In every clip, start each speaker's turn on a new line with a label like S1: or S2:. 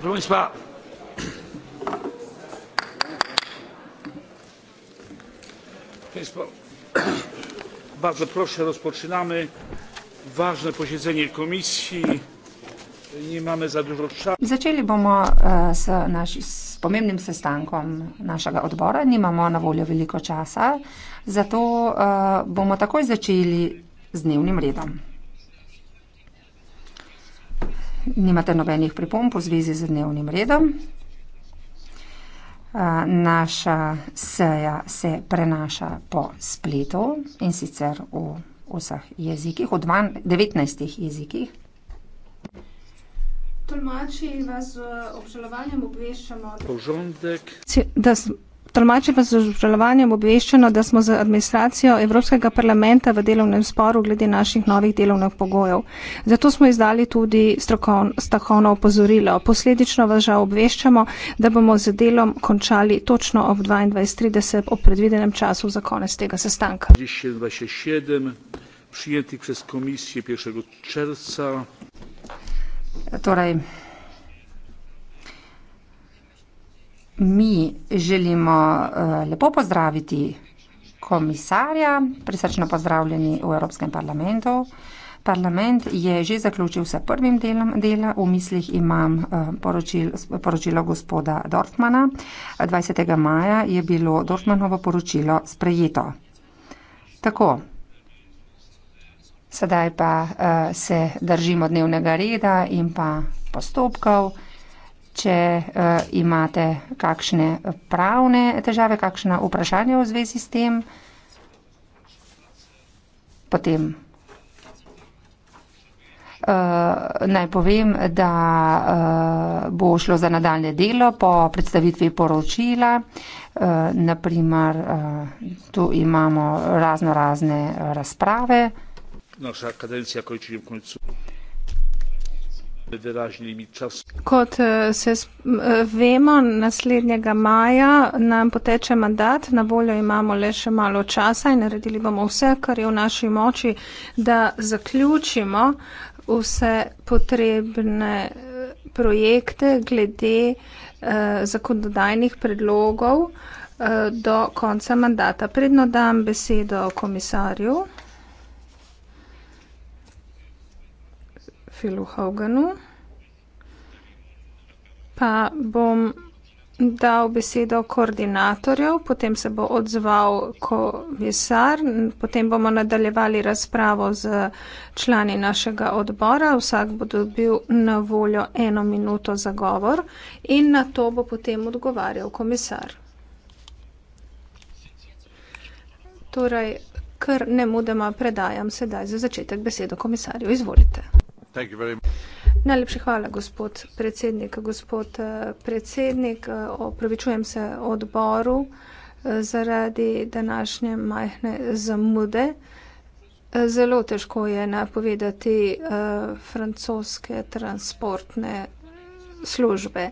S1: proszę państwa bardzo proszę rozpoczynamy ważne posiedzenie komisji nie mamy za dużo czasu
S2: zaczęli bomo e, z, nasz, z pomiennym sestankom naszego odbora nie mamy na woli wielko czasu za to e, bomo takoj zaczęli z dniem redem nimate nobenih pripomb v zvezi z dnevnim redom. Naša seja se prenaša po spletu in sicer v vseh jezikih, v 19 jezikih.
S3: Tolmači vas obžalovanjem obveščamo.
S2: Požondek. Da smo.
S3: Tolmače vas z obžalovanjem obveščeno, da smo z administracijo Evropskega parlamenta v delovnem sporu glede naših novih delovnih pogojev. Zato smo izdali tudi strokon, stahovno opozorilo. Posledično vas žal obveščamo, da bomo z delom končali točno ob 22.30 ob predvidenem času za konec tega sestanka.
S2: Torej, mi želimo eh, lepo pozdraviti komisarja, prisrčno pozdravljeni v Evropskem parlamentu. Parlament je že zaključil s prvim delom dela, v mislih imam eh, poročil, poročilo gospoda Dortmana. 20. maja je bilo Dortmanovo poročilo sprejeto. Tako, sedaj pa eh, se držimo dnevnega reda in pa postopkov če uh, imate kakšne pravne težave, kakšna vprašanja v zvezi s tem, potem. Uh, naj povem, da uh, bo šlo za nadaljne delo po predstavitvi poročila. Uh, naprimer, uh, tu imamo razno razne razprave.
S1: Naša kadencija, ko je čim koncu.
S3: Kot eh, se eh, vemo, naslednjega maja nam poteče mandat, na voljo imamo le še malo časa in naredili bomo vse, kar je v naši moči, da zaključimo vse potrebne eh, projekte glede eh, zakonodajnih predlogov eh, do konca mandata. Predno dam besedo komisarju. profilu Hauganu. Pa bom dal besedo koordinatorjev, potem se bo odzval komisar, potem bomo nadaljevali razpravo z člani našega odbora, vsak bo dobil na voljo eno minuto za govor in na to bo potem odgovarjal komisar. Torej, ker ne mudema predajam sedaj za začetek besedo komisarju. Izvolite. Najlepša hvala, gospod predsednik. Gospod eh, predsednik, eh, opravičujem se odboru eh, zaradi današnje majhne zamude. Zelo težko je napovedati francoske transportne službe.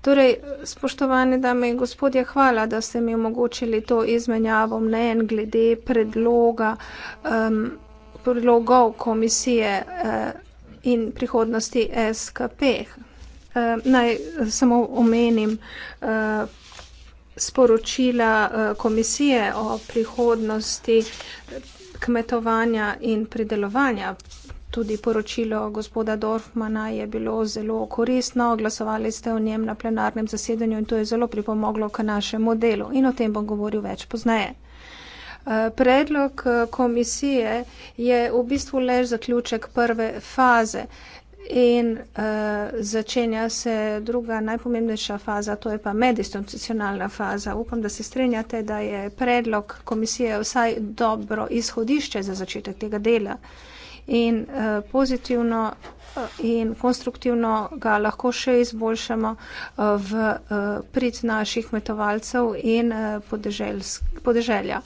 S3: Torej, spoštovane dame in gospodje, hvala, da ste mi omogočili to izmenjavo mnen glede predloga, um, predlogov komisije. Uh, in prihodnosti SKP. Uh, eh, naj samo omenim uh, sporočila uh, komisije o prihodnosti kmetovanja in pridelovanja. Tudi poročilo gospoda Dorfmana je bilo zelo koristno, glasovali ste o njem na plenarnem zasedanju in to je zelo pripomoglo k našemu delu in o tem bom govoril več pozneje. Predlog eh, komisije je v bistvu lež zaključek prve faze in uh, začenja se druga najpomembnejša faza, to je pa medistitucionalna faza. Upam, da se strenjate, da je predlog komisije vsaj dobro izhodišče za začetek tega dela in uh, pozitivno in konstruktivno ga lahko še izboljšamo uh, v uh, prid naših metovalcev in uh, podeželja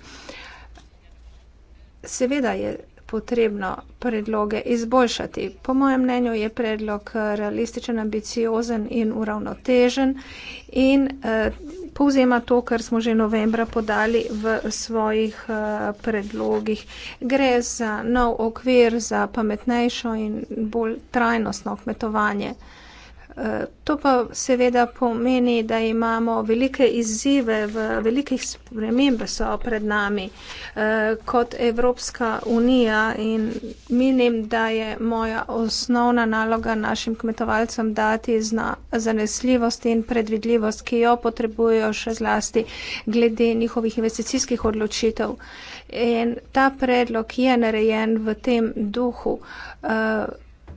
S3: seveda je potrebno predloge izboljšati. Po mojem mnenju je predlog eh, realističen, ambiciozen in uravnotežen in eh, povzema to, kar smo že novembra podali v svojih eh, predlogih. Gre za nov okvir za pametnejšo in bolj trajnostno kmetovanje. To pa seveda pomeni, da imamo velike izzive, velikih sprememb so pred nami eh, kot Evropska unija in menim, da je moja osnovna naloga našim kmetovalcem dati zna, zanesljivost in predvidljivost, ki jo potrebujejo še zlasti glede njihovih investicijskih odločitev. In ta predlog je narejen v tem duhu. Uh,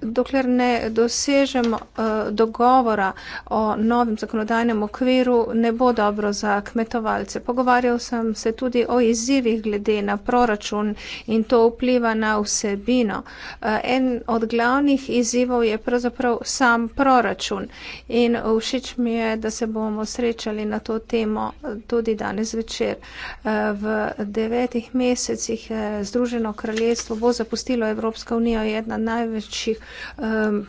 S3: dokler ne dosežemo eh, dogovora o novem zakonodajnem okviru, ne bo dobro za kmetovalce. Pogovarjal sem se tudi o izzivih glede na proračun in to vpliva na vsebino. Eh, en od glavnih izzivov je pravzaprav sam proračun in všeč mi je, da se bomo srečali na to temo eh, tudi danes večer. V devetih mesecih Združeno kraljestvo bo zapustilo Evropsko unijo, je ena največjih um,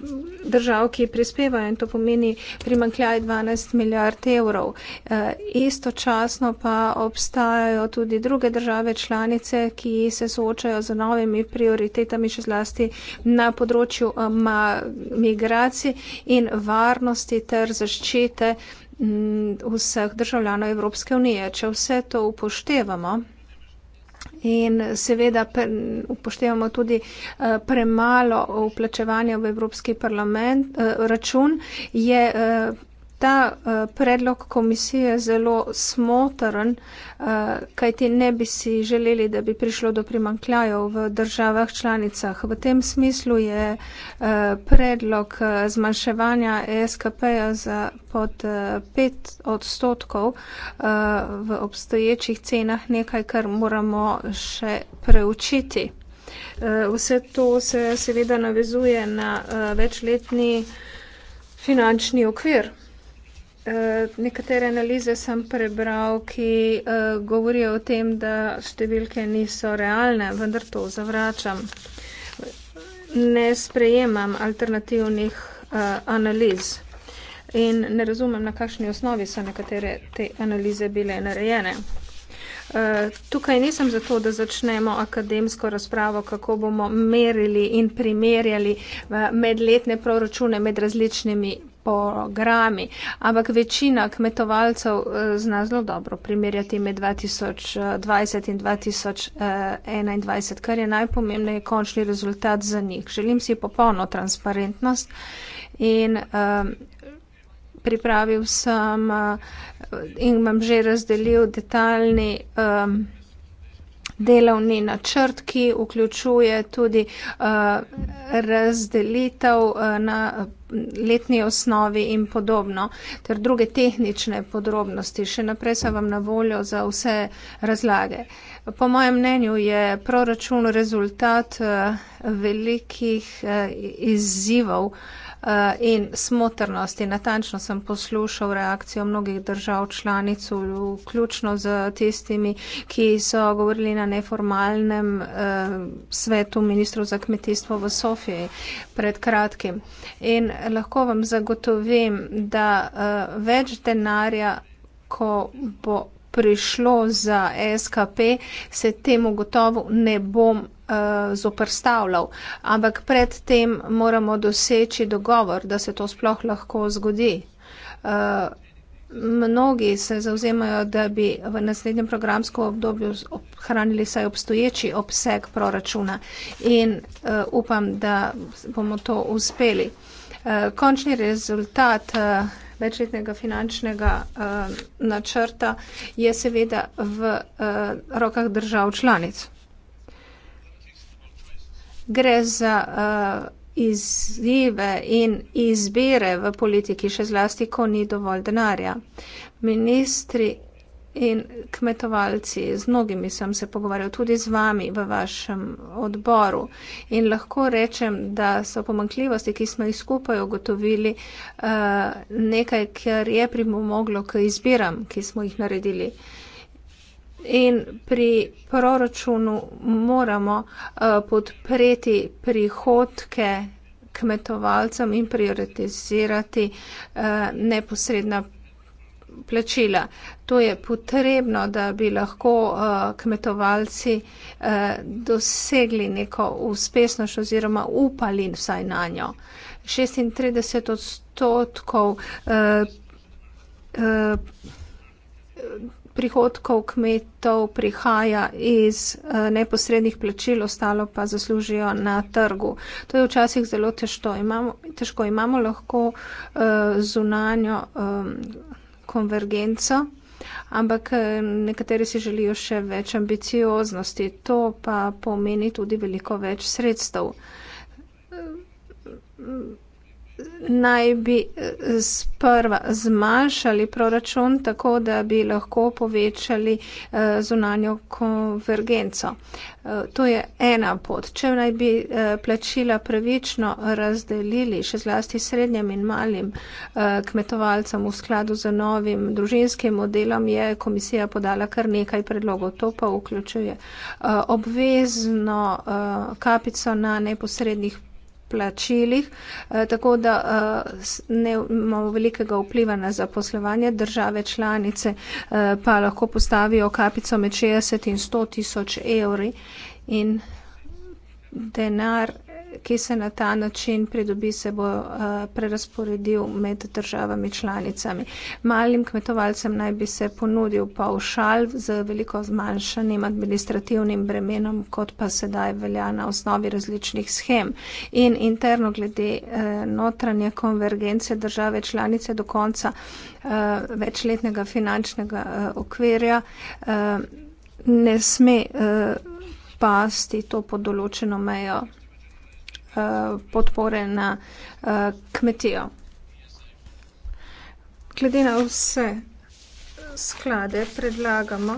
S3: držav, ki prispevajo in to pomeni primankljaj 12 milijard evrov. E, istočasno pa obstajajo tudi druge države članice, ki se soočajo z novimi prioritetami še zlasti na področju um, migracij in varnosti ter zaščite mm, vseh državljanov Evropske unije. Če vse to upoštevamo, In seveda upoštevamo tudi eh, premalo vplačevanja v Evropski parlament. Eh, račun je eh, ta uh, predlog komisije zelo smotren, uh, eh, kajti ne bi si želeli, da bi prišlo do primankljajev v državah članicah. V tem smislu je uh, predlog zmanjševanja ESKP-ja za pod uh, 5 odstotkov uh, v obstoječih cenah nekaj, kar moramo še preučiti. Vse to se seveda navezuje na večletni finančni okvir. Eh, nekatere analize sem prebral, ki eh, govorijo o tem, da številke niso realne, vendar to zavračam. Ne sprejemam alternativnih eh, analiz in ne razumem, na kakšni osnovi so nekatere te analize bile narejene. Tukaj nisem zato, da začnemo akademsko razpravo, kako bomo merili in primerjali medletne proračune med različnimi pogrami, ampak večina kmetovalcev eh, zna zelo dobro primerjati med 2020 in 2021, kar je najpomembnejši končni rezultat za njih. Želim si popolno transparentnost in um, pripravil sem uh, in vam že razdelil detaljni um, delovni načrt, ki vključuje tudi uh, razdelitev uh, na letni osnovi in podobno, ter druge tehnične podrobnosti. Še naprej sem vam na voljo za vse razlage. Po mojem mnenju je proračun rezultat uh, velikih uh, izzivov, uh, Eh, in smotrnost. In natančno sem poslušal reakcijo mnogih držav članic, vključno z tistimi, ki so govorili na neformalnem eh, svetu ministrov za kmetijstvo v Sofiji pred kratkim. In lahko vam zagotovim, da eh, več denarja, ko bo prišlo za SKP, se temu gotovo ne bom uh, zoprstavljal. Ampak predtem moramo doseči dogovor, da se to sploh lahko zgodi. Uh, mnogi se zauzemajo, da bi v naslednjem programskem obdobju ohranili saj obstoječi obseg proračuna in uh, upam, da bomo to uspeli. Uh, končni rezultat uh, večletnega finančnega uh, načrta je seveda v uh, rokah držav članic gre za uh, izzive in izbire v politiki, še zlasti, ko ni dovolj denarja. Ministri in kmetovalci, z mnogimi sem se pogovarjal, tudi z vami v vašem odboru in lahko rečem, da so pomankljivosti, ki smo jih skupaj ugotovili, uh, nekaj, kar je primomoglo k izbiram, ki smo jih naredili. Uh, In pri proračunu moramo uh, podpreti prihodke kmetovalcem in prioritizirati uh, neposredna plačila. To je potrebno, da bi lahko uh, kmetovalci uh, dosegli neko uspešnost oziroma upali vsaj na njo. 36 odstotkov. Uh, uh, prihodkov kmetov prihaja iz eh, neposrednih plačil, ostalo pa zaslužijo na trgu. To je včasih zelo težko. Imamo, težko. imamo lahko eh, zunanjo konvergenco, ampak eh, nekateri si želijo še več ambicioznosti. To pa pomeni tudi veliko več sredstev naj bi eh, sprva zmanjšali proračun, tako da bi lahko povečali eh, zunanjo konvergenco. Eh, to je ena pot. Če naj bi plačila pravično razdelili še zlasti srednjem in malim kmetovalcem v skladu z novim družinskim modelom, je komisija podala kar nekaj predlogov. To pa vključuje obvezno kapico na neposrednih plačilih, eh, tako da eh, ne imamo velikega vpliva na zaposlovanje. Države članice eh, pa lahko postavijo kapico med 60 in 100 tisoč evri in denar ki se na ta način pridobi, se bo uh, eh, prerasporedil med državami članicami. Malim kmetovalcem naj bi se ponudil paušal z veliko zmanjšanim administrativnim bremenom, kot pa sedaj velja na osnovi različnih schem. In interno glede uh, notranje konvergence države članice do konca uh, večletnega finančnega uh, okvirja uh, ne sme uh, pasti to pod določeno mejo. Eh, podpore na eh, kmetijo. Glede na vse sklade predlagamo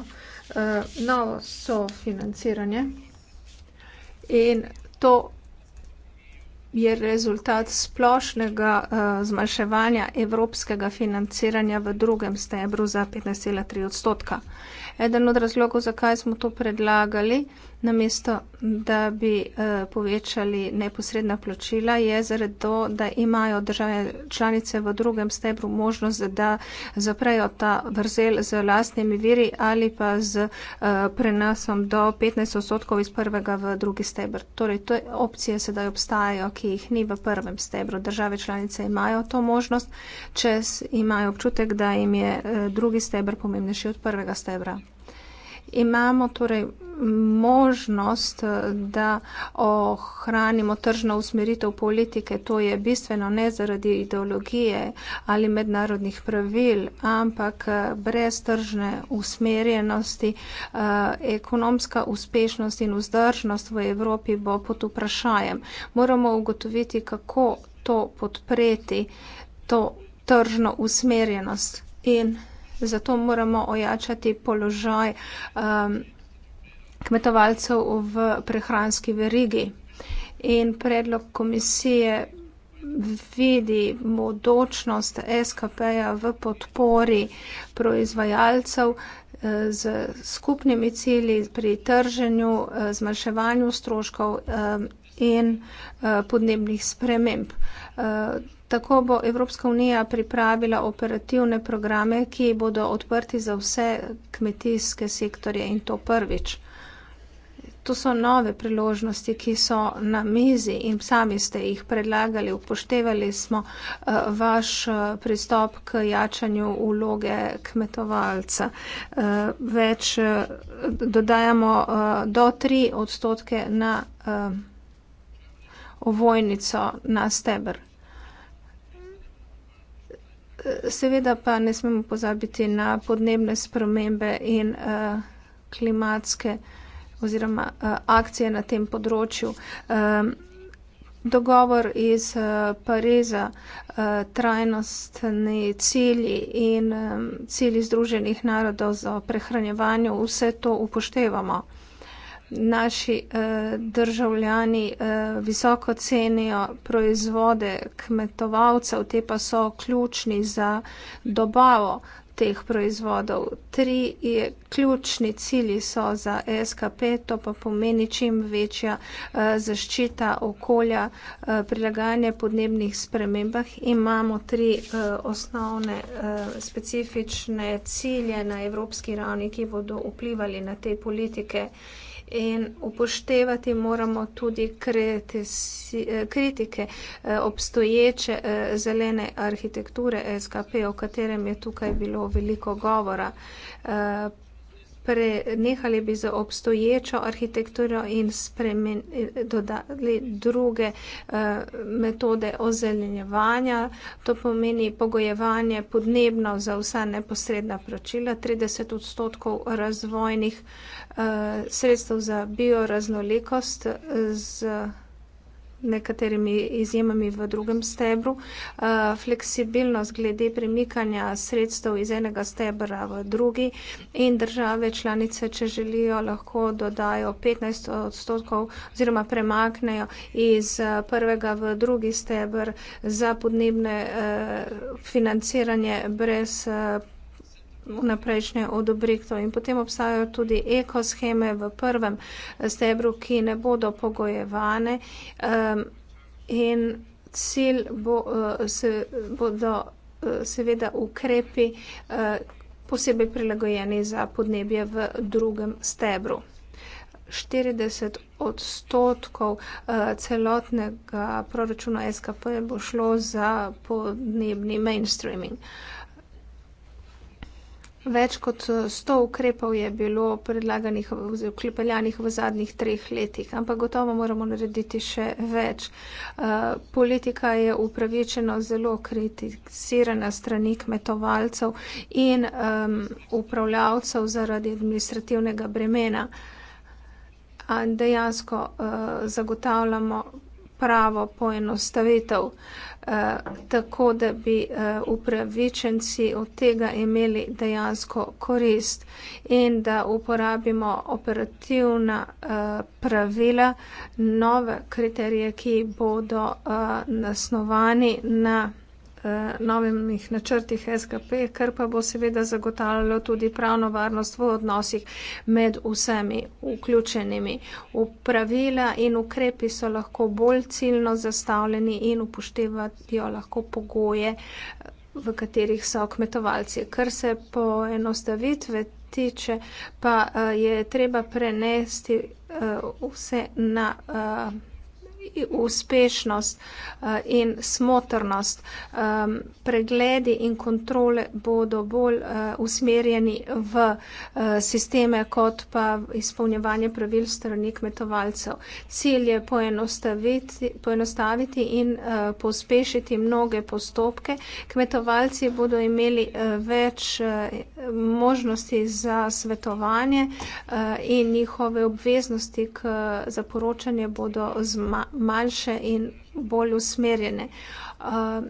S3: eh, novo sofinanciranje in to je rezultat splošnega zmanjševanja evropskega financiranja v drugem stebru za 15,3 odstotka. Eden od razlogov, zakaj smo to predlagali, namesto da bi uh, povečali neposredna plačila, je zaradi to, da imajo države članice v drugem stebru možnost, da zaprejo ta vrzel z lastnimi viri ali pa z uh, prenosom do 15 odstotkov iz prvega v drugi stebr. Torej, to opcije sedaj obstajajo, ki jih ni v prvem stebru. Države članice imajo to možnost, če imajo občutek, da jim je uh, drugi stebr pomembnejši od prvega stebra imamo torej možnost, eh, da ohranimo tržno usmeritev politike. To je bistveno ne zaradi ideologije ali mednarodnih pravil, ampak eh, brez tržne usmerjenosti eh, ekonomska uspešnost in vzdržnost v Evropi bo pod vprašajem. Moramo ugotoviti, kako to podpreti, to tržno usmerjenost in zato moramo ojačati položaj um, kmetovalcev v prehranski verigi. In predlog komisije vidi modočnost SKP-ja v podpori proizvajalcev eh, z skupnimi cilji pri trženju, eh, zmanjševanju stroškov eh, in podnebnih sprememb. Tako bo Evropska unija pripravila operativne programe, ki bodo odprti za vse kmetijske sektorje in to prvič. To so nove priložnosti, ki so na mizi in sami ste jih predlagali, upoštevali smo eh, vaš eh, pristop k jačanju uloge kmetovalca. Eh, več dodajamo do 3 odstotke na ovojnico, na stebr. Seveda pa ne smemo pozabiti na podnebne spremembe in uh, klimatske oziroma uh, akcije na tem področju. Um, dogovor iz uh, Pariza, uh, trajnostni cilji in um, cilji Združenih narodov za prehranjevanje, vse to upoštevamo naši eh, državljani eh, visoko cenijo proizvode kmetovalcev, te pa so ključni za dobavo teh proizvodov. Tri je, ključni cilji so za SKP, to pa pomeni čim večja eh, zaščita okolja, eh, prilagajanje podnebnih spremembah. Imamo tri eh, osnovne eh, specifične cilje na evropski ravni, ki bodo vplivali na te politike. Eh, in upoštevati moramo tudi kritisi, eh, kritike eh, obstoječe eh, zelene arhitekture SKP, o katerem je tukaj bilo veliko govora prenehali bi z obstoječo arhitekturo in spremen, dodali druge uh, metode ozelenjevanja. To pomeni pogojevanje podnebno za vsa neposredna pročila, 30 odstotkov razvojnih uh, sredstev za bioraznolikost. Uh, nekaterimi izjemami v drugem stebru, eh, fleksibilnost glede premikanja sredstev iz enega stebra v drugi in države članice, če želijo, lahko dodajo 15 odstotkov oziroma premaknejo iz eh, prvega v drugi stebr za podnebne eh, financiranje brez vnaprejšnje odobritev. In potem obstajajo tudi ekosheme v prvem eh, stebru, ki ne bodo pogojevane ehm, in cilj bo, eh, se, bodo eh, seveda ukrepi posebej prilagojeni za podnebje v drugem stebru. 40 odstotkov celotnega proračuna SKP bo šlo za podnebni mainstreaming. Več kot 100 eh, ukrepov je bilo predlaganih, vklepeljanih v zadnjih treh letih, ampak gotovo moramo narediti še več. Eh, politika je upravičeno zelo kritizirana strani kmetovalcev in upravljavcev zaradi administrativnega bremena. Dejansko eh, zagotavljamo pravo poenostavitev, eh, tako da bi eh, upravičenci od tega imeli dejansko korist in da uporabimo operativna eh, pravila, nove kriterije, ki bodo eh, nasnovani na. Eh, novih načrtih SKP, kar pa bo seveda zagotavljalo tudi pravno varnost v odnosih med vsemi vključenimi. Upravila in ukrepi so lahko bolj ciljno zastavljeni in upoštevajo lahko pogoje, v katerih so kmetovalci. Kar se po enostavitve tiče, pa eh, je treba prenesti eh, vse na uspešnost eh, in smotrnost. Pregledi in kontrole bodo bolj eh, usmerjeni v eh, sisteme, kot pa izpolnjevanje pravil strani kmetovalcev. Cilj je poenostaviti, poenostaviti in pospešiti mnoge postopke. Kmetovalci bodo imeli več možnosti za svetovanje in njihove obveznosti za poročanje bodo zmanjšali manjše in bolj usmerjene. Uh,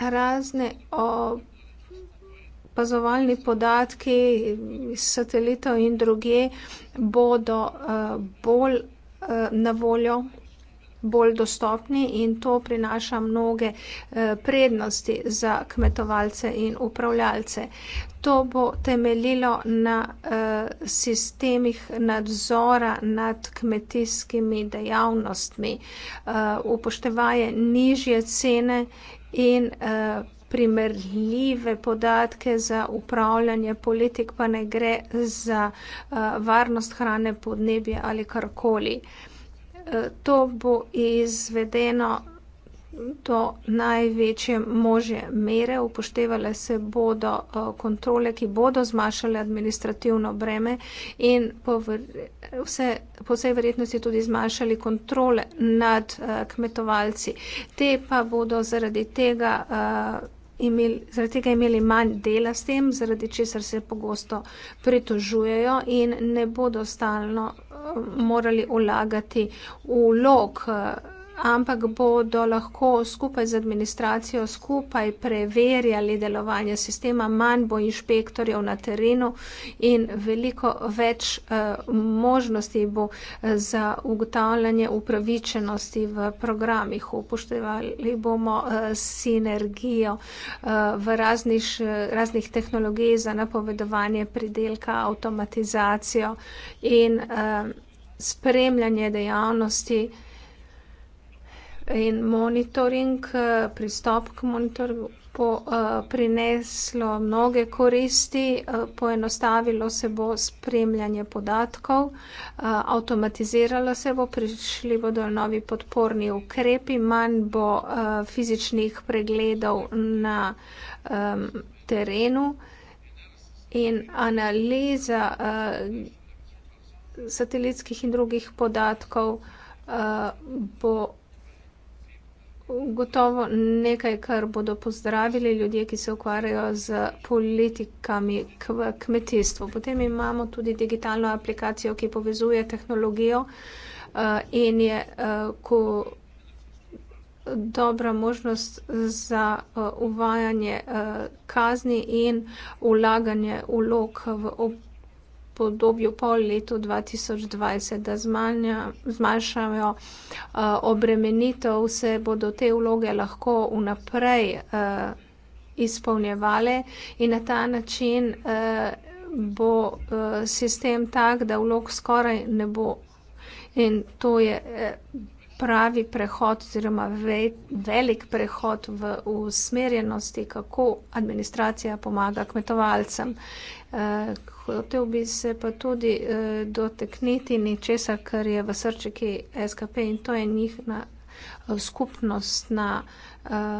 S3: razne opazovalni podatki iz satelitev in druge bodo uh, bolj uh, na voljo bolj dostopni in to prinaša mnoge eh, prednosti za kmetovalce in upravljalce. To bo temeljilo na eh, sistemih nadzora nad kmetijskimi dejavnostmi, eh, upoštevaje nižje cene in primerljive podatke za upravljanje politik, pa ne gre za varnost hrane, podnebje ali karkoli. Eh, to bo izvedeno do največje možje mere. Upoštevale se bodo eh, kontrole, ki bodo zmašale administrativno breme in po vse, po vsej verjetnosti tudi zmašali kontrole nad eh, kmetovalci. Te pa bodo zaradi tega imeli, zaradi tega imeli manj dela s tem, zaradi česar se pogosto pritožujejo in ne bodo stalno eh, morali ulagati v log. Eh, ampak bodo lahko skupaj z administracijo, skupaj preverjali delovanje sistema, manj bo inšpektorjev na terenu in veliko več eh, možnosti bo eh, za ugotavljanje upravičenosti v programih. Upoštevali bomo eh, sinergijo v raznih, raznih tehnologij za napovedovanje pridelka, avtomatizacijo in spremljanje dejavnosti in monitoring, eh, pristop k monitoringu bo uh, prineslo mnoge koristi, uh, poenostavilo se bo spremljanje podatkov, uh, avtomatiziralo se bo, prišli bodo novi podporni ukrepi, manj bo uh, fizičnih pregledov na um, terenu in analiza uh, satelitskih in drugih podatkov uh, bo gotovo nekaj, kar bodo pozdravili ljudje, ki se ukvarjajo z politikami v kmetijstvu. Potem imamo tudi digitalno aplikacijo, ki povezuje tehnologijo eh, in je eh, ko dobra možnost za eh, uvajanje kazni in ulaganje ulog v obdobje podobju po letu 2020, da zmanja, zmanjšajo uh, obremenitev, se bodo te vloge lahko vnaprej uh, izpolnjevale in na ta način uh, bo uh, sistem tak, da vlog skoraj ne bo. In to je. Uh, pravi prehod oziroma ve, velik prehod v usmerjenosti, kako administracija pomaga kmetovalcem. Eh, hotel bi se pa tudi eh, dotekniti nečesa, kar je v srčiki SKP in to je njihna eh, skupnost na eh,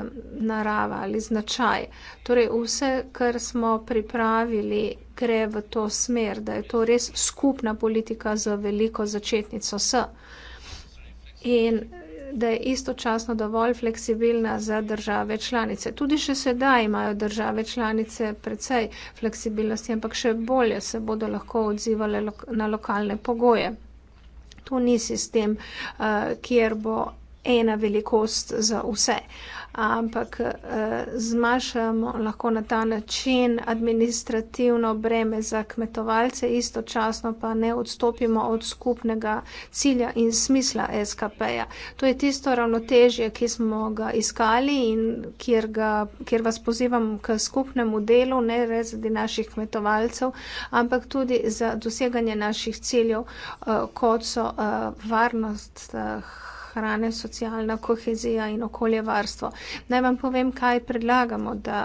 S3: narava ali značaj. Torej vse, kar smo pripravili, gre v to smer, da je to res skupna politika za veliko začetnico S in da je istočasno dovolj fleksibilna za države članice. Tudi še sedaj imajo države članice precej fleksibilnosti, ampak še bolje se bodo lahko odzivale na lokalne pogoje. To ni sistem, eh, kjer bo ena velikost za vse ampak eh, zmanjšamo lahko na ta način administrativno breme za kmetovalce, istočasno pa ne odstopimo od skupnega cilja in smisla SKP-ja. To je tisto ravnotežje, ki smo ga iskali in kjer, ga, kjer vas pozivam k skupnemu delu, ne le zaradi naših kmetovalcev, ampak tudi za doseganje naših ciljev, eh, kot so eh, varnost. Eh, hrane, socialna kohezija in okoljevarstvo. Naj vam povem, kaj predlagamo, da.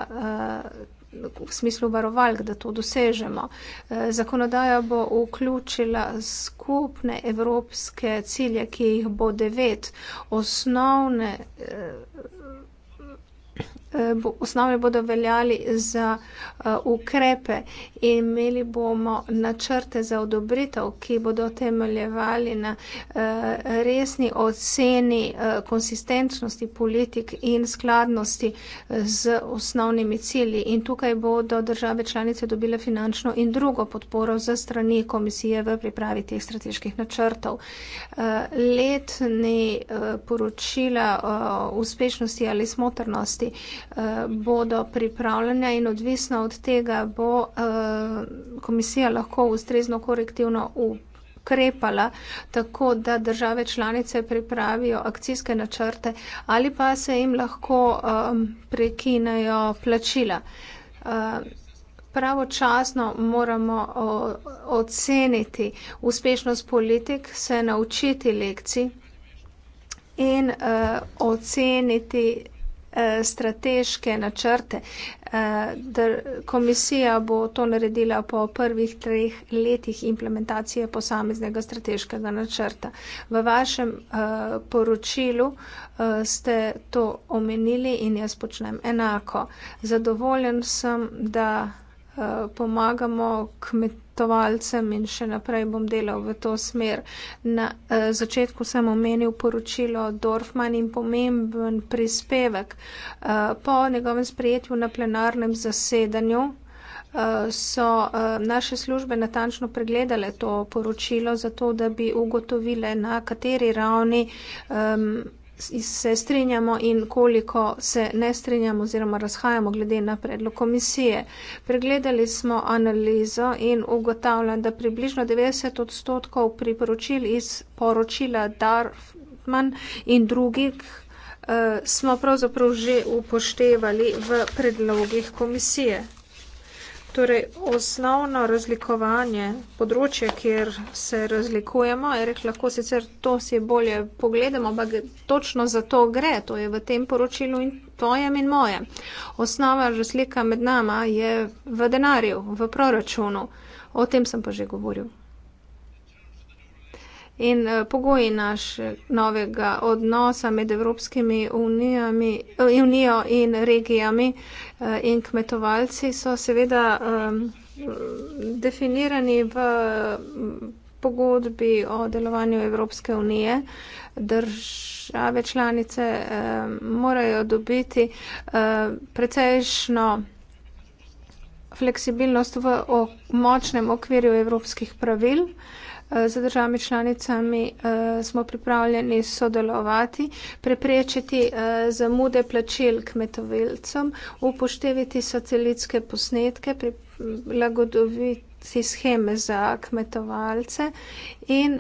S3: Uh, V smislu varovalk, da to dosežemo. Eh, zakonodaja bo vključila skupne evropske cilje, ki jih bo devet. Osnovne. Eh, Eh, bo, osnovne bodo veljali za uh, ukrepe. Imeli bomo načrte za odobritev, ki bodo temeljevali na uh, resni oceni uh, konsistentnosti politik in skladnosti z osnovnimi cilji. In tukaj bodo države članice dobile finančno in drugo podporo za strani komisije v pripravi teh strateških načrtov. Uh, letni uh, poročila uh, uspešnosti ali smotrnosti uh, Eh, bodo pripravljene in odvisno od tega bo eh, komisija lahko ustrezno korektivno ukrepala, tako da države članice pripravijo akcijske načrte ali pa se jim lahko eh, prekinejo plačila. Pravočasno moramo oceniti uspešnost politik, se naučiti lekcij in uh, oceniti Eh, strateške načrte. Eh, komisija bo to naredila po prvih treh letih implementacije posameznega strateškega načrta. V vašem eh, poročilu ste to omenili in jaz počnem enako. Zadovoljen sem, da Eh, pomagamo kmetovalcem in še naprej bom delal v to smer. Na eh, začetku sem omenil poročilo Dorfman in pomemben prispevek. Eh, po njegovem sprejetju na plenarnem zasedanju so naše službe natančno pregledale to poročilo, zato da bi ugotovile, na kateri ravni se strinjamo in koliko se ne strinjamo oziroma razhajamo glede na predlog komisije. Pregledali smo analizo in ugotavljam, da približno 90 odstotkov priporočil iz poročila Darman in drugih uh, smo pravzaprav že upoštevali v predlogih komisije torej osnovno razlikovanje področja, kjer se razlikujemo, je rekel, lahko sicer to si bolje pogledamo, ampak točno za to gre, to je v tem poročilu in tvojem in moje. Osnova razlika med nama je v denarju, v proračunu, o tem sem pa že govoril. In eh, pogoji našega novega odnosa med Evropskimi unijami, eh, unijo in regijami eh, in kmetovalci so seveda um, definirani v mm, pogodbi o delovanju Evropske unije. Države članice um, morajo dobiti um, precejšno fleksibilnost v močnem okvirju evropskih pravil. Eh, za državami članicami eh, smo pripravljeni sodelovati, preprečiti eh, zamude plačil kmetovilcem, upoštevati satelitske posnetke, prilagoditi scheme za kmetovalce in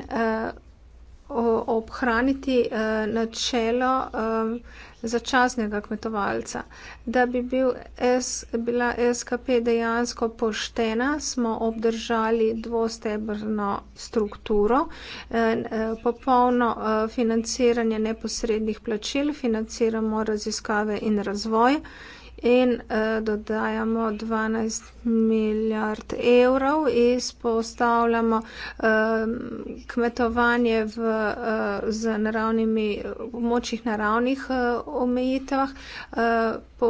S3: obhraniti eh, načelo eh, začasnega kmetovalca. Da bi bil S, bila SKP dejansko poštena, smo obdržali dvostebrno strukturo, eh, eh, popolno eh, financiranje neposrednih plačil, financiramo raziskave in razvoj. Eh, in uh, dodajamo 12 milijard evrov, izpostavljamo uh, eh, kmetovanje v, uh, z naravnimi, v močih naravnih uh, omejitvah, uh,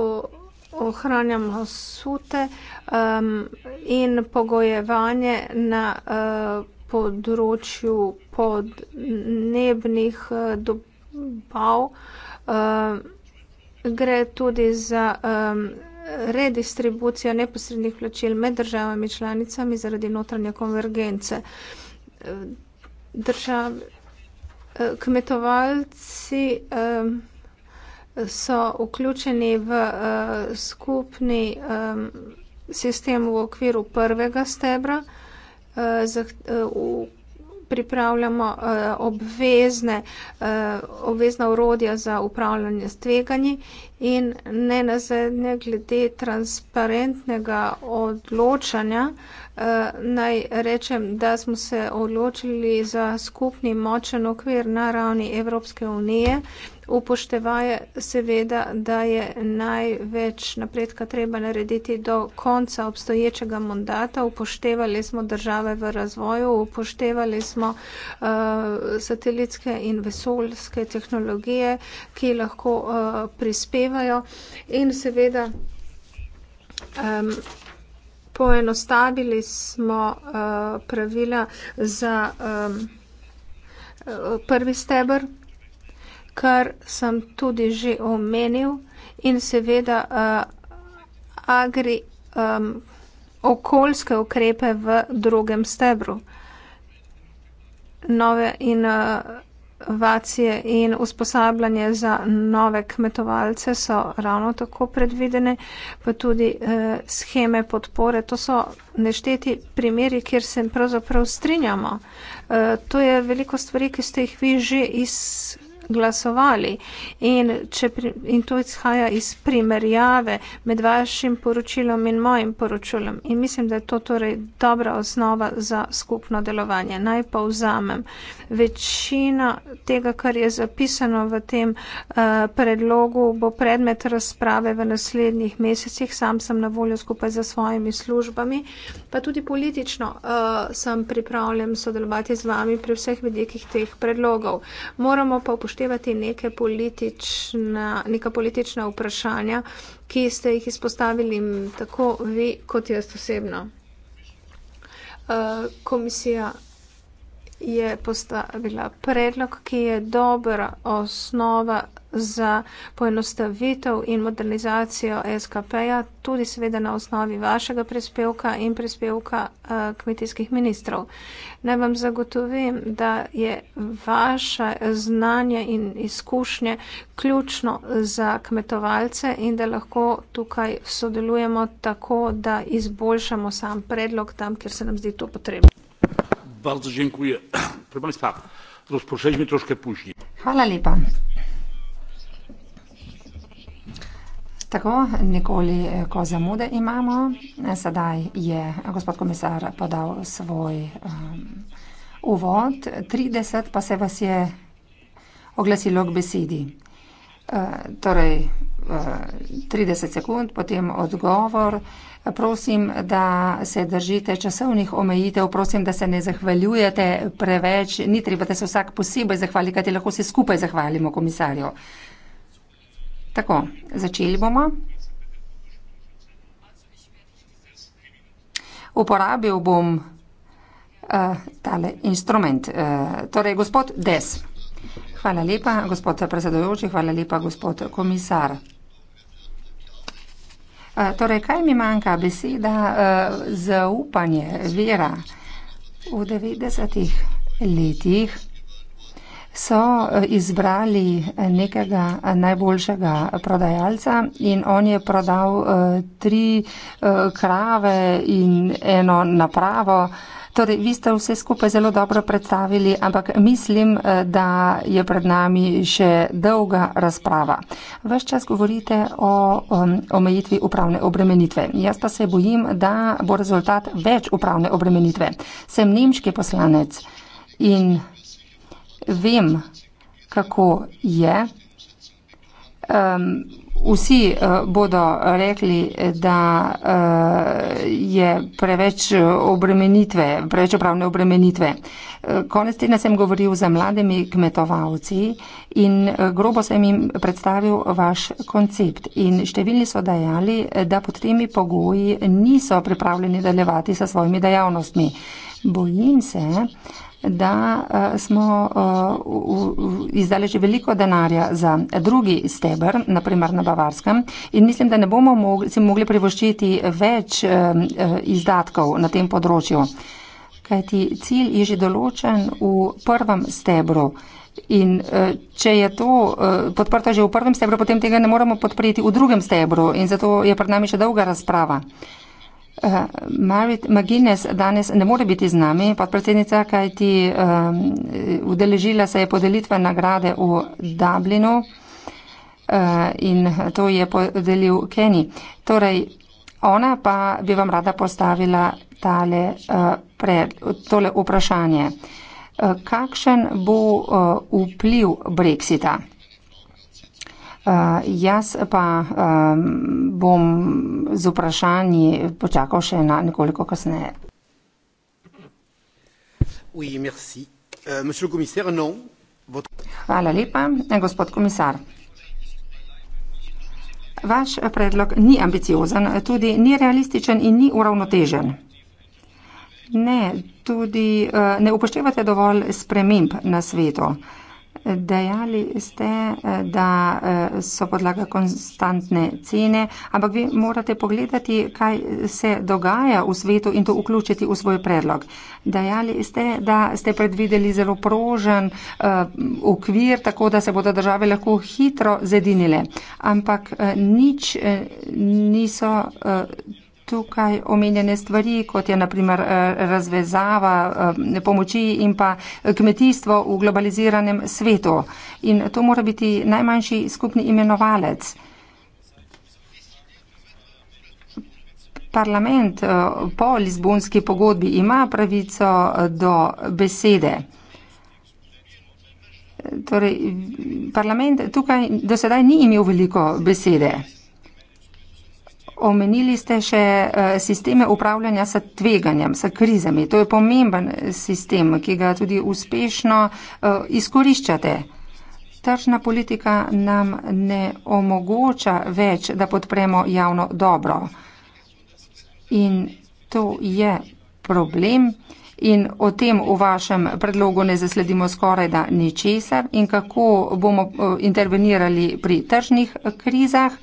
S3: ohranjamo sute um, in pogojevanje na uh, področju podnebnih dobav. Uh, gre tudi za um, redistribucijo neposrednih plačil med državami članicami zaradi notranje konvergence. Držav, kmetovalci um, so vključeni v uh, skupni um, sistem v okviru prvega stebra, uh, zaht, uh, v pripravljamo uh, obvezne, uh, obvezna urodja za upravljanje s tveganji in ne nazadnje glede transparentnega odločanja uh, Eh, naj rečem, da smo se odločili za skupni močen okvir na ravni Evropske unije, upoštevaje seveda, da je največ napredka treba narediti do konca obstoječega mandata, upoštevali smo države v razvoju, upoštevali smo uh, satelitske in vesoljske tehnologije, ki lahko uh, prispevajo in seveda. Um, poenostavili smo uh, pravila za um, prvi stebr, kar sem tudi že omenil in seveda uh, agri um, okoljske ukrepe v drugem stebru. Nove in uh, inovacije in usposabljanje za nove kmetovalce so ravno tako predvidene, pa tudi eh, scheme podpore. To so nešteti primeri, kjer se pravzaprav strinjamo. Eh, to je veliko stvari, ki ste jih vi že iz glasovali. In, pri, in to izhaja iz primerjave med vašim poročilom in mojim poročilom. In mislim, da je to torej dobra osnova za skupno delovanje. Naj pa vzamem. Večina tega, kar je zapisano v tem uh, predlogu, bo predmet razprave v naslednjih mesecih. Sam sem na voljo skupaj za svojimi službami, pa tudi politično uh, sem pripravljen sodelovati z vami pri vseh vidikih teh predlogov. Moramo pa upoštevati, upoštevati neke politična, neka politična vprašanja, ki ste jih izpostavili tako vi kot jaz osebno. Eh, komisija je postavila predlog, ki je dobra osnova za poenostavitev in modernizacijo SKP-ja, tudi seveda na osnovi vašega prispevka in prispevka eh, kmetijskih ministrov. Naj vam zagotovim, da je vaše znanje in izkušnje ključno za kmetovalce in da lahko tukaj sodelujemo tako, da izboljšamo sam predlog tam, kjer se nam zdi to potrebno.
S1: Bardzo dziękuję. Proszę Państwa, rozpoczęliśmy troszkę później.
S2: Hvala lepa. Tako, nikoli eh, ko zamude imamo, eh, sedaj je gospod komisar podal svoj eh, uvod, 30 pa se vas je oglasilo k besedi. Torej, 30 sekund, potem odgovor. Prosim, da se držite časovnih omejitev, prosim, da se ne zahvaljujete preveč, ni treba, da se vsak posebej zahvali, kajti lahko se skupaj zahvalimo komisarju. Tako, začeli bomo. Uporabil bom uh, tale instrument, uh, torej gospod Des. Hvala lepa, gospod predsedujoči, hvala lepa, gospod komisar. Uh, torej, kaj mi manjka? Beseda uh, zaupanje, vera. V 90-ih letih so eh, izbrali eh, nekega eh, najboljšega prodajalca in on je prodal tri krave in eno napravo. Torej, vi ste vse skupaj zelo dobro predstavili, ampak mislim, da je pred nami še dolga razprava. Ves čas govorite o omejitvi upravne obremenitve. Jaz pa se bojim, da bo rezultat več upravne obremenitve. Sem nemški poslanec in vem, kako je. Um, vsi uh, bodo rekli, da uh, je preveč eh, obremenitve, preveč upravne obremenitve. Uh, konec tedna sem govoril za mladimi kmetovalci in uh, grobo sem jim predstavil vaš koncept. In številni so dejali, da pod temi pogoji niso pripravljeni delevati sa svojimi dejavnostmi. Bojim se, uh, da uh, smo uh, v, v, izdali že veliko denarja za drugi stebr, naprimer na Bavarskem, in mislim, da ne bomo mogli, si mogli privoščiti več uh, izdatkov na tem področju. Kajti cilj je že določen v prvem stebru. In če je to podprto že v prvem stebru, potem tega ne moremo podpreti v drugem stebru in zato je pred nami še dolga razprava. Uh, Marit Maginez danes ne more biti z nami, podpredsednica, kaj ti uh, eh, udeležila se je podelitve nagrade v Dublinu uh, in to je podelil Kenny. Torej, ona pa bi vam rada postavila tale, uh, pred, tole vprašanje. Uh, kakšen bo uh, vpliv Brexita? Uh, jaz pa um, bom z vprašanji počakal še na nekoliko kasneje.
S3: Euh,
S2: Hvala lepa, gospod komisar. Vaš predlog ni ambiciozen, tudi ni realističen in ni uravnotežen. Ne, tudi uh, ne upoštevate dovolj sprememb na svetu. Uh, Dejali ste, eh, da eh, so podlaga konstantne cene, ampak vi morate pogledati, kaj se dogaja v svetu in to vključiti v svoj predlog. Dejali ste, da ste predvideli zelo prožen eh, okvir, tako da se bodo države lahko hitro zedinile, ampak nič niso tukaj omenjene stvari, kot je naprimer eh, razvezava eh, pomoči in pa eh, kmetijstvo v globaliziranem svetu. In to mora biti najmanjši skupni imenovalec. Parlament po Lizbonski pogodbi ima pravico do besede. Torej, parlament tukaj do sedaj ni imel veliko besede. Omenili ste še eh, sisteme upravljanja s tveganjem, s krizami. To je pomemben eh, sistem, ki ga tudi uspešno eh, izkoriščate. Tržna politika nam ne omogoča več, da podpremo javno dobro. In to je problem. In o tem v vašem predlogu ne zasledimo skoraj da ničesar in kako bomo intervenirali pri tržnih krizah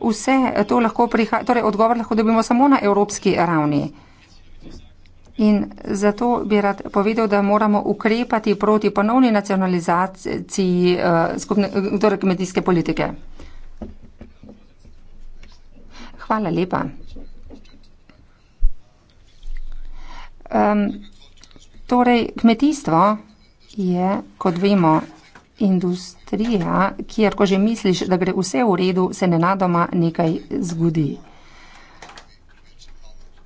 S2: vse to lahko prihaja, torej odgovor lahko dobimo samo na evropski ravni. In zato bi rad povedal, da moramo ukrepati proti ponovni nacionalizaciji eh, skupne, torej kmetijske politike. Hvala lepa. Um, torej, kmetijstvo je, kot vemo, industrija, kjer ko že misliš, da gre vse v redu, se nenadoma nekaj zgodi.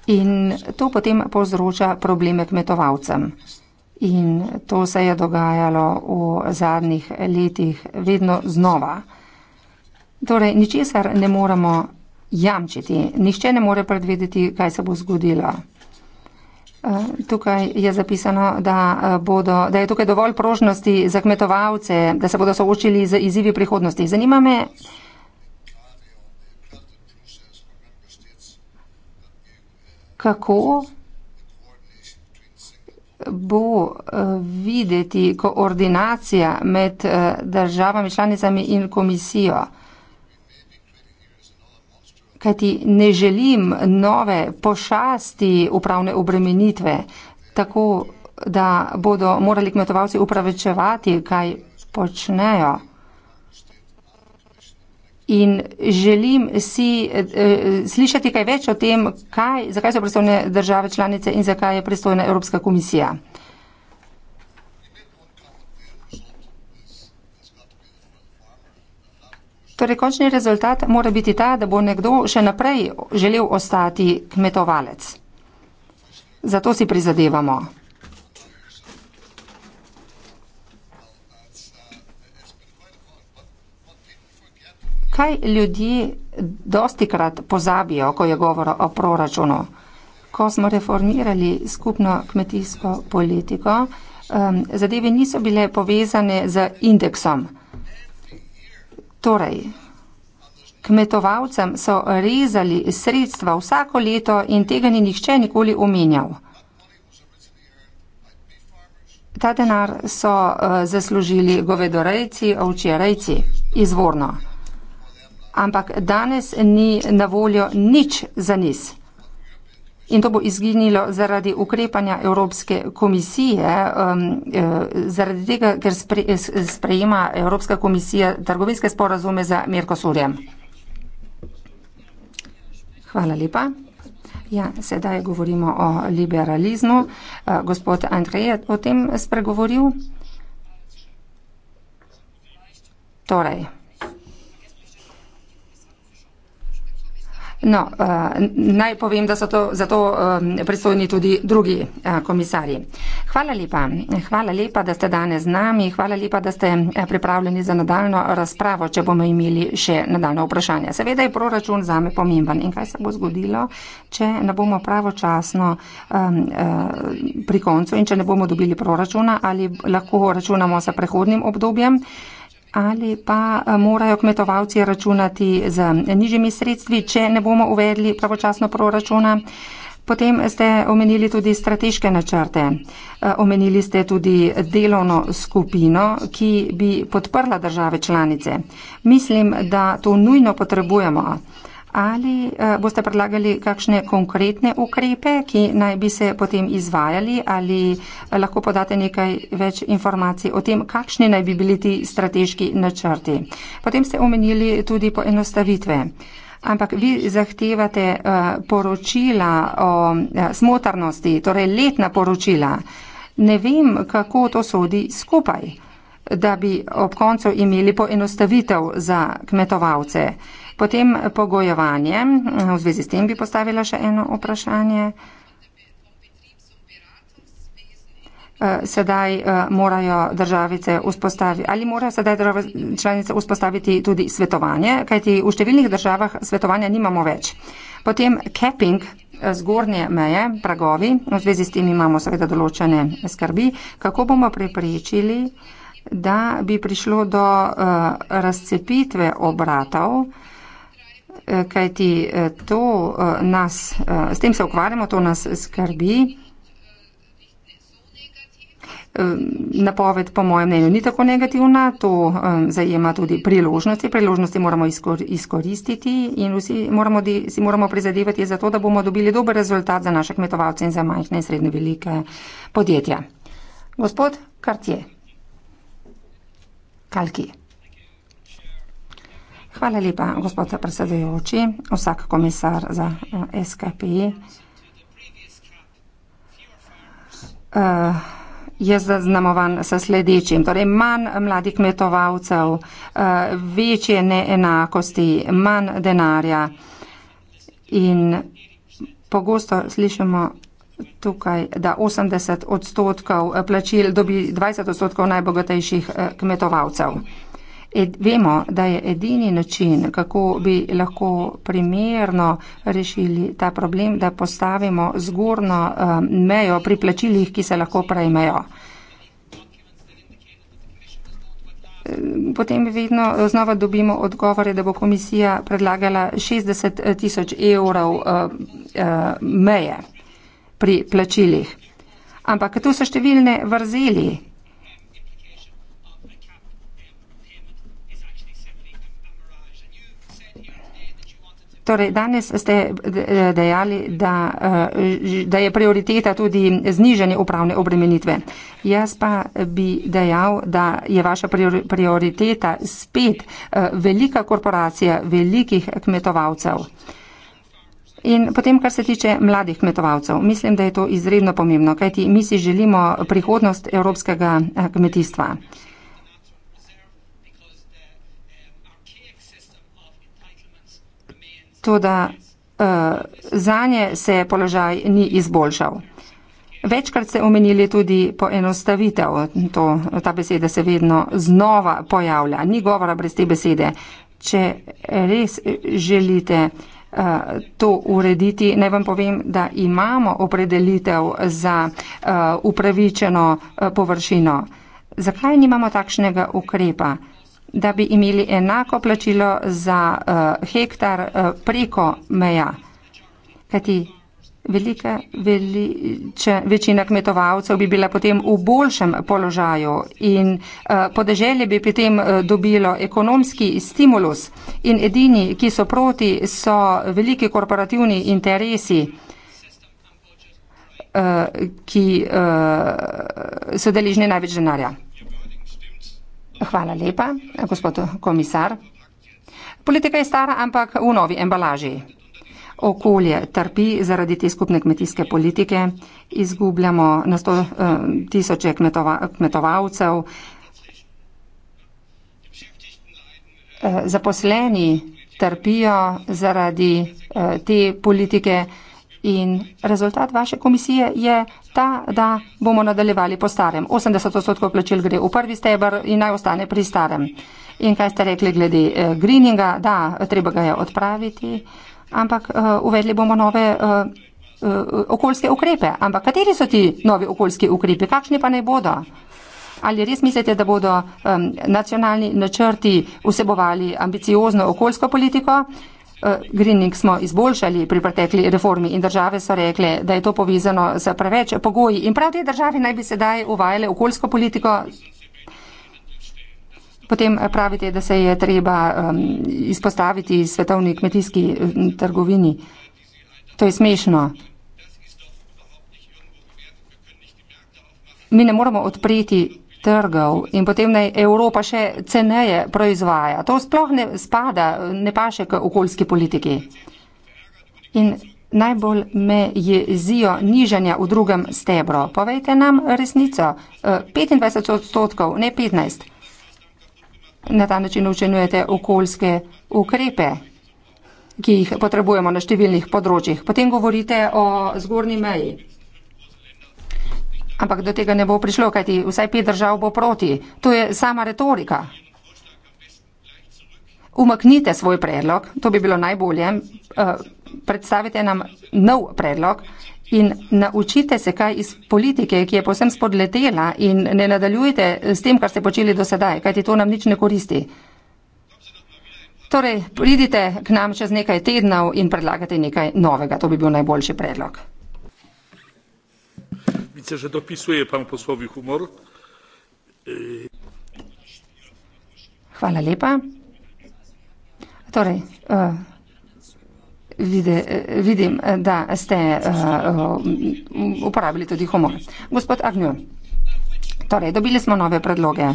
S2: In to potem povzroča probleme kmetovalcem. In to se je dogajalo v zadnjih letih vedno znova. Torej, ničesar ne moremo jamčiti, nihče ne more predvedeti, kaj se bo zgodilo. Eh, tukaj je zapisano, da, eh, bodo, da je tukaj dovolj prožnosti za kmetovalce, da se bodo soočili z izzivi prihodnosti. Zanima me, kako bo eh, videti koordinacija med državami članicami in komisijo kajti ne želim nove pošasti upravne obremenitve, tako da bodo morali kmetovalci upravičevati, kaj počnejo. In želim si e, slišati kaj več o tem, kaj, zakaj so pristojne države članice in zakaj je pristojna Evropska komisija. Torej, končni rezultat mora biti ta, da bo nekdo še naprej želel ostati kmetovalec. Zato si prizadevamo. Kaj ljudje dosti krat pozabijo, ko je govora o proračunu? Ko smo reformirali skupno kmetijsko politiko, ehm, zadeve niso bile povezane z indeksom. Torej, kmetovalcem so rezali sredstva vsako leto in tega ni nihče nikoli omenjal. Ta denar so uh, zaslužili govedorejci, ovčjerejci, izvorno. Ampak danes ni na voljo nič za nis in to bo izginilo zaradi ukrepanja Evropske komisije, um, eh, zaradi tega, ker sprejema Evropska komisija trgovinske sporazume za Mirkosurje. Hvala lepa. Ja, sedaj govorimo o liberalizmu. Eh, gospod Andrej je o tem spregovoril. Torej. No, eh, naj povem, da so to, za to ehm, pristojni tudi drugi eh, komisarji. Hvala lepa. Hvala lepa, da ste danes z nami. Hvala lepa, da ste eh, pripravljeni za nadaljno razpravo, če bomo imeli še nadaljno vprašanje. Seveda je proračun zame pomemben in kaj se bo zgodilo, če ne bomo pravočasno ehm, pri koncu in če ne bomo dobili proračuna ali lahko računamo sa prehodnim obdobjem ali pa eh, morajo kmetovalci računati z nižjimi sredstvi, če ne bomo uvedli pravočasno proračuna. Potem ste omenili tudi strateške načrte. Eh, omenili ste tudi delovno skupino, ki bi podprla države članice. Mislim, da to nujno potrebujemo. Ali eh, boste predlagali kakšne konkretne ukrepe, ki naj bi se potem izvajali, ali eh, lahko podate nekaj več informacij o tem, kakšni naj bi bili ti strateški načrti? Potem ste omenili tudi poenostavitve. Ampak vi zahtevate eh, poročila o smotrnosti, torej letna poročila. Ne vem, kako to sodi skupaj da bi ob koncu imeli poenostavitev za kmetovalce. Potem pogojevanje, v zvezi s tem bi postavila še eno vprašanje. Eh, sedaj eh, morajo državice vzpostaviti, ali morajo sedaj države članice vzpostaviti tudi svetovanje, kajti v številnih državah svetovanja nimamo več. Potem capping, eh, zgornje meje, pragovi, v zvezi s tem imamo seveda določene skrbi, kako bomo preprečili, da bi prišlo do eh, razcepitve obratov, eh, kajti eh, to nas, s tem se ukvarjamo, to nas skrbi. Napoved, po mojem mnenju, ni tako negativna, to zajema tudi priložnosti. Priložnosti moramo izkoristiti in vsi moramo, si moramo prizadevati za to, da bomo dobili dober rezultat za naše kmetovalce in za majhne in srednje velike podjetja. Gospod Kartje. Kalki. Hvala lepa, gospod predsedujoči, vsak komisar za eh, SKPI. Eh, je zaznamovan s sledečim, torej manj mladih kmetovalcev, eh, večje neenakosti, manj denarja in pogosto slišimo tukaj, da 80 odstotkov eh, plačil dobi 20 odstotkov najbogatejših eh, kmetovalcev. Ed, vemo, da je edini način, kako bi lahko primerno rešili ta problem, da postavimo zgorno um, eh, mejo pri plačilih, ki se lahko prejmejo. Potem vedno znova dobimo odgovore, da bo komisija predlagala 60 tisoč evrov uh, uh, meje pri plačilih. Ampak tu so številne vrzeli. Torej, danes ste dejali, da, eh, da je prioriteta tudi znižanje upravne obremenitve. Jaz pa bi dejal, da je vaša prioriteta spet eh, velika korporacija velikih kmetovalcev. In potem, kar se tiče mladih kmetovalcev, mislim, da je to izredno pomembno, kajti mi si želimo prihodnost evropskega eh, kmetijstva. Toda uh, eh, za nje se položaj ni izboljšal. Večkrat ste omenili tudi poenostavitev, to, ta beseda se vedno znova pojavlja, ni govora brez te besede. Če res želite uh, Eh, to urediti. Naj vam povem, da imamo opredelitev za eh, upravičeno eh, površino. Zakaj nimamo takšnega ukrepa? Da bi imeli enako plačilo za hektar preko meja. Kajti Velika veliče, večina kmetovalcev bi bila potem v boljšem položaju in eh, podeželje bi potem eh, dobilo ekonomski stimulus in edini, ki so proti, so veliki korporativni interesi, eh, ki so deližni največ denarja. Hvala lepa, gospod komisar. Politika je stara, ampak v novi embalaži okolje trpi zaradi te skupne kmetijske politike, izgubljamo na sto eh, tisoče kmetova, kmetovalcev, eh, zaposleni trpijo zaradi eh, te politike in rezultat vaše komisije je ta, da bomo nadaljevali po starem. 80 odstotkov plačil gre v prvi stebr in naj ostane pri starem. In kaj ste rekli glede greeninga? Da, treba ga je odpraviti ampak uh, uvedli bomo nove uh, uh, okoljske ukrepe. Ampak kateri so ti novi okoljski ukrepi, kakšni pa ne bodo? Ali res mislite, da bodo um, nacionalni načrti vsebovali ambiciozno okoljsko politiko? Uh, Greening smo izboljšali pri pretekli reformi in države so rekle, da je to povezano z preveč pogoji. In prav te države naj bi sedaj uvajale okoljsko politiko Potem eh, pravite, da se je treba um, izpostaviti svetovni kmetijski ehm, trgovini. To je smešno. Mi ne moremo odpreti trgov in potem naj Evropa še ceneje proizvaja. To sploh ne spada, ne paše k okoljski politiki. In najbolj me je zijo nižanja v drugem stebro. Povejte nam resnico. 25 eh, odstotkov, ne 15 na ta način učenjujete okoljske ukrepe, ki jih potrebujemo na številnih področjih. Potem govorite o zgornji meji. Ampak do tega ne bo prišlo, kajti vsaj pet držav bo proti. To je sama retorika. Umaknite svoj predlog, to bi bilo najbolje. Eh, predstavite nam nov predlog in naučite se kaj iz politike, ki je posem spodletela in ne nadaljujte s tem, kar ste počeli do sedaj, kajti to nam nič ne koristi. Torej, pridite k nam čez nekaj tednov in predlagate nekaj novega. To bi bil najboljši predlog.
S1: Vice že dopisuje pa poslovi humor.
S2: Hvala lepa. Torej, uh, Vide, vidim, da ste uh, uporabili tudi humor. Gospod Agnew, torej, dobili smo nove predloge.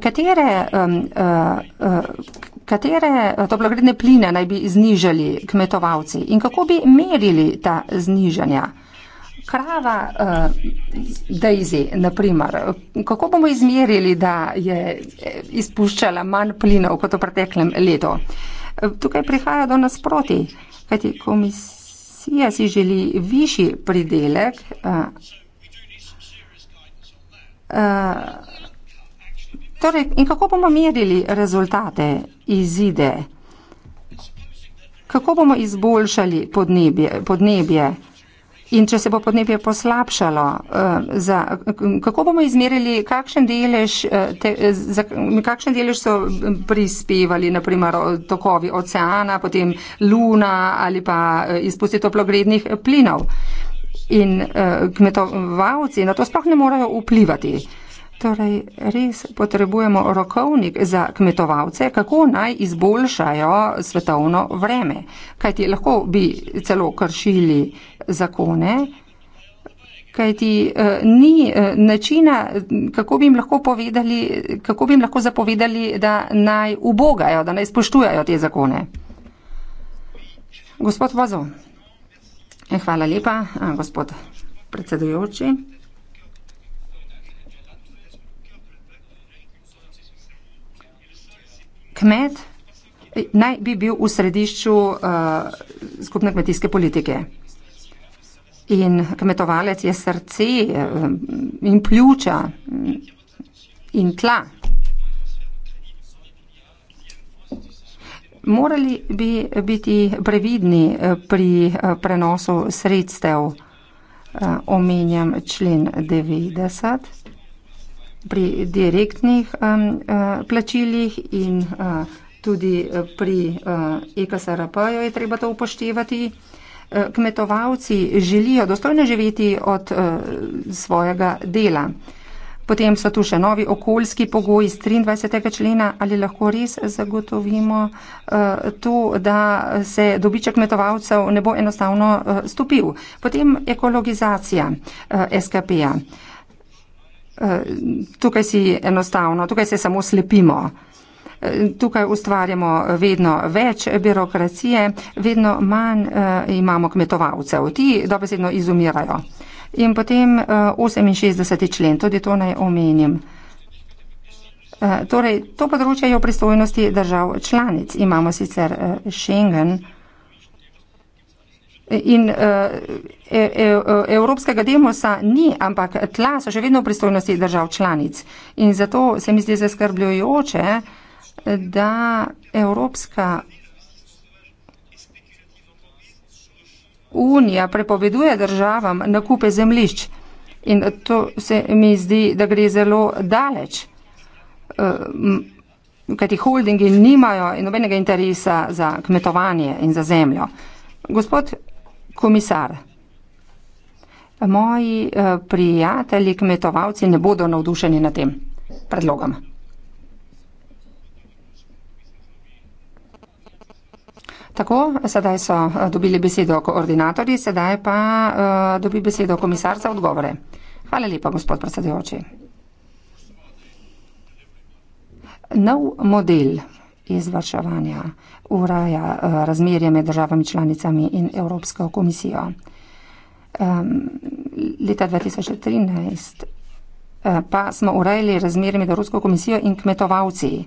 S2: Katere, um, uh, uh, katere toplogredne pline naj bi znižali kmetovalci in kako bi merili ta znižanja? Krava uh, Daisy, naprimer, kako bomo izmerili, da je izpuščala manj plinov kot v preteklem letu? Uh, Tukaj prihaja do nasproti, kajti komisija si želi višji pridelek, torej in kako bomo merili rezultate izide, kako bomo izboljšali podnebje, podnebje? In če se bo podnebje poslabšalo, eh, za, kako bomo izmerili, kakšen delež, eh, te, za, kakšen delež so prispevali, naprimer, tokovi oceana, potem luna ali pa eh, izpusti toplogrednih plinov. In kmetovalci na to sploh ne morejo vplivati. Torej, res potrebujemo rokovnik za kmetovalce, kako naj izboljšajo svetovno vreme. Kajti lahko bi celo kršili zakone, kajti eh, ni eh, načina, kako bi jim lahko, povedali, kako bi jim lahko zapovedali, da naj ubogajo, da naj spoštujajo te zakone. Gospod Vozo. Eh, hvala lepa, gospod predsedujoči. kmet naj bi bil v središču uh, skupne kmetijske politike. In kmetovalec je srce eh, in pljuča in tla. Morali bi biti previdni eh, pri prenosu sredstev, omenjam člen 90 pri direktnih um, uh, plačilih in uh, tudi eh, pri uh, EKSRP-ju je treba to upoštevati. Kmetovalci želijo dostojno živeti od uh, svojega dela. Potem so tu še novi okoljski pogoji iz 23. člena, ali lahko res zagotovimo uh, to, da se dobiček kmetovalcev ne bo enostavno uh, stopil. Potem ekologizacija uh, SKP-ja. Uh, Eh, tukaj si enostavno, tukaj se samo slepimo. Eh, tukaj ustvarjamo vedno več birokracije, vedno manj eh, imamo kmetovalcev. Ti dobesedno izumirajo. In potem 68. člen, tudi to naj omenim. Torej, to področje je v pristojnosti držav članic. Imamo sicer Schengen in eh, e, e, e, evropskega demosa ni, ampak tla so še vedno v pristojnosti držav članic. In zato se mi zdi zaskrbljujoče, da Evropska unija prepoveduje državam nakupe zemlišč. In to se mi zdi, da gre zelo daleč, eh, kaj ti holdingi nimajo nobenega interesa za kmetovanje in za zemljo. Gospod komisar. Moji eh, prijatelji, kmetovalci ne bodo navdušeni na tem predlogom. Tako, sedaj so eh, dobili besedo koordinatorji, sedaj pa uh, dobi besedo komisar za odgovore. Hvala lepa, gospod predsedujoči. Nov model izvrševanja, uraja eh, razmerje med državami članicami in Evropsko komisijo. Leta 2013 eh, pa smo urejali razmerje med Evropsko komisijo in kmetovalci.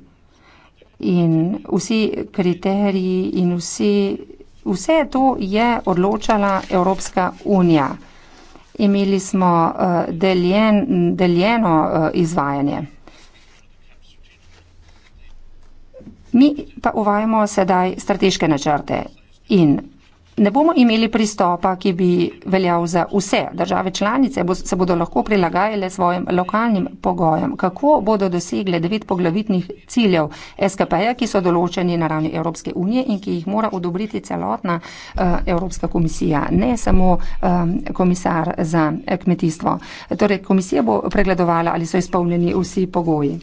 S2: In vsi kriteriji in vsi, vse to je odločala Evropska unija. Imeli smo eh, deljen, deljeno izvajanje. Mi pa uvajamo sedaj strateške načrte in ne bomo imeli pristopa, ki bi veljal za vse države članice, bo, se bodo lahko prilagajale svojim lokalnim pogojem, kako bodo dosegle devet poglavitnih ciljev SKP-ja, ki so določeni na ravni Evropske unije in ki jih mora odobriti celotna uh, Evropska komisija, ne samo um, komisar za eh, kmetijstvo. Torej, komisija bo pregledovala, ali so izpolnjeni vsi pogoji.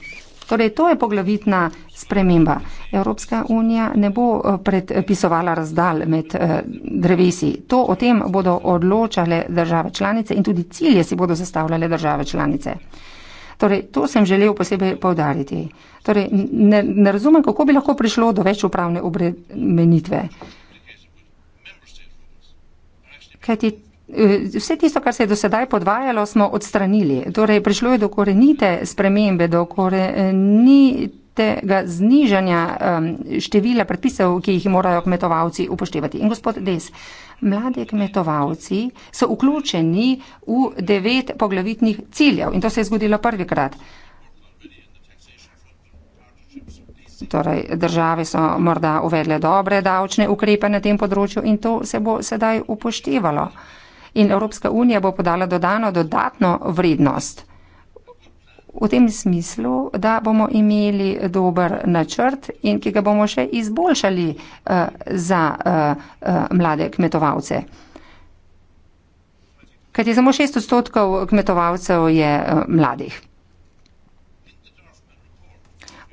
S2: Torej, to je poglavitna sprememba. Evropska unija ne bo eh, predpisovala razdal med eh, drevesi. To o tem bodo odločale države članice in tudi cilje si bodo zastavljale države članice. Torej, to sem želel posebej povdariti. Torej, ne, ne razumem, kako bi lahko prišlo do več upravne obremenitve. Kaj ti Vse tisto, kar se je do sedaj podvajalo, smo odstranili. Torej, prišlo je do korenite spremembe, do korenitega znižanja um, števila predpisev, ki jih morajo kmetovalci upoštevati. In gospod Des, mladi kmetovalci so vključeni v devet poglavitnih ciljev in to se je zgodilo prvikrat. Torej, države so morda uvedle dobre davčne ukrepe na tem področju in to se bo sedaj upoštevalo in Evropska unija bo podala dodano dodatno vrednost. V tem smislu, da bomo imeli dober načrt in ki ga bomo še izboljšali uh, za uh, uh, mlade kmetovalce. Kaj je samo šest odstotkov kmetovalcev je uh, mladih.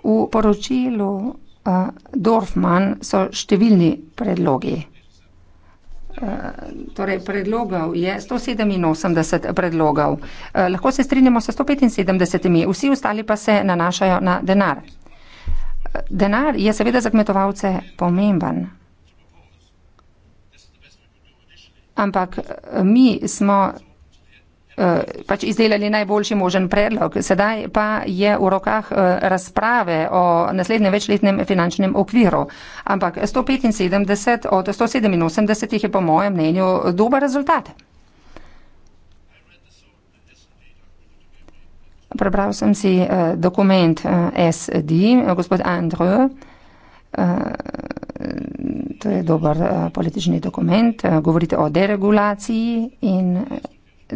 S2: V poročilu uh, Dorfman so številni predlogi. Eh, torej predlogov je 187 predlogov. Eh, lahko se strinjamo sa 175, vsi ostali pa se nanašajo na denar. Eh, denar je seveda za kmetovalce pomemben. Ampak mi smo Eh, pač izdelali najboljši možen predlog. Sedaj pa je v rokah eh, razprave o naslednjem večletnem finančnem okviru. Ampak 175 od 187 je po mojem mnenju dober rezultat. Prebral sem si eh, dokument SD, gospod Andrew. To je dober politični dokument. Govorite o deregulaciji in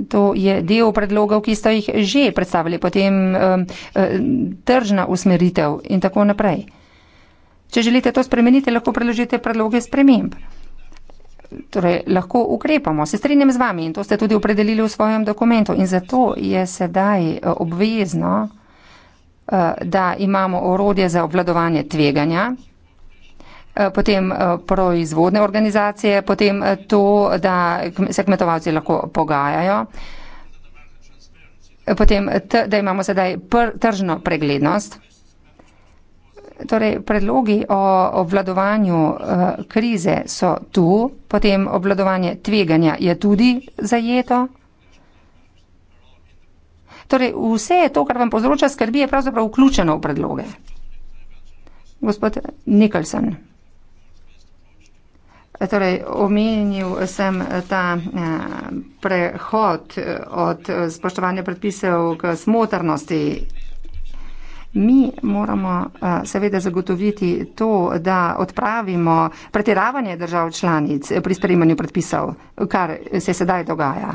S2: To je del predlogov, ki ste jih že predstavili, potem um, eh, tržna usmeritev in tako naprej. Če želite to spremeniti, lahko predložite predloge sprememb. Torej, lahko ukrepamo. Se strinjam z vami in to ste tudi opredelili v svojem dokumentu. In zato je sedaj eh, obvezno, eh, da imamo orodje za obvladovanje tveganja, Eh, potem eh, proizvodne organizacije, potem eh, to, da se kmetovalci lahko pogajajo, potem, da imamo sedaj tržno preglednost. Torej, predlogi o obvladovanju krize so tu, potem obvladovanje tveganja je tudi zajeto. Torej, vse to, kar vam povzroča skrbi, je pravzaprav vključeno v predloge. Gospod Nikolson. Torej, omenil sem ta eh, prehod eh, od eh, spoštovanja predpisev k smotrnosti. Mi moramo seveda zagotoviti to, da odpravimo pretiravanje držav članic pri sprejemanju predpisov, kar se sedaj dogaja.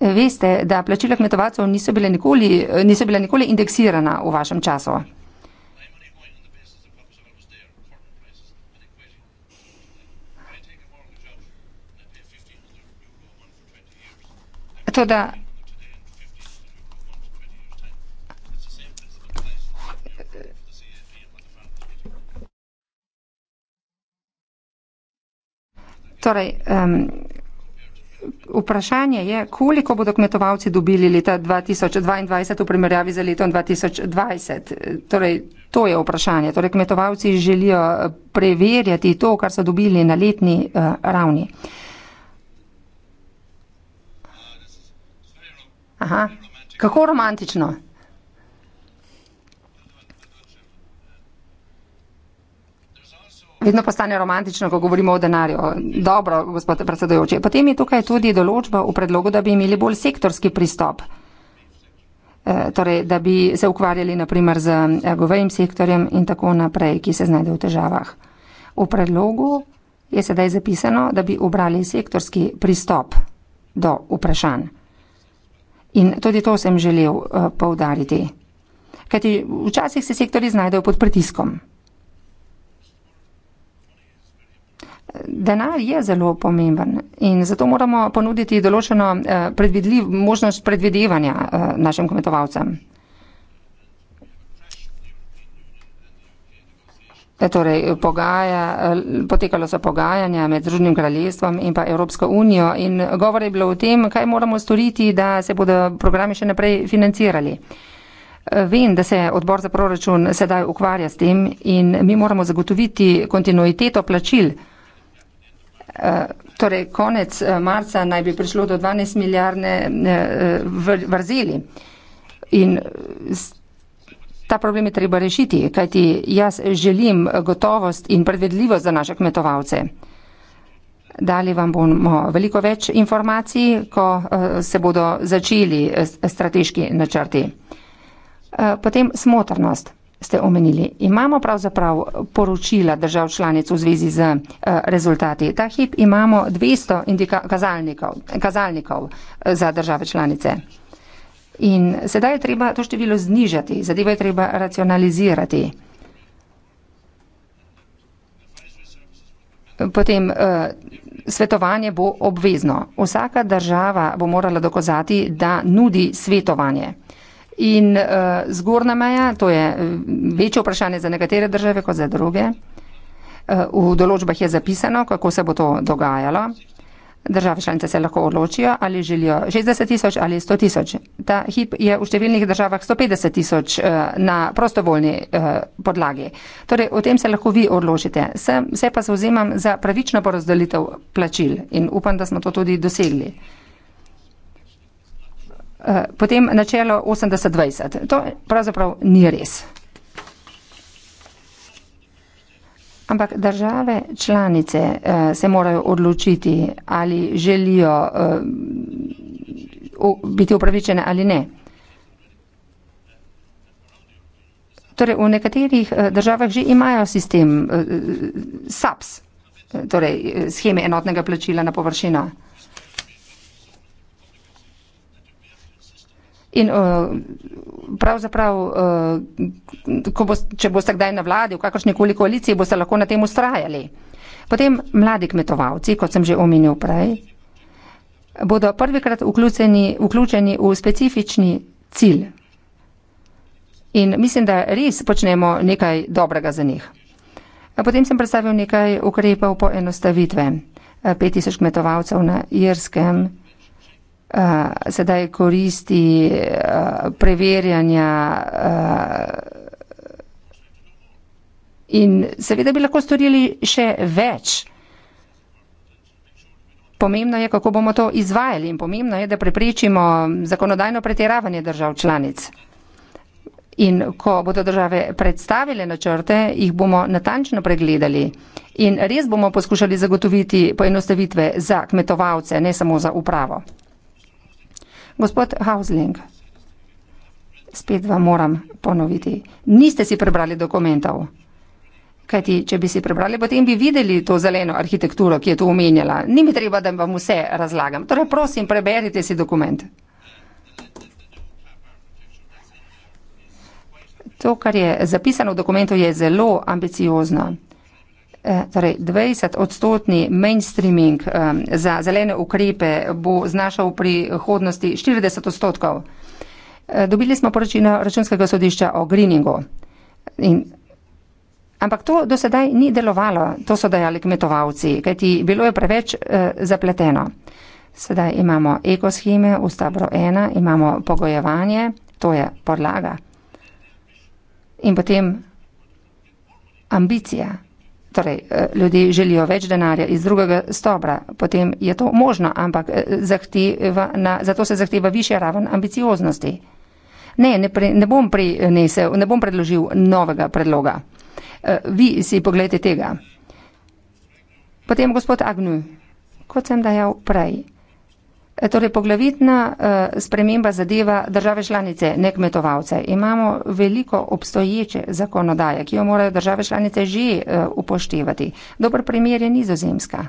S2: Veste, da plačila kmetovacov niso bila nikoli, nikoli indeksirana v vašem času. Zato da Torej, um, vprašanje je, koliko bodo kmetovalci dobili leta 2022 v primerjavi z letom 2020. Torej, to je vprašanje. Torej, kmetovalci želijo preverjati to, kar so dobili na letni uh, ravni. Uh, Aha. Kako romantično. Vedno postane romantično, ko govorimo o denarju. Dobro, gospod predsedojoče. Potem je tukaj tudi določba v predlogu, da bi imeli bolj sektorski pristop. E, torej, da bi se ukvarjali naprimer z e, govejim sektorjem in tako naprej, ki se znajde v težavah. V predlogu je sedaj zapisano, da bi obrali sektorski pristop do vprašanj. In tudi to sem želel uh, eh, povdariti. Kajti včasih se sektori znajdejo pod pritiskom. Denar je zelo pomemben in zato moramo ponuditi določeno eh, predvidljiv, možnost predvidevanja eh, našim kmetovalcem. E, torej, pogaja, e, potekalo so pogajanja med Združenim kraljestvom in pa Evropsko unijo in govor je bilo o tem, kaj moramo storiti, da se bodo programi še naprej financirali. E, vem, da se odbor za proračun sedaj ukvarja s tem in mi moramo zagotoviti kontinuiteto plačil. Torej, konec marca naj bi prišlo do 12 milijarde vrzeli. In ta problem je treba rešiti, kajti jaz želim gotovost in predvedljivost za naše kmetovalce. Dali vam bomo veliko več informacij, ko eh, se bodo začeli eh, strateški načrti. Eh, potem smotrnost ste omenili. Imamo pravzaprav poročila držav članic v zvezi z rezultati. Ta hip imamo 200 kazalnikov, kazalnikov za države članice. In sedaj je treba to število znižati, zadevo je treba racionalizirati. Potem uh, svetovanje bo obvezno. Vsaka država bo morala dokazati, da nudi svetovanje. In uh, zgornja meja, to je eh, večje vprašanje za nekatere države kot za druge. Uh, v določbah je zapisano, kako se bo to dogajalo. Države članice se lahko odločijo, ali želijo 60 tisoč ali 100 tisoč. Ta hip je v številnih državah 150 tisoč eh, na prostovoljni eh, podlagi. Torej, o tem se lahko vi odločite. Se pa zauzemam za pravično porazdelitev plačil in upam, da smo to tudi dosegli. Eh, potem načelo 80-20. To pravzaprav ni res. Ampak države članice uh, se morajo odločiti, ali želijo uh, biti upravičene ali ne. Torej, v nekaterih eh, državah že imajo sistem uh, SAPS, torej scheme enotnega plačila na površino. In uh, pravzaprav, uh, eh, bo, če boste kdaj na vladi, v kakršni koli koaliciji, boste lahko na tem ustrajali. Potem mladi kmetovalci, kot sem že omenil prej, bodo prvikrat vključeni, vključeni v specifični cilj. In mislim, da res počnemo nekaj dobrega za njih. Potem sem predstavil nekaj ukrepov poenostavitve. 5000 eh, kmetovalcev na Irskem uh, sedaj koristi uh, preverjanja uh, in seveda bi lahko storili še več. Pomembno je, kako bomo to izvajali in pomembno je, da preprečimo zakonodajno pretiravanje držav članic. In ko bodo države predstavile načrte, jih bomo natančno pregledali in res bomo poskušali zagotoviti poenostavitve za kmetovalce, ne samo za upravo. Gospod Hausling, spet vam moram ponoviti, niste si prebrali dokumentov. Kajti, če bi si prebrali, potem bi videli to zeleno arhitekturo, ki je tu omenjala. Ni mi treba, da vam vse razlagam. Torej, prosim, preberite si dokument. To, kar je zapisano v dokumentu, je zelo ambiciozno. Eh, torej, 20 odstotni mainstreaming ehm, za zelene ukrepe bo znašal pri hodnosti 40 odstotkov. Eh, dobili smo poročino računskega sodišča o greeningu. In, ampak to do sedaj ni delovalo, to so dajali kmetovalci, kajti bilo je preveč eh, zapleteno. Sedaj imamo ekoscheme v stabro 1, imamo pogojevanje, to je podlaga. In potem ambicija. Torej, eh, ljudje želijo več denarja iz drugega stobra, potem je to možno, ampak eh, na, zato se zahteva više raven ambicioznosti. Ne, ne, pre, ne, bom prinesel, ne bom predložil novega predloga. Eh, vi si pogledajte tega. Potem gospod Agnu, kot sem dajal prej, Eh, torej, poglavitna eh, sprememba zadeva države članice, ne kmetovalce. Imamo veliko obstoječe zakonodaje, ki jo morajo države članice že eh, upoštevati. Dobar primer je nizozemska.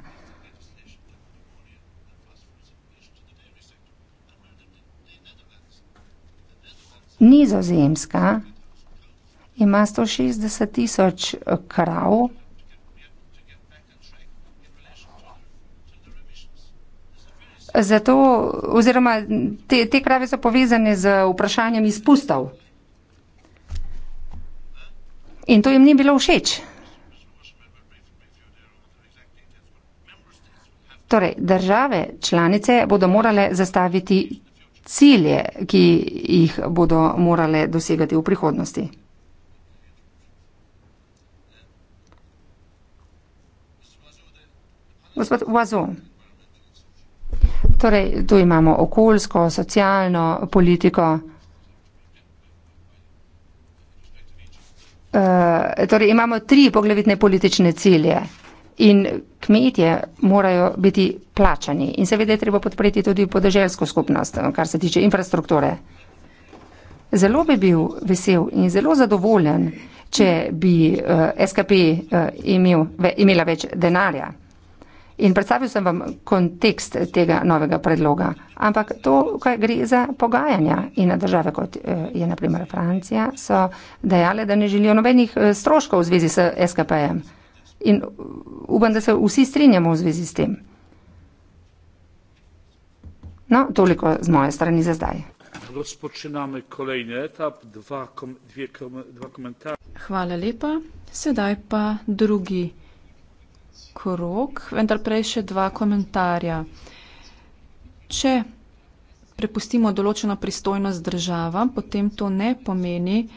S2: Nizozemska ima 160 tisoč krav. Zato, oziroma te, te krave so povezane z vprašanjem izpustov. In to jim ni bilo všeč. Torej, države članice bodo morale zastaviti cilje, ki jih bodo morale dosegati v prihodnosti. Gospod Wazon. Torej, tu imamo okoljsko, socialno politiko. E, torej, imamo tri poglavitne politične cilje in kmetje morajo biti plačani in seveda je treba podpreti tudi podeželsko skupnost, kar se tiče infrastrukture. Zelo bi bil vesel in zelo zadovoljen, če bi uh, eh, SKP uh, eh, imel, ve, imela več denarja. In predstavil sem vam kontekst tega novega predloga. Ampak to, kaj gre za pogajanja in države, kot eh, je naprimer Francija, so dejale, da ne želijo nobenih eh, stroškov v zvezi s SKP-jem. In uh, upam, da se vsi strinjamo v zvezi s tem. No, toliko z moje strani za zdaj.
S1: Etap, dva kom, dva
S2: Hvala lepa. Sedaj pa drugi
S4: krog, vendar prej še dva komentarja. Če prepustimo določeno pristojnost državam, potem to ne pomeni,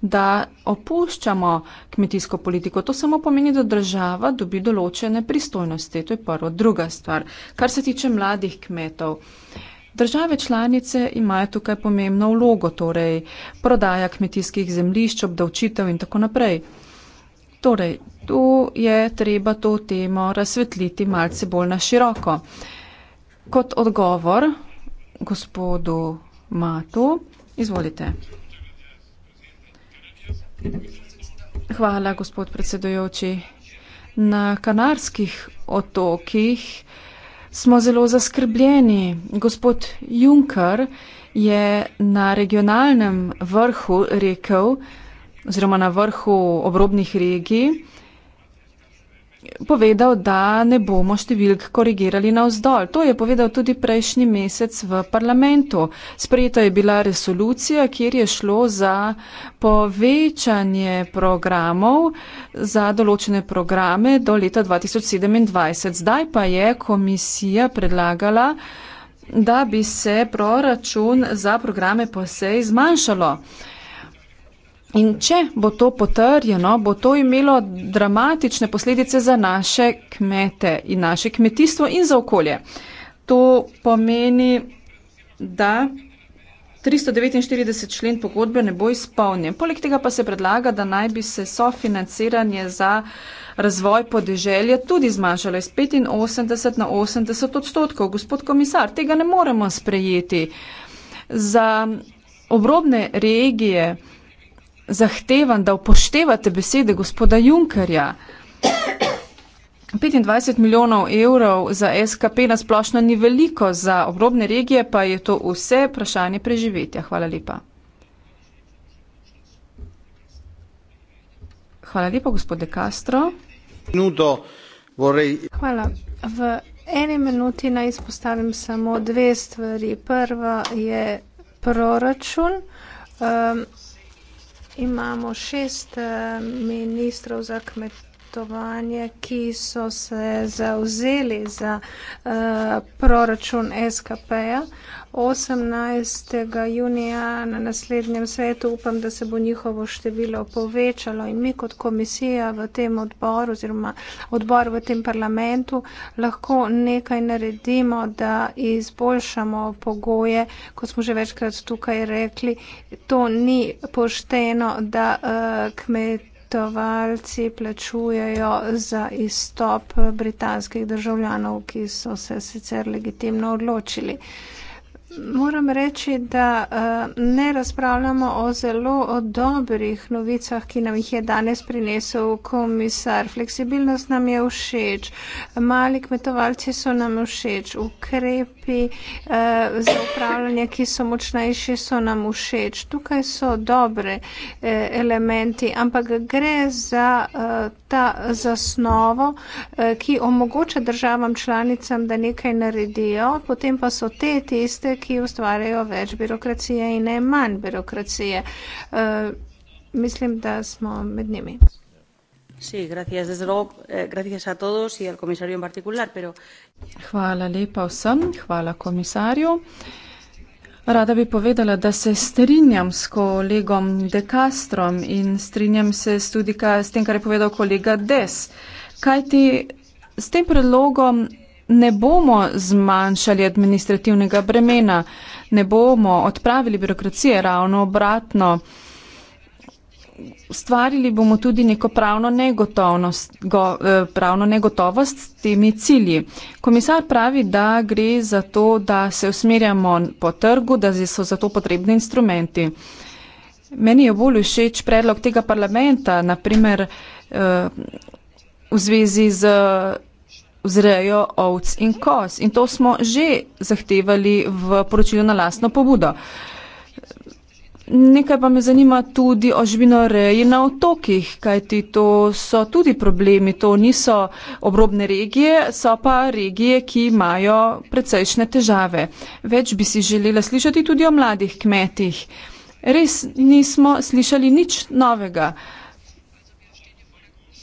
S4: da opuščamo kmetijsko politiko. To samo pomeni, da država dobi določene pristojnosti. To je prvo. Druga stvar, kar se tiče mladih kmetov. Države članice imajo tukaj pomembno vlogo, torej prodaja kmetijskih zemlišč, obdavčitev in tako naprej. Torej, tu je treba to temo razsvetliti malce bolj na široko. Kot odgovor gospodu Matu, izvolite. Hvala, gospod predsedujoči. Na kanarskih otokih smo zelo zaskrbljeni. Gospod Juncker je na regionalnem vrhu rekel, oziroma na vrhu obrobnih regij, povedal, da ne bomo številk korigirali navzdolj. To je povedal tudi prejšnji mesec v parlamentu. Sprejeta je bila resolucija, kjer je šlo za povečanje programov za določene programe do leta 2027. Zdaj pa je komisija predlagala, da bi se proračun za programe posej zmanjšalo. In če bo to potrjeno, bo to imelo dramatične posledice za naše kmete in naše kmetijstvo in za okolje. To pomeni, da 349 člen pogodbe ne bo izpolnjen. Poleg tega pa se predlaga, da naj bi se sofinanciranje za razvoj podeželja tudi zmanjšalo iz 85 na 80 odstotkov. Gospod komisar, tega ne moremo sprejeti. Za obrobne regije, zahtevam, da upoštevate besede gospoda Junkerja. 25 milijonov evrov za SKP na splošno ni veliko, za obrobne regije pa je to vse vprašanje preživetja. Hvala lepa.
S3: Hvala lepa, gospode Castro. Hvala. V eni minuti naj izpostavim samo dve stvari. Prva je proračun. Um, imamo šest eh, ministrov za kmet svetovanje, ki so se zauzeli za uh, proračun SKP-ja. 18. junija na naslednjem svetu upam, da se bo njihovo število povečalo in mi kot komisija v tem odboru oziroma odbor v tem parlamentu lahko nekaj naredimo, da izboljšamo pogoje, kot smo že večkrat tukaj rekli. To ni pošteno, da uh, eh, kmet svetovalci plačujejo za izstop britanskih državljanov, ki so se sicer legitimno odločili. Moram reči, da eh, ne razpravljamo o zelo o dobrih novicah, ki nam jih je danes prinesel komisar. Fleksibilnost nam je všeč, mali kmetovalci so nam všeč, ukrepi eh, za upravljanje, ki so močnejši, so nam všeč. Tukaj so dobre eh, elementi, ampak gre za ta zasnovo, ki omogoča državam članicam, da nekaj naredijo, potem pa so te tiste, ki ustvarjajo več birokracije in ne manj birokracije. Uh, mislim, da smo med njimi. Sí, gracias desde luego, eh, gracias a todos y al comisario en particular, pero... Hvala lepa vsem, hvala komisarju.
S4: Rada bi povedala, da se strinjam s kolegom De Castrom in strinjam se tudi s tem, kar je povedal kolega Des. Kaj ti s tem predlogom ne bomo zmanjšali administrativnega bremena, ne bomo odpravili birokracije, ravno obratno. Stvarili bomo tudi neko pravno negotovnost, go, eh, pravno negotovost s temi cilji. Komisar pravi, da gre za to, da se usmerjamo po trgu, da so za to potrebni instrumenti. Meni je bolj všeč predlog tega parlamenta, naprimer eh, v zvezi z vzrejo ovc in kos. In to smo že zahtevali v poročilu na lastno pobudo. Nekaj pa me zanima tudi o živinoreji na otokih, kajti to so tudi problemi, to niso obrobne regije, so pa regije, ki imajo precejšne težave. Več bi si želela slišati tudi o mladih kmetih. Res nismo slišali nič novega.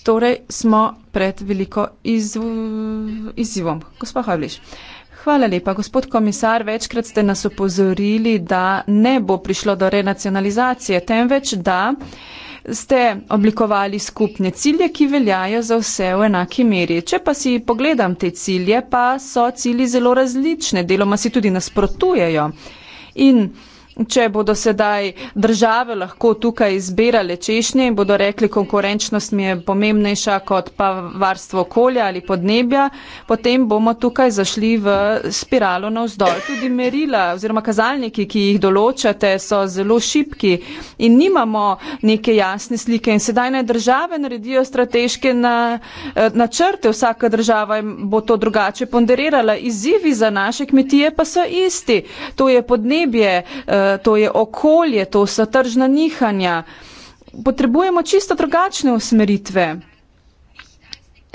S4: Torej smo pred veliko izv... izzivom. Gospod Havliš. Hvala lepa, gospod komisar. Večkrat ste nas opozorili, da ne bo prišlo do renacionalizacije, temveč da ste oblikovali skupne cilje, ki veljajo za vse v enaki meri. Če pa si pogledam te cilje, pa so cilji zelo različne, deloma si tudi nasprotujejo. In Če bodo sedaj države lahko tukaj izbirale češnje in bodo rekli, konkurenčnost mi je pomembnejša kot pa varstvo okolja ali podnebja, potem bomo tukaj zašli v spiralo navzdolj. Tudi merila oziroma kazalniki, ki jih določate, so zelo šipki in nimamo neke jasne slike. In sedaj naj države naredijo strateške eh, načrte, na vsaka država bo to drugače ponderirala. Izzivi za naše kmetije pa so isti. To je podnebje. Eh, to je okolje, to so tržna nihanja. Potrebujemo čisto drugačne usmeritve.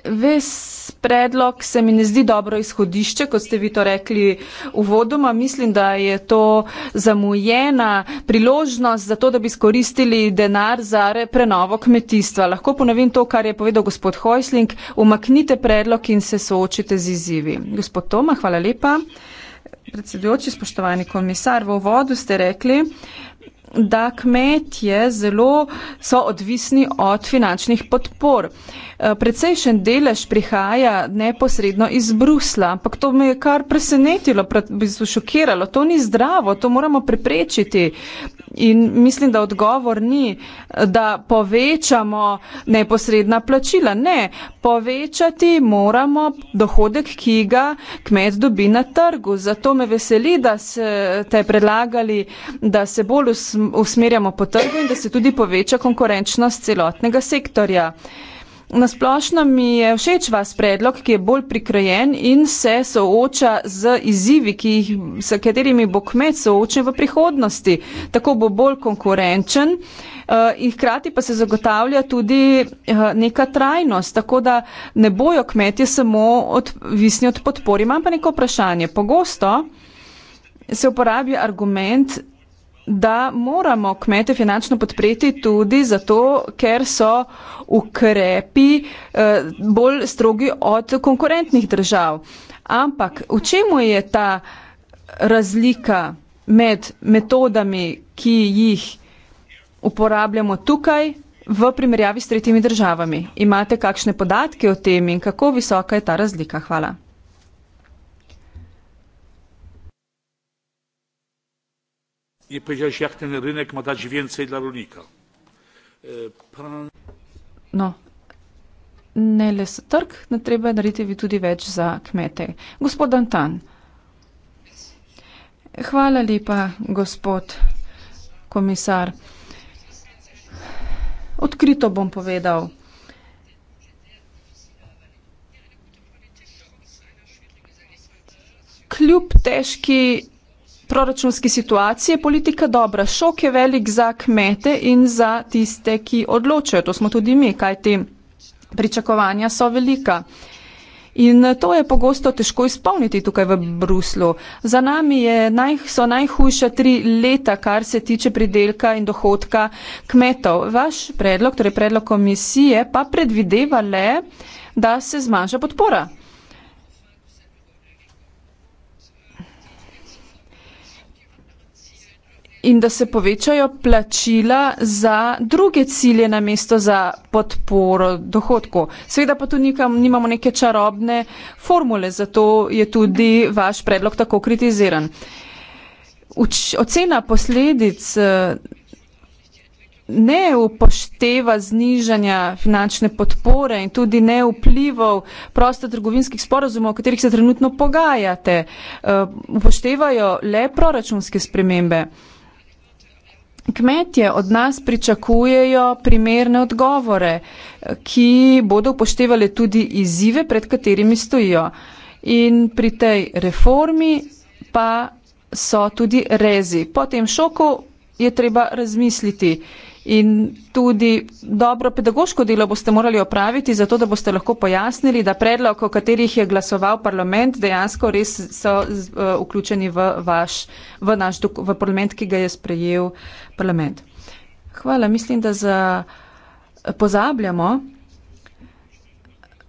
S4: Ves predlog se mi ne zdi dobro izhodišče, kot ste vi to rekli v vodoma. Mislim, da je to zamujena priložnost za to, da bi skoristili denar za prenovo kmetijstva. Lahko ponovim to, kar je povedal gospod Hojsling. Umaknite predlog in se soočite z izzivi. Gospod Toma, hvala lepa predsedujoči, spoštovani komisar, v uvodu ste rekli, da kmetje zelo so odvisni od finančnih podpor. Eh, precejšen delež prihaja neposredno iz Brusla, ampak to me je kar presenetilo, bistvo šokiralo. To ni zdravo, to moramo preprečiti. In mislim, da odgovor ni, da povečamo neposredna plačila. Ne, povečati moramo dohodek, ki ga kmet dobi na trgu. Zato me veseli, da ste predlagali, da se bolj usmerjamo usmerjamo po trgu in da se tudi poveča konkurenčnost celotnega sektorja. Nasplošno mi je všeč vas predlog, ki je bolj prikrojen in se sooča z izzivi, s katerimi bo kmet soočen v prihodnosti. Tako bo bolj konkurenčen eh, in hkrati pa se zagotavlja tudi eh, neka trajnost, tako da ne bojo kmetje samo odvisni od podpori. Imam pa neko vprašanje. Pogosto se uporablja argument, da moramo kmete finančno podpreti tudi zato, ker so ukrepi eh, bolj strogi od konkurentnih držav. Ampak v čemu je ta razlika med metodami, ki jih uporabljamo tukaj v primerjavi s tretjimi državami? Imate kakšne podatke o tem in kako visoka je ta razlika? Hvala.
S1: nie powiedziałeś, jak ten rynek ma dać więcej dla rolnika. E, pan...
S4: No. Ne le za trg, ne treba narediti tudi več za kmete. Gospod Antan. Hvala lepa, gospod komisar. Odkrito bom povedal. Kljub težki proračunski situaciji je politika dobra. Šok je velik za kmete in za tiste, ki odločajo. To smo tudi mi, kajti pričakovanja so velika. In to je pogosto težko izpolniti tukaj v Bruslu. Za nami naj, so najhujša tri leta, kar se tiče pridelka in dohodka kmetov. Vaš predlog, torej predlog komisije, pa predvideva le, da se zmanjša podpora in da se povečajo plačila za druge cilje na mesto za podporo dohodku. Seveda pa tu nikam, nimamo neke čarobne formule, zato je tudi vaš predlog tako kritiziran. Uč, ocena posledic eh, ne upošteva znižanja finančne podpore in tudi ne vplivov prostotrgovinskih sporozumov, o katerih se trenutno pogajate. Eh, upoštevajo le proračunske spremembe. Kmetje od nas pričakujejo primerne odgovore, ki bodo upoštevali tudi izzive, pred katerimi stojijo. In pri tej reformi pa so tudi rezi. Po tem šoku je treba razmisliti, in tudi dobro pedagoško delo boste morali opraviti, zato da boste lahko pojasnili, da predlog, o katerih je glasoval parlament, dejansko res so uh, vključeni v, vaš, v, naš, v parlament, ki ga je sprejel parlament. Hvala, mislim, da za, e, pozabljamo,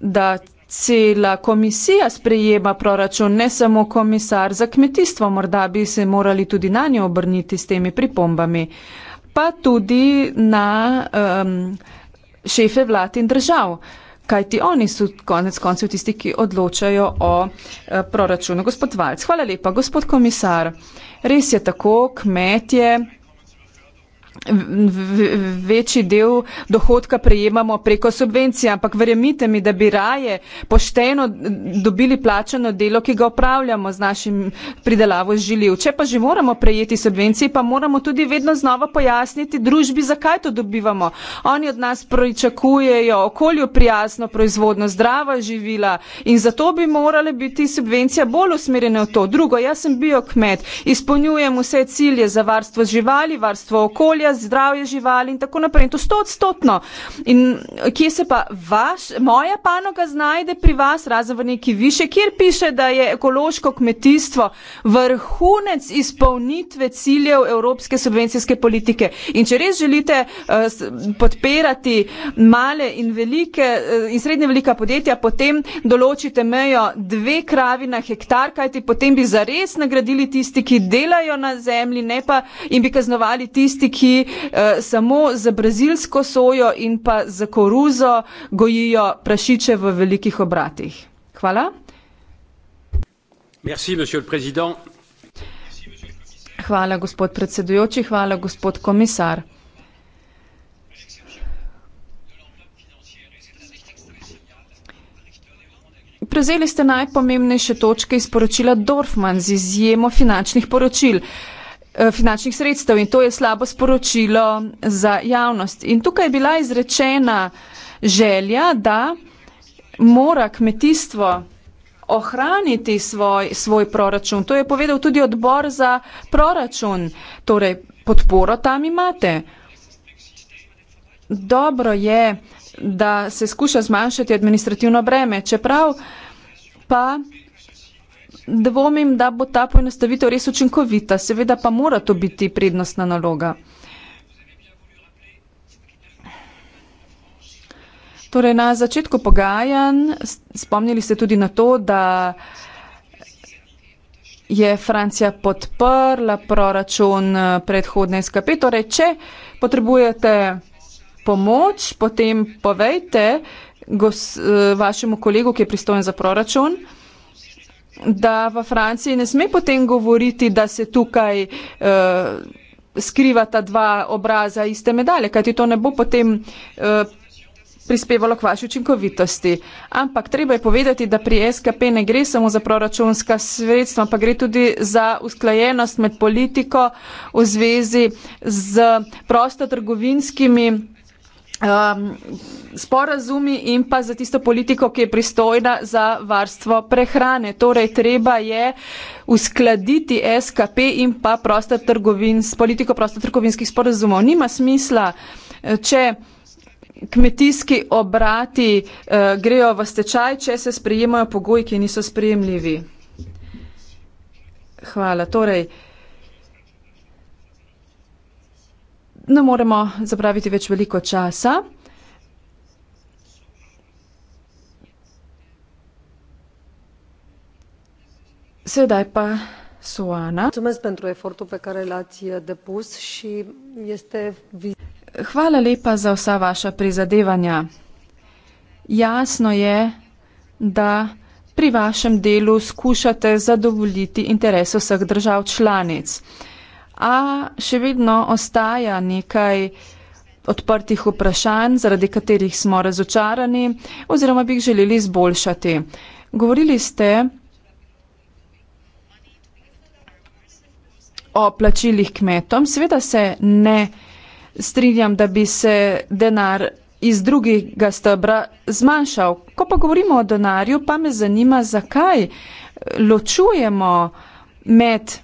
S4: da. Cela komisija sprejema proračun, ne samo komisar za kmetijstvo, morda bi se morali tudi na njo obrniti s temi pripombami. Uh, pa tudi na um, šefe vlad in držav. Kaj ti oni so konec koncev tisti, ki odločajo o e, proračunu? Gospod Valc, hvala lepa, gospod komisar. Res je tako, kmetje večji del dohodka prejemamo preko subvencije, ampak verjemite mi, da bi raje pošteno dobili plačano delo, ki ga opravljamo z našim pridelavo žiljiv. Če pa že moramo prejeti subvencije, pa moramo tudi vedno znova pojasniti družbi, zakaj to dobivamo. Oni od nas pričakujejo okolju prijazno proizvodno, zdrava živila in zato bi morale biti subvencije bolj usmerjene v to. Drugo, jaz sem biokmet, izpolnjujem vse cilje za varstvo živali, varstvo okolja, zdravje živali in tako naprej. In to stotstotno. In eh, kje se pa vaš, moja panoga znajde pri vas, razen v neki više, kjer piše, da je ekološko kmetijstvo vrhunec izpolnitve ciljev evropske subvencijske politike. In če res želite uh, podpirati male in velike uh, in srednje velika podjetja, potem določite mejo dve kravi na hektar, kajti potem bi zares nagradili tisti, ki delajo na zemlji, ne pa in bi kaznovali tisti, ki uh, eh, samo za brazilsko sojo in pa za koruzo gojijo prašiče v velikih obratih. Hvala. Merci, hvala, gospod predsedujoči, hvala, gospod komisar. Prezeli ste najpomembnejše točke iz poročila Dorfman z izjemo finančnih poročil. Eh, finančnih sredstev in to je slabo sporočilo za javnost. In tukaj je bila izrečena želja, da mora kmetijstvo ohraniti svoj, svoj proračun. To je povedal tudi odbor za proračun. Torej, podporo tam imate. Dobro je, da se skuša zmanjšati administrativno breme, čeprav pa dvomim, da bo ta poenostavitev res učinkovita. Seveda pa mora to biti prednostna naloga. Torej, na začetku pogajanj spomnili ste tudi na to, da je Francija podprla proračun eh, predhodne SKP. Torej, če potrebujete pomoč, potem povejte eh, vašemu kolegu, ki je pristojen za proračun da v Franciji ne sme potem govoriti, da se tukaj uh, skrivata dva obraza iste medalje, kajti to ne bo potem uh, prispevalo k vaši učinkovitosti. Ampak treba je povedati, da pri SKP ne gre samo za proračunska sredstva, pa gre tudi za usklajenost med politiko v zvezi z prostotrgovinskimi um, sporazumi in pa za tisto politiko, ki je pristojna za varstvo prehrane. Torej, treba je uskladiti SKP in pa prosta trgovin, politiko prostotrgovinskih sporazumov. Nima smisla, eh, če kmetijski obrati uh, grejo v stečaj, če se sprejemajo pogoji, ki niso sprejemljivi. Hvala. Torej, uh, ne moremo zapraviti več veliko časa.
S2: Sedaj pa Suana. Hvala
S4: lepa za vsa vaša prizadevanja. Jasno je, da pri vašem delu skušate zadovoljiti interes vseh držav članic a še vedno ostaja nekaj odprtih vprašanj, zaradi katerih smo razočarani oziroma bi jih želeli izboljšati. Govorili ste o plačilih kmetom. Sveda se ne strinjam, da bi se denar iz drugega stebra zmanjšal. Ko pa govorimo o denarju, pa me zanima, zakaj ločujemo med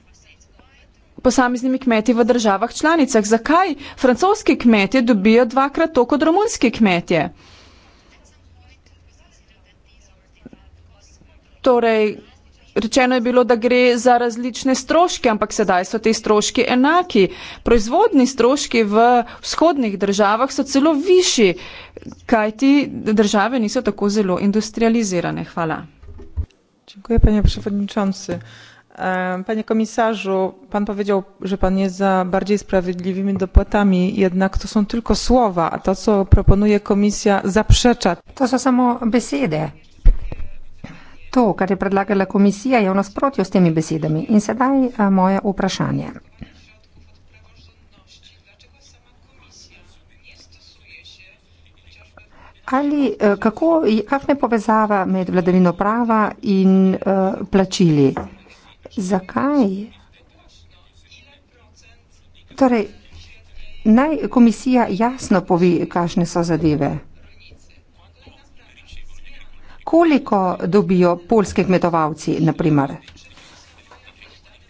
S4: posameznimi kmeti v državah članicah. Zakaj francoski kmetje dobijo dvakrat to kot romunski kmetje? Torej, rečeno je bilo, da gre za različne stroške, ampak sedaj so te stroški enaki. Proizvodni stroški v vzhodnih državah so celo višji, kaj ti države niso tako zelo industrializirane. Hvala.
S2: Dziękuję panie przewodniczący. Panie komisarzu, pan powiedział, że pan jest za bardziej sprawiedliwymi dopłatami, jednak to są tylko słowa, a to, co proponuje komisja, zaprzecza. To są samo besiedy. To, co proponuje komisja, jest naprzeciw z tymi besiedami. I teraz e, moje pytanie. Ali e, kako, kakšna je povezava med vladavino prava in uh, plačili? Zakaj? Torej, naj komisija jasno pove, kakšne so zadeve. Koliko dobijo polski kmetovalci, naprimer?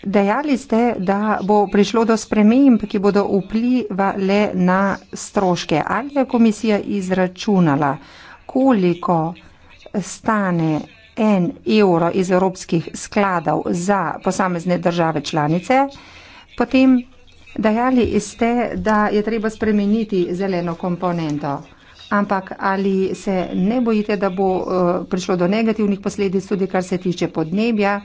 S2: Dejali ste, da bo prišlo do sprememb, ki bodo vplivali na stroške. Ali je komisija izračunala, koliko stane en evro iz evropskih skladov za posamezne države članice, potem dajali ste, da je treba spremeniti zeleno komponento. Ampak ali se ne bojite, da bo uh, prišlo do negativnih posledic tudi kar se tiče podnebja?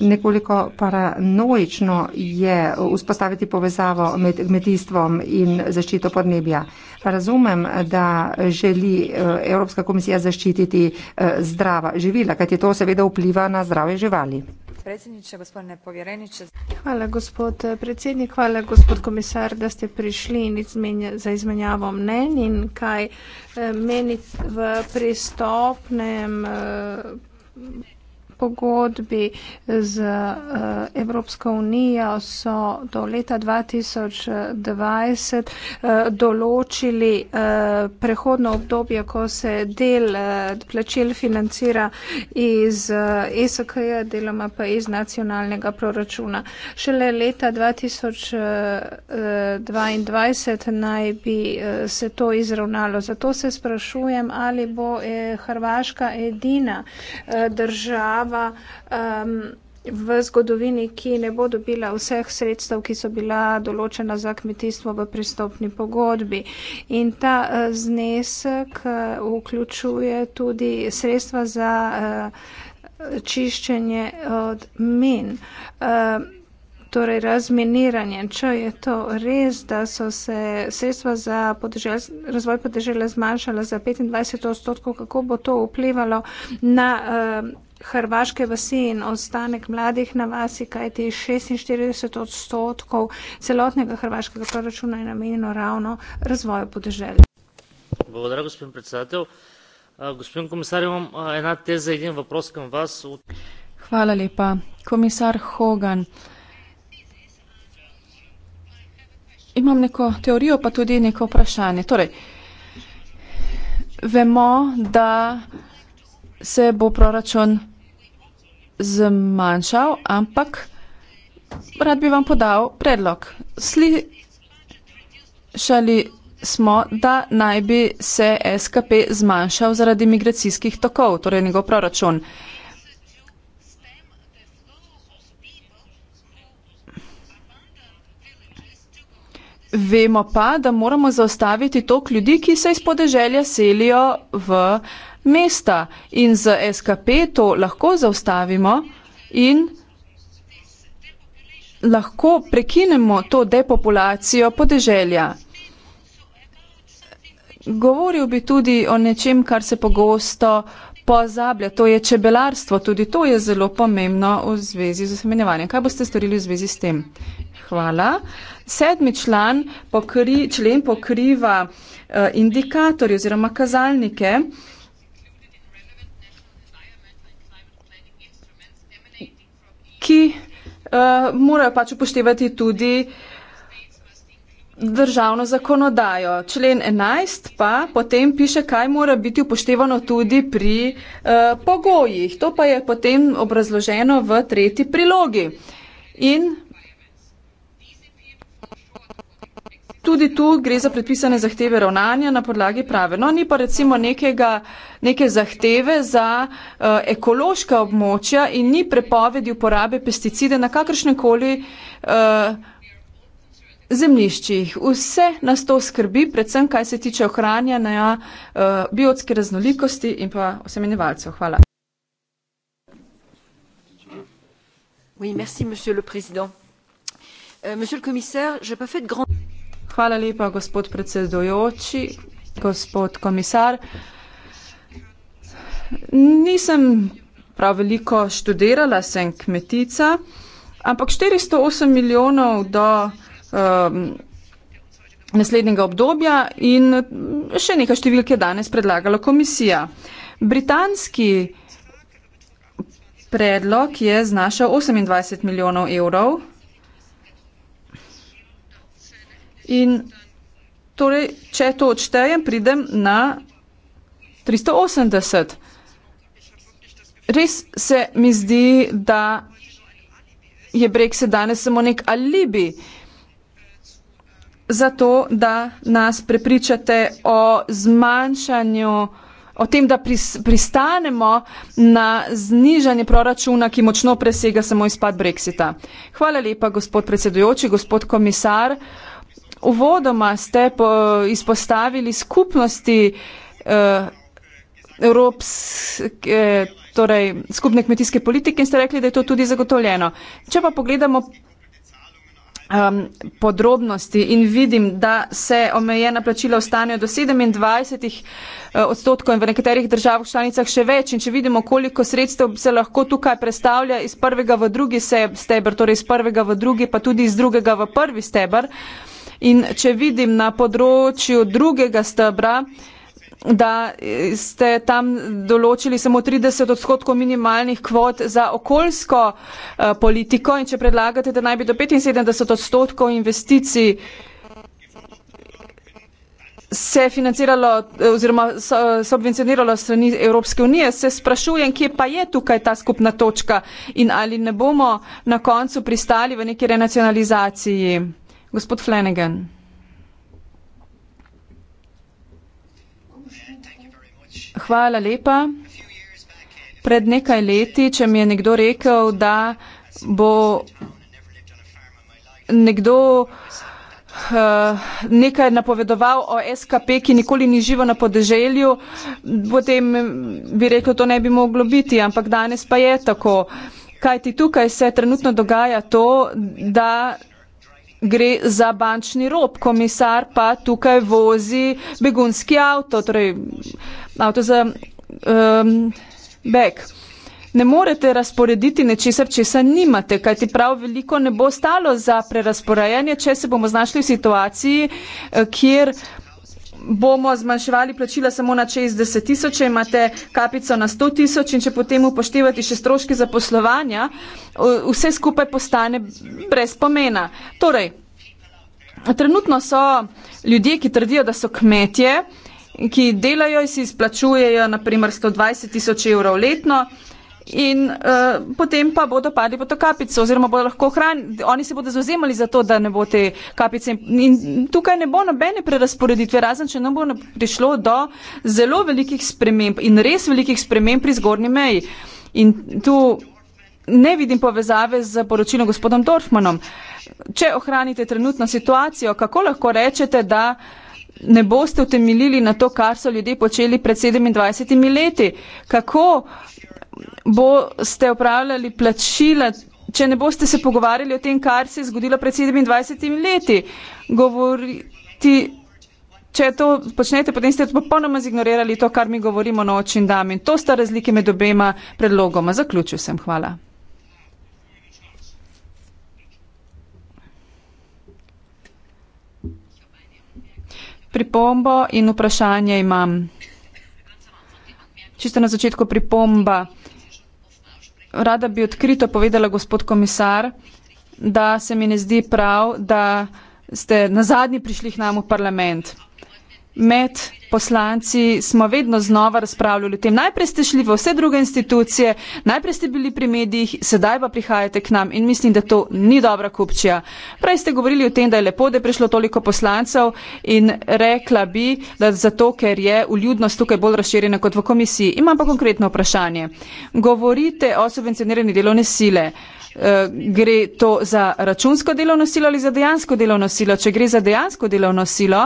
S2: nekoliko paranoično je vzpostaviti povezavo med kmetijstvom in zaščito podnebja. Razumem, da želi eh, Evropska komisija zaščititi eh, zdrava živila, kajti to seveda vpliva na zdrave živali.
S3: Hvala, gospod eh, predsednik, hvala, gospod komisar, da ste prišli za izmenjavo mnen in kaj meni v pristopnem pogodbi z eh, Evropsko unijo so do leta 2020 eh, določili eh, prehodno obdobje, ko se del plačil financira iz ESK-ja, deloma pa iz nacionalnega proračuna. Šele leta 2022 naj bi se to izravnalo. Zato se sprašujem, ali bo Hrvaška edina država, država um, v zgodovini, ki ne bo dobila vseh sredstev, ki so bila določena za kmetijstvo v pristopni pogodbi. In ta uh, znesek uh, vključuje tudi sredstva za uh, čiščenje od min. Uh, Torej, razminiranje. Če je to res, da so se sredstva za podežel, razvoj podeželja zmanjšala za 25 odstotkov, kako bo to vplivalo na. Uh, hrvaške vasi in ostanek mladih na vasi, kajti 46 odstotkov celotnega hrvaškega proračuna je namenjeno ravno razvoju podeželja.
S5: Благодаря, господин председател. Господин комисар, имам една теза, един въпрос към вас.
S3: Хвала лепа. Комисар
S4: Хоган, имам неко теорио, па туди неко прашане. Торе, torej, вемо да se bo proračun zmanjšal, ampak rad bi vam podal predlog. Slišali smo, da naj bi se SKP zmanjšal zaradi migracijskih tokov, torej njegov proračun. Vemo pa, da moramo zaustaviti tok ljudi, ki se iz podeželja selijo v uh, mesta in z SKP to lahko zaustavimo in lahko prekinemo to depopulacijo podeželja. Govoril bi tudi o nečem, kar se pogosto pozablja, to je čebelarstvo, tudi to je zelo pomembno v zvezi z osemenjevanjem. Kaj boste storili v zvezi s tem? Hvala. Sedmi član pokri, člen pokriva uh, indikatorje oziroma kazalnike. Uh, ki uh, morajo pač upoštevati tudi državno zakonodajo. Člen 11 pa potem piše, kaj mora biti upoštevano tudi pri uh, pogojih. To pa je potem obrazloženo v tretji prilogi. In Tudi tu gre za predpisane zahteve ravnanja na podlagi prave. No, ni pa recimo nekega, neke zahteve za uh, ekološka območja in ni prepovedi uporabe pesticide na kakršne koli uh, eh, zemliščih. Vse nas to skrbi, predvsem kaj se tiče ohranjanja uh, biotske raznolikosti in pa osemenjevalcev. Hvala. Oui, merci, monsieur le président. Euh, monsieur le commissaire, je n'ai pas fait de grandes. Hvala lepa, gospod predsedujoči, gospod komisar. Nisem prav veliko študirala, sem kmetica, ampak 408 milijonov do um, naslednjega obdobja in še nekaj številke danes predlagala komisija. Britanski predlog je znašal 28 milijonov evrov In torej, če to odštejem, pridem na 380. Res se mi zdi, da je Brexit danes samo nek alibi za to, da nas prepričate o zmanjšanju, o tem, da pristanemo na znižanje proračuna, ki močno presega samo izpad Brexita. Hvala lepa, gospod predsedujoči, gospod komisar. Uvodoma ste po, izpostavili skupnosti eh, Evropske, eh, torej skupne kmetijske politike in ste rekli, da je to tudi zagotovljeno. Če pa pogledamo um, podrobnosti in vidim, da se omejena plačila ostanejo do 27 eh, odstotkov in v nekaterih državah članicah še več in če vidimo, koliko sredstev se lahko tukaj predstavlja iz prvega v drugi stebr, torej iz prvega v drugi, pa tudi iz drugega v prvi stebr, In če vidim na področju drugega stebra, da ste tam določili samo 30 odstotkov minimalnih kvot za okoljsko eh, politiko in če predlagate, da naj bi do 75 odstotkov investicij se financiralo eh, oziroma eh, subvencioniralo strani Evropske unije, se sprašujem, kje pa je tukaj ta skupna točka in ali ne bomo na koncu pristali v neki renacionalizaciji. Gospod Flanagan. Hvala lepa. Pred nekaj leti, če mi je nekdo rekel, da bo nekdo uh, nekaj napovedoval o SKP, ki nikoli ni živo na podeželju, potem bi rekel, to ne bi moglo biti, ampak danes pa je tako. Kaj ti tukaj se trenutno dogaja to, da gre za bančni rob, komisar pa tukaj vozi begunski avto, torej avto za um, beg. Ne morete razporediti nečesar, če se nimate, kajti prav veliko ne bo stalo za prerasporajanje, če se bomo znašli v situaciji, eh, kjer bomo zmanjševali plačila samo na 60 tisoč, če imate kapico na 100 tisoč in če potem upoštevati še stroški za poslovanja, vse skupaj postane brez pomena. Torej, trenutno so ljudje, ki trdijo, da so kmetje, ki delajo in si izplačujejo naprimer 120 tisoč evrov letno, in uh, potem pa bodo padli pod to kapico oziroma bodo lahko hranili, oni se bodo zauzemali za to, da ne bo te kapice in, in tukaj ne bo nobene prerasporeditve, razen če nam bo prišlo do zelo velikih sprememb in res velikih sprememb pri zgornji meji. In tu ne vidim povezave z poročilom gospodom Dorfmanom. Če ohranite trenutno situacijo, kako lahko rečete, da ne boste utemilili na to, kar so ljudje počeli pred 27 leti? Kako boste upravljali plačila, če ne boste se pogovarjali o tem, kar se je zgodilo pred 27 leti. Govoriti, če to počnete, potem ste popolnoma zignorirali to, kar mi govorimo noč in dan. In to sta razlike med obema predlogoma. Zaključil sem. Hvala. Pripombo in vprašanje imam. Čisto na začetku pripomba rada bi odkrito povedala, gospod komisar, da se mi ne zdi prav, da ste na zadnji prišli k nam v parlament med poslanci smo vedno znova razpravljali o tem. Najprej ste šli v vse druge institucije, najprej ste bili pri medijih, sedaj pa prihajate k nam in mislim, da to ni dobra kupčija. Prej ste govorili o tem, da je lepo, da je prišlo toliko poslancev in rekla bi, da zato, ker je uljudnost tukaj bolj razširjena kot v komisiji. Imam pa konkretno vprašanje. Govorite o subvencionirani delovne sile. Eh, gre to za računsko delovno silo ali za dejansko delovno silo? Če gre za dejansko delovno silo,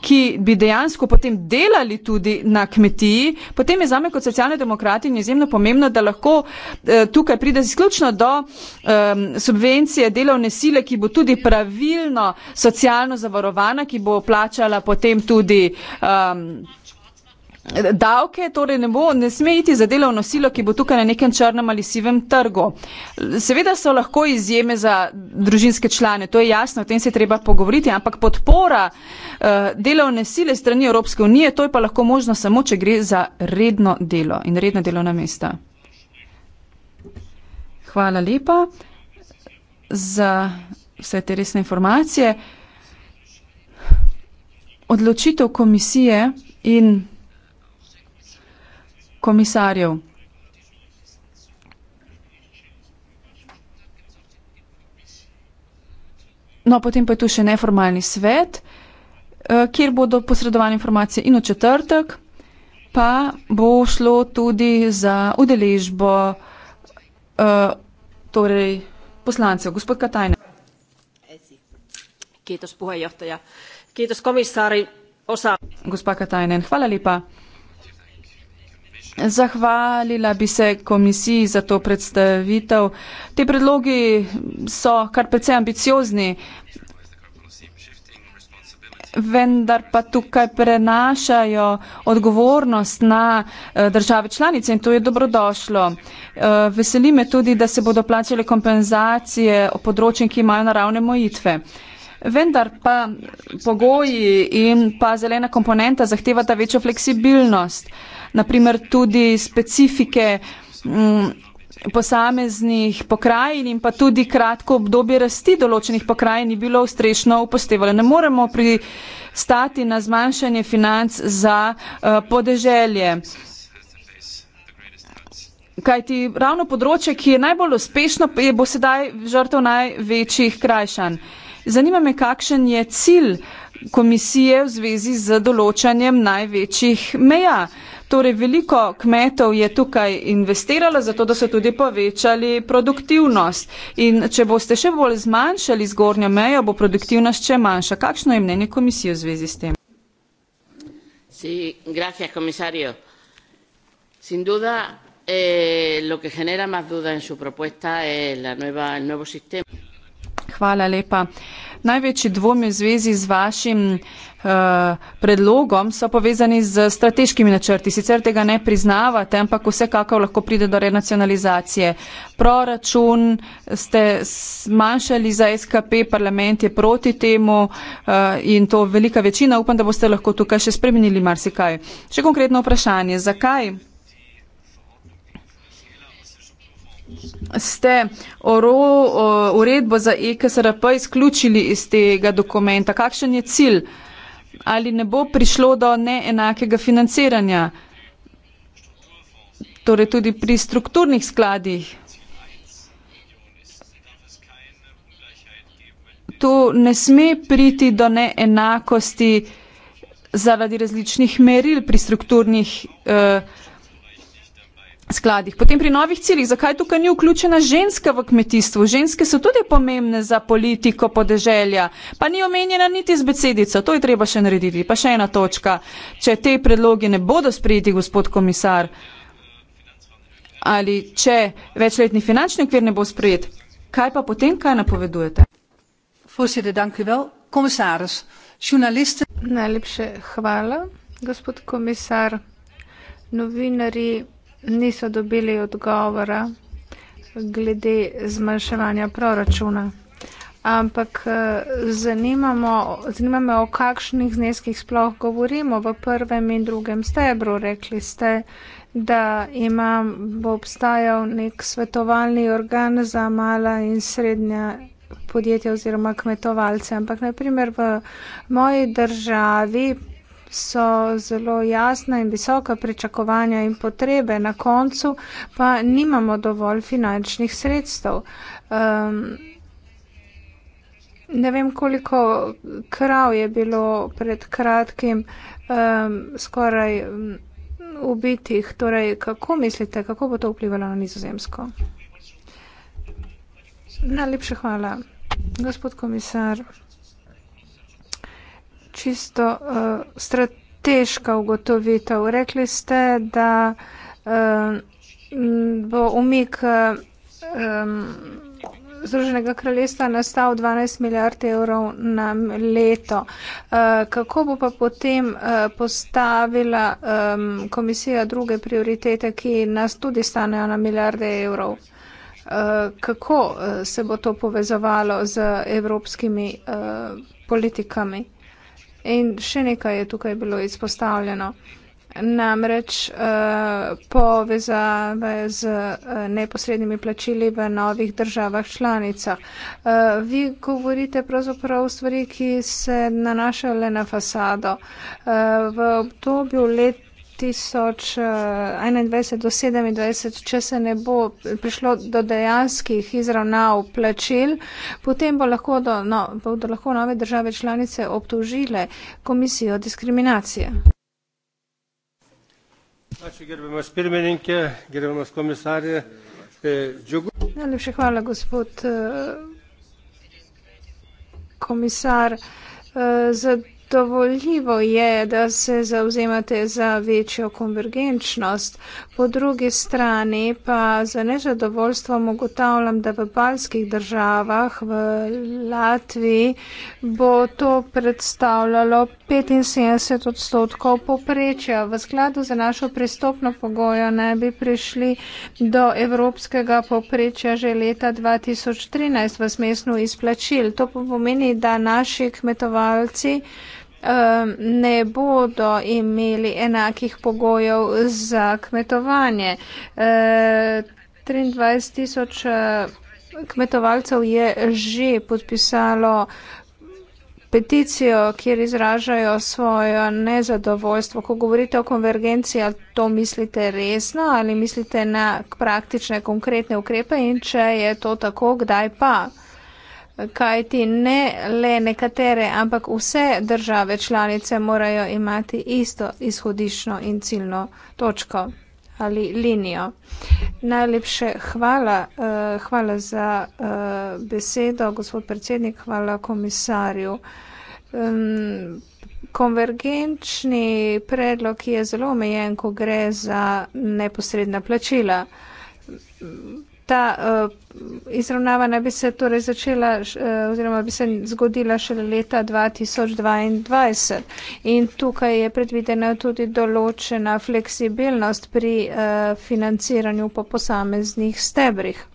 S4: ki bi dejansko potem delali tudi na kmetiji, potem je zame kot socialni demokrati izjemno pomembno, da lahko eh, tukaj pride izključno do eh, subvencije delovne sile, ki bo tudi pravilno socialno zavarovana, ki bo plačala potem tudi. Eh, Davke torej ne, bo, ne sme iti za delovno silo, ki bo tukaj na nekem črnem ali sivem trgu. Seveda so lahko izjeme za družinske člane, to je jasno, o tem se treba pogovoriti, ampak podpora uh, delovne sile strani Evropske unije, to je pa lahko možno samo, če gre za redno delo in redno delovna mesta. Hvala lepa za vse te resne informacije. Odločitev komisije in komisarjev. No, potem pa je tu še neformalni svet, eh, kjer bodo posredovane informacije in v četrtek, pa bo šlo tudi za udeležbo eh, torej poslancev. Gospod Katajne. Kjetos puhajohtaja. Kjetos komisari osa. Gospa Katajne, hvala lepa. Zahvalila bi se komisiji za to predstavitev. Te predlogi so kar precej ambiciozni, vendar pa tukaj prenašajo odgovornost na eh, države članice in to je dobrodošlo. Eh, veseli me tudi, da se bodo plačale kompenzacije o področjih, ki imajo naravne mojitve. Vendar pa pogoji in pa zelena komponenta zahtevata večjo fleksibilnost. Uh, naprimer tudi specifike mm, posameznih pokrajin in pa tudi kratko obdobje rasti določenih pokrajin ni bilo ustrešno upoštevalo. Ne moremo pristati na zmanjšanje financ za uh, podeželje. Kajti ravno področje, ki je najbolj uspešno, je bo sedaj žrtev največjih krajšanj. Zanima me, kakšen je cilj komisije v zvezi z določanjem največjih meja. Torej, veliko kmetov je tukaj investiralo, zato da so tudi povečali produktivnost. In če boste še bolj zmanjšali zgornjo mejo, bo produktivnost še manjša. Kakšno je mnenje komisije v zvezi s tem?
S2: Sí, gracias, komisario.
S5: Sin duda, eh, lo que genera más duda en su propuesta es la nueva, el nuevo sistema
S4: hvala lepa. Največji dvomi v zvezi z vašim uh, predlogom so povezani z strateškimi načrti. Sicer tega ne priznavate, ampak vsekakor lahko pride do renacionalizacije. Proračun ste manjšali za SKP, parlament je proti temu uh, in to velika večina. Upam, da boste lahko tukaj še spremenili marsikaj. Še konkretno vprašanje, zakaj? ste oro, o, uredbo za EKSRP izključili iz tega dokumenta. Kakšen je cilj? Ali ne bo prišlo do neenakega financiranja? Torej tudi pri strukturnih skladih. Tu ne sme priti do neenakosti zaradi različnih meril pri strukturnih uh, skladih. Potem pri novih ciljih, zakaj tukaj ni vključena ženska v kmetijstvu? Ženske so tudi pomembne za politiko podeželja, pa ni omenjena niti z besedico. To je treba še narediti. Pa še ena točka. Če te predloge ne bodo sprejeti, gospod komisar, ali če večletni finančni okvir ne bo sprejet, kaj
S3: pa potem, kaj napovedujete? Najlepše hvala, gospod komisar. Novinari niso dobili odgovora glede zmanjševanja proračuna. Ampak eh, zanima me, o kakšnih zneskih sploh govorimo v prvem in drugem stebru. Rekli ste, da ima, bo obstajal nek svetovalni organ za mala in srednja podjetja oziroma kmetovalce. Ampak naprimer v moji državi so zelo jasna in visoka pričakovanja in potrebe, na koncu pa nimamo dovolj finančnih sredstev. Um, ne vem, koliko krav je bilo pred kratkim um, skoraj um, ubitih. Torej, kako mislite, kako bo to vplivalo na nizozemsko? Najlepša hvala. Gospod komisar čisto uh, strateška ugotovitev. Rekli ste, da uh, bo umik um, Združenega kraljestva nastal 12 milijard evrov na leto. Uh, kako bo pa potem uh, postavila um, komisija druge prioritete, ki nas tudi stanejo na milijarde evrov? Kako se bo to povezovalo z evropskimi uh, politikami? In še nekaj je tukaj bilo izpostavljeno. Namreč eh, povezave z eh, neposrednimi plačili v novih državah članicah. Eh, vi govorite pravzaprav o stvari, ki se nanašajo le na fasado. V obdobju let 2021 eh, do 2027, če se ne bo prišlo do dejanskih izravnav plačil, potem bo lahko do, no, bodo lahko nove države članice obtožile komisijo diskriminacije. E, Najlepše hvala, gospod e, komisar. E, za zadovoljivo je, da se zauzemate za večjo konvergenčnost. Po drugi strani pa za nezadovoljstvo mogotavljam, da v balskih državah, v Latviji, bo to predstavljalo 75 odstotkov poprečja. V skladu za našo pristopno pogojo ne bi prišli do evropskega poprečja že leta 2013 v smislu izplačil. To pomeni, da naši kmetovalci ne bodo imeli enakih pogojev za kmetovanje. 23 tisoč eh, kmetovalcev je že podpisalo peticijo, kjer izražajo svojo nezadovoljstvo. Ko govorite o konvergenci, ali to mislite resno ali mislite na praktične, konkretne ukrepe in če je to tako, kdaj pa? kaj ti ne le nekatere, ampak vse države članice morajo imati isto izhodišno in ciljno točko ali linijo. Najlepše hvala, uh, hvala za uh, besedo, gospod predsednik, hvala komisarju. Um, konvergenčni predlog je zelo omejen, ko gre za neposredna plačila ta uh, eh, izravnavanja bi se torej začela uh, oziroma bi se zgodila šele leta 2022 in tukaj je predvidena tudi določena fleksibilnost pri uh, financiranju po posameznih stebrih.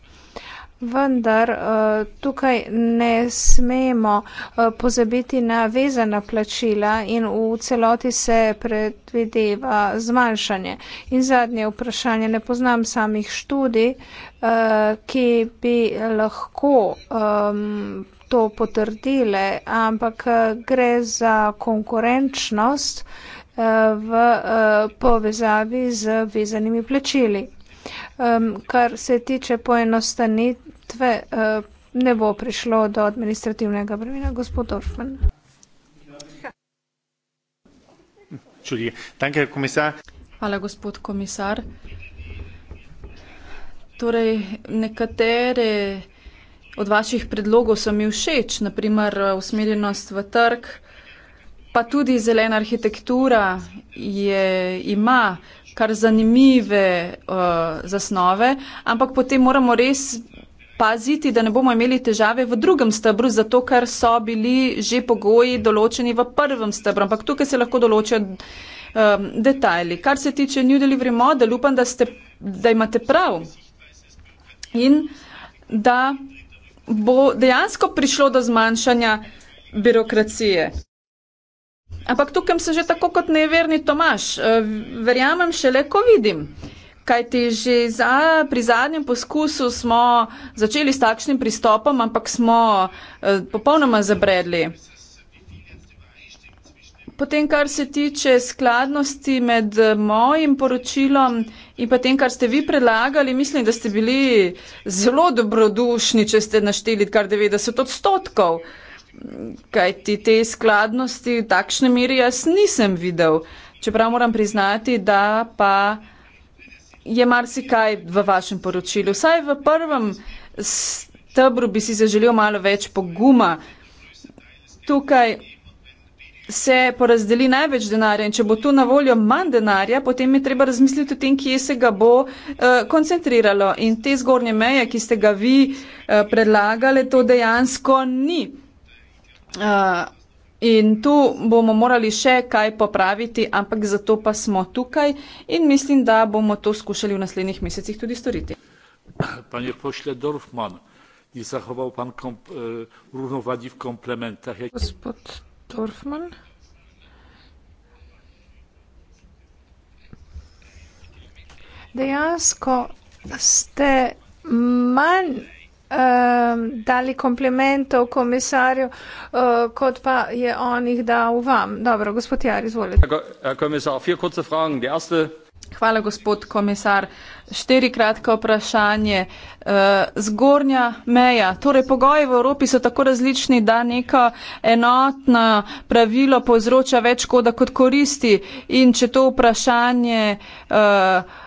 S3: Vendar eh, tukaj ne smemo eh, pozabiti na vezana plačila in v celoti se predvideva zmanjšanje. In zadnje vprašanje, ne poznam samih študij, eh, ki bi lahko ehm, to potrdile, ampak gre za konkurenčnost v povezavi z vezanimi plačili. Um, kar se tiče poenostanitve, uh, eh, ne bo prišlo do administrativnega bremena, gospod Orfman. Danke, Hvala, gospod komisar.
S4: Torej, nekatere od vaših predlogov so mi všeč, naprimer eh, usmerjenost v trg, pa tudi zelena arhitektura je, ima kar zanimive uh, zasnove, ampak potem moramo res paziti, da ne bomo imeli težave v drugem stebru, zato ker so bili že pogoji določeni v prvem stebru, ampak tukaj se lahko določijo um, detajli. Kar se tiče New Delivery Model, upam, da, ste, da imate prav in da bo dejansko prišlo do zmanjšanja birokracije. Ampak tukaj sem že tako kot neverni Tomaš. Eh, verjamem šele, ko vidim. Kaj ti že za, pri zadnjem poskusu smo začeli s takšnim pristopom, ampak smo eh, popolnoma zabredli. Potem, kar se tiče skladnosti med eh, mojim poročilom in potem, kar ste vi predlagali, mislim, da ste bili zelo dobrodušni, če ste našteli kar 90 odstotkov. Eh, kaj ti te skladnosti v takšni meri jaz nisem videl. Čeprav moram priznati, da pa je marsikaj v vašem poročilu. Saj v prvem stebru bi si zaželel malo več poguma. Tukaj se porazdeli največ denarja in če bo tu na voljo manj denarja, potem je treba razmisliti o tem, kje se ga bo uh, koncentriralo. In te zgornje meje, ki ste ga vi uh, predlagali, to dejansko ni. Eh, in tu bomo morali še kaj popraviti, ampak zato pa smo tukaj in mislim, da bomo to skušali v naslednjih mesecih tudi storiti.
S1: Panie pośle Dorfman, nie zachował pan komp- e, równowagi w komplementach.
S4: Gospod
S3: Dorfman? Dejansko ste manj um, dali komplimentov komisarju, uh, kot pa je on jih dal vam. Dobro, gospod Jar, izvolite.
S4: Hvala, gospod komisar. Štiri kratke vprašanje. Eh, zgornja meja. Torej, pogoji v Evropi so tako različni, da neka enotna pravilo povzroča več škoda kot koristi. In če to vprašanje. Uh,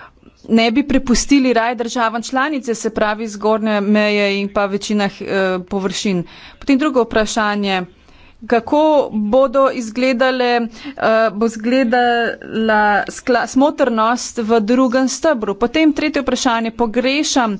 S4: ne bi prepustili raj državam članice, se pravi zgornje meje in pa večinah eh, površin. Potem drugo vprašanje. Kako bodo izgledale, eh, bo izgledala smotrnost v drugem stebru? Potem tretje vprašanje. Pogrešam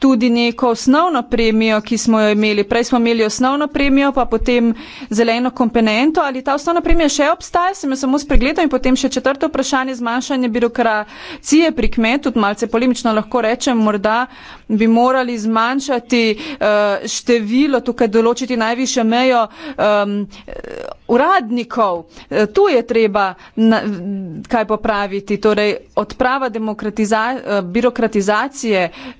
S4: tudi neko osnovno premijo, ki smo jo imeli. Prej smo imeli osnovno premijo, pa potem zeleno komponento. Ali ta osnovna premija še obstaja? Sem jo samo spregledal in potem še četrto vprašanje zmanjšanje birokracije pri kmetu. Tudi malce polemično lahko rečem, morda bi morali zmanjšati uh, število, tukaj določiti najviše mejo um, uradnikov. Uh, tu je treba na, kaj popraviti. Torej, odprava eh, birokratizacije. Uh,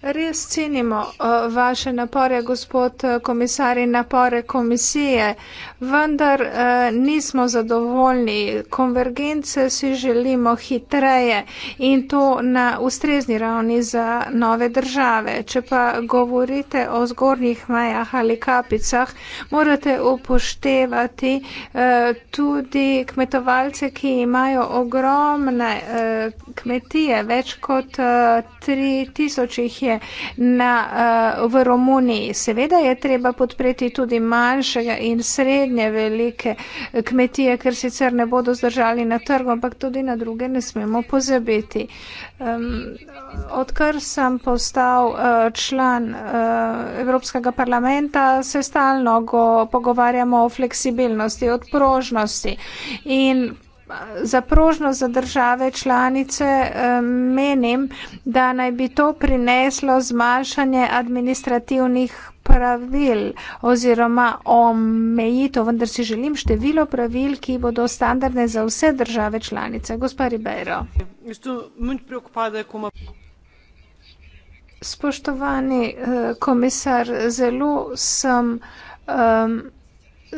S3: Res cenimo eh, vaše napore, gospod eh, komisar, in napore komisije, vendar eh, nismo zadovoljni. Konvergence si želimo hitreje in to na ustrezni ravni za nove države. Če pa govorite o zgornjih mejah ali kapicah, morate upoštevati tudi kmetovalce, ki imajo ogromne kmetije, več kot 3000 jih je podjetje na, eh, v Romuniji. Seveda je treba podpreti tudi manjše in srednje velike eh, kmetije, ker sicer ne bodo zdržali na trgu, ampak tudi na druge ne smemo pozabiti. Odkar sem postal eh, član Evropskega parlamenta, se stalno go, pogovarjamo o fleksibilnosti, odprožnosti in za prožnost za države članice eh, menim, da naj bi to prineslo zmanjšanje administrativnih pravil oziroma omejito, vendar si želim število pravil, ki bodo standardne za vse države članice. Gospa Ribeiro. Spoštovani eh, komisar, zelo sem um,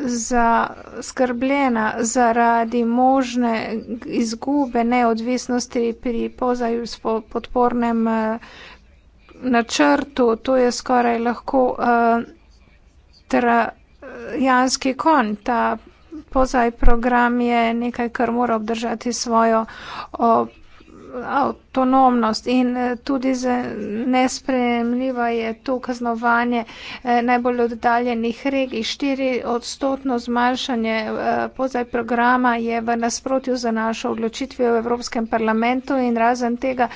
S3: zaskrbljena zaradi možne izgube neodvisnosti pri podpornem eh, načrtu. To je skoraj lahko eh, trajanski kon. Ta pozaj program je nekaj, kar mora obdržati svojo. O, o, avtonomnost in eh, tudi nespremljiva je to kaznovanje eh, najbolj oddaljenih regij. 4 odstotno zmanjšanje eh, pozaj programa je v nasprotju za našo odločitvijo v Evropskem parlamentu in razen tega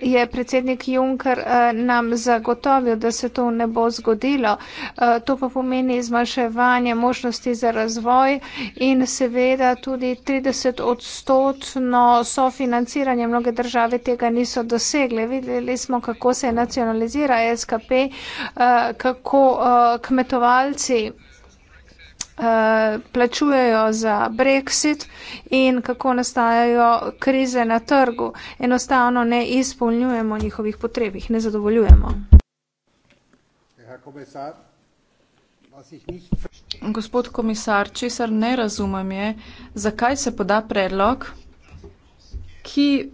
S3: je predsednik Juncker nam zagotovil, da se to ne bo zgodilo. To pa pomeni zmanjševanje možnosti za razvoj in seveda tudi 30 odstotno sofinanciranje mnoge države države tega niso dosegle. Videli smo, kako se nacionalizira SKP, eh, kako eh, kmetovalci eh, plačujejo za Brexit in kako nastajajo krize na trgu. Enostavno ne izpolnjujemo njihovih potreb, jih ne zadovoljujemo.
S4: Gospod komisar, česar ne razumem je, zakaj se poda predlog, ki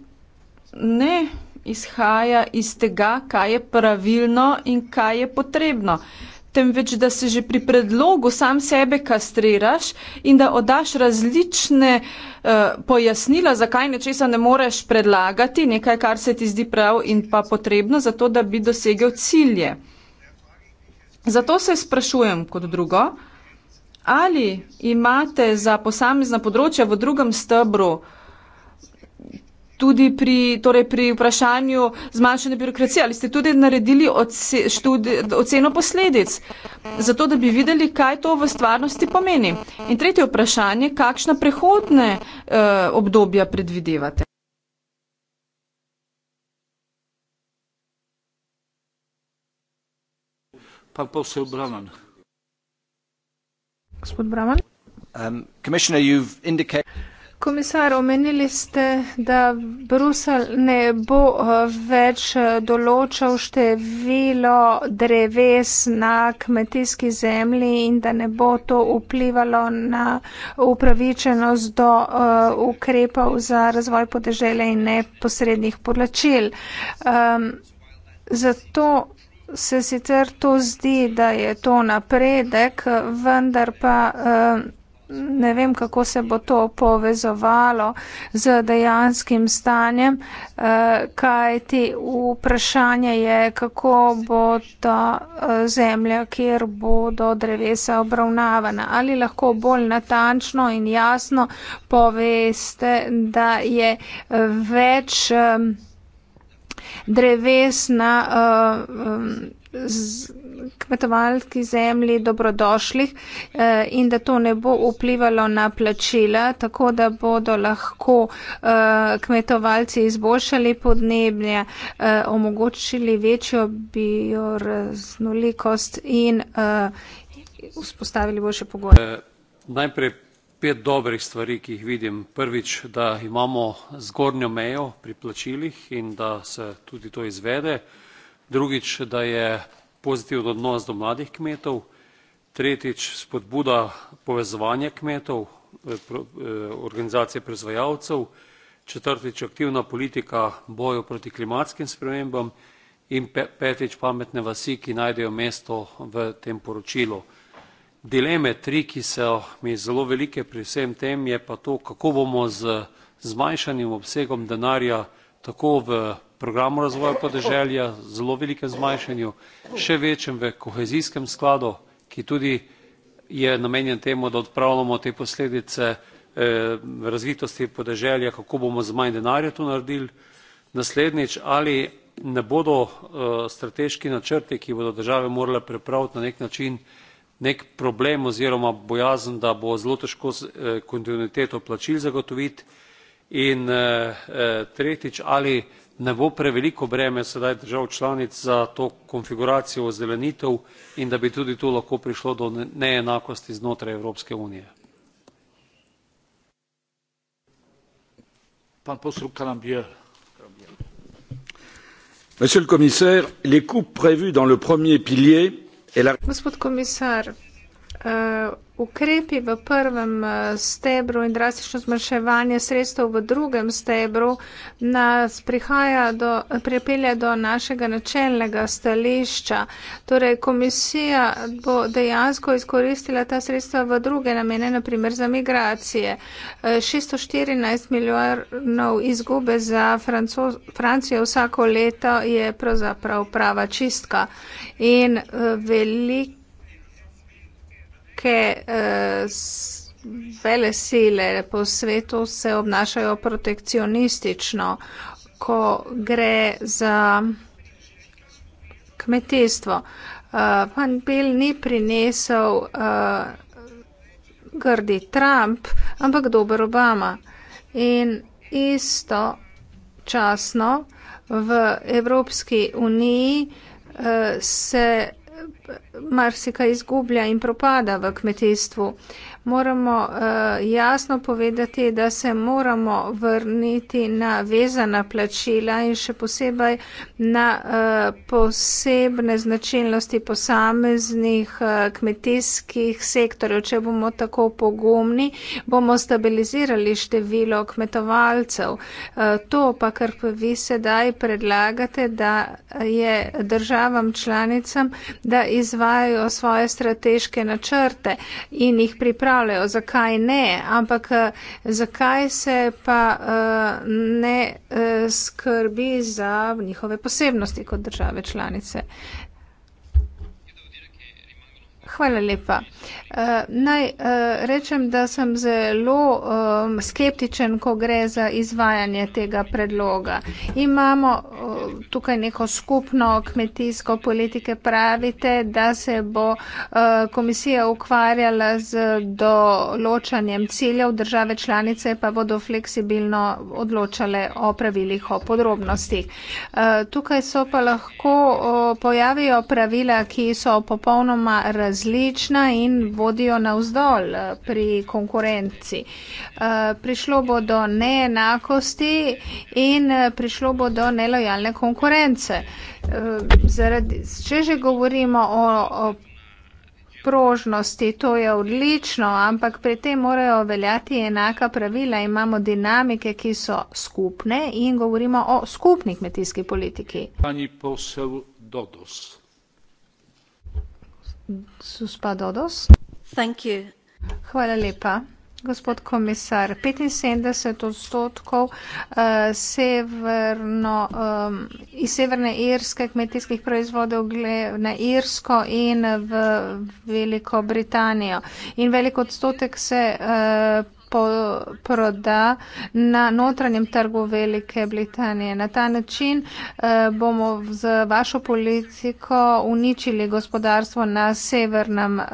S4: ne izhaja iz tega, kaj je pravilno in kaj je potrebno, temveč da se že pri predlogu sam sebe kastriraš in da odaš različne uh, pojasnila, zakaj nečesa ne moreš predlagati, nekaj, kar se ti zdi prav in pa potrebno, zato da bi dosegel cilje. Zato se sprašujem kot drugo, ali imate za posamezna področja v drugem stebru tudi pri, torej pri vprašanju zmanjšanja birokracije, ali ste tudi naredili oce, študi, oceno posledic, zato da bi videli, kaj to v stvarnosti pomeni. In tretje vprašanje, kakšna prehodne eh, obdobja predvidevate?
S1: Pa posel Braman.
S3: Gospod Braman. Um, Komisar, omenili ste, da Brusel ne bo eh, več eh, določal število dreves na kmetijski zemlji in da ne bo to vplivalo na upravičenost do uh, ukrepov za razvoj podežele in neposrednih podlačil. Um, ehm, zato se sicer to zdi, da je to napredek, vendar pa. Uh, ne vem, kako se bo to povezovalo z dejanskim stanjem, eh, kaj ti vprašanje je, kako bo ta eh, zemlja, kjer bodo drevesa obravnavana. Ali lahko bolj natančno in jasno poveste, da je eh, več dreves na. Z, kmetovalski zemlji dobrodošlih eh, in da to ne bo vplivalo na plačila, tako da bodo lahko eh, kmetovalci izboljšali podnebje, eh, omogočili večjo bioraznolikost in vzpostavili boljše pogoje.
S5: Najprej pet dobrih stvari, ki jih vidim. Prvič, da imamo zgornjo mejo pri plačilih in da se tudi to izvede. Drugič, da je pozitiven odnos do mladih kmetov, tretjič spodbuda povezovanja kmetov, eh, eh, organizacije proizvajalcev, četrtič aktivna politika boju proti klimatskim spremembam in petič pametne vasi, ki najdejo mesto v tem poročilu. Dileme tri, ki so mi zelo velike pri vsem tem, je pa to, kako bomo z zmanjšanim obsegom denarja tako v programu razvoja podeželja, zelo velikem zmanjšanju, še večjem v kohezijskem skladu, ki tudi je namenjen temu, da odpravljamo te posledice eh, razvitosti podeželja, kako bomo z manj denarja to naredili. Naslednjič, ali ne bodo eh, strateški načrti, ki bodo države morale prepraviti na nek način, nek problem oziroma bojazen, da bo zelo težko z, eh, kontinuiteto plačil zagotoviti. In eh, eh tretjič, ali ne bo preveliko breme sedaj držav članic za to konfiguracijo ozelenitev in da bi tudi tu lahko prišlo do neenakosti znotraj evropske unije
S1: Monsieur le Commissaire, les coupes prévues dans le premier pilier et la...
S3: Gospod komisar, uh, ukrepi v prvem eh, stebru in drastično zmanjševanje sredstev v drugem stebru nas do, pripelja do našega načelnega stališča. Torej, komisija bo dejansko izkoristila ta sredstva v druge namene, naprimer za migracije. 614 eh, milijonov izgube za Franco, Francijo vsako leto je pravzaprav prava čistka in eh, veliko velike uh, eh, vele sile po svetu se obnašajo protekcionistično, ko gre za kmetijstvo. Uh, eh, pan Bill ni prinesel uh, grdi Trump, ampak dober Obama. In isto časno v Evropski uniji uh, se marsikaj izgublja in propada v kmetijstvu. Moramo uh, jasno povedati, da se moramo vrniti na vezana plačila in še posebej na uh, posebne značilnosti posameznih uh, kmetijskih sektorjev. Če bomo tako pogumni, bomo stabilizirali število kmetovalcev. Uh, to pa, kar pa vi sedaj predlagate, da je državam članicam, da izgubimo izvajajo svoje strateške načrte in jih pripravljajo. Zakaj ne? Ampak eh, zakaj se pa eh, ne eh, skrbi za njihove posebnosti kot države članice? Hvala lepa. Uh, naj uh, rečem, da sem zelo um, skeptičen, ko gre za izvajanje tega predloga. Imamo uh, tukaj neko skupno kmetijsko politike. Pravite, da se bo uh, komisija ukvarjala z določanjem ciljev, države članice pa bodo fleksibilno odločale o pravilih, o podrobnostih. Uh, tukaj so pa lahko uh, pojavijo pravila, ki so popolnoma različna različna in vodijo navzdol eh, pri konkurenci. Eh, prišlo bo do neenakosti in eh, prišlo bo do nelojalne konkurence. Zaradi, če že govorimo o, o prožnosti, to je odlično, ampak pri tem morajo veljati enaka pravila. Imamo dinamike, ki so skupne in govorimo o skupni kmetijski politiki.
S1: Pani posel Dodos.
S3: Suspa Dodos. Thank you. Hvala lepa. Gospod komisar, 75 odstotkov uh, severno, um, iz severne irske kmetijskih proizvodov gre na irsko in v Veliko Britanijo. In velik odstotek se uh, po, proda na notranjem trgu Velike Britanije. Na ta način eh, bomo z vašo politiko uničili gospodarstvo na severnem eh,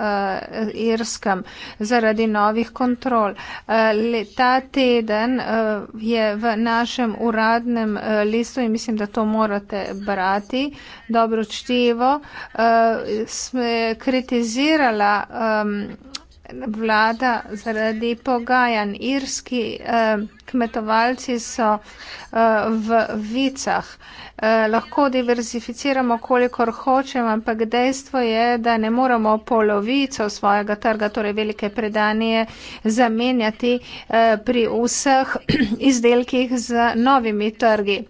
S3: Irskem zaradi novih kontrol. Eh, le, ta teden eh, je v našem uradnem eh, listu in mislim, da to morate brati dobro čtivo. Eh, kritizirala. Eh, vlada zaradi pogajanj. Irski eh, kmetovalci so eh, v vicah. Eh, lahko diverzificiramo, kolikor hočemo, ampak dejstvo je, da ne moremo polovico svojega trga, torej velike predanje, zamenjati eh, pri vseh izdelkih z novimi trgi.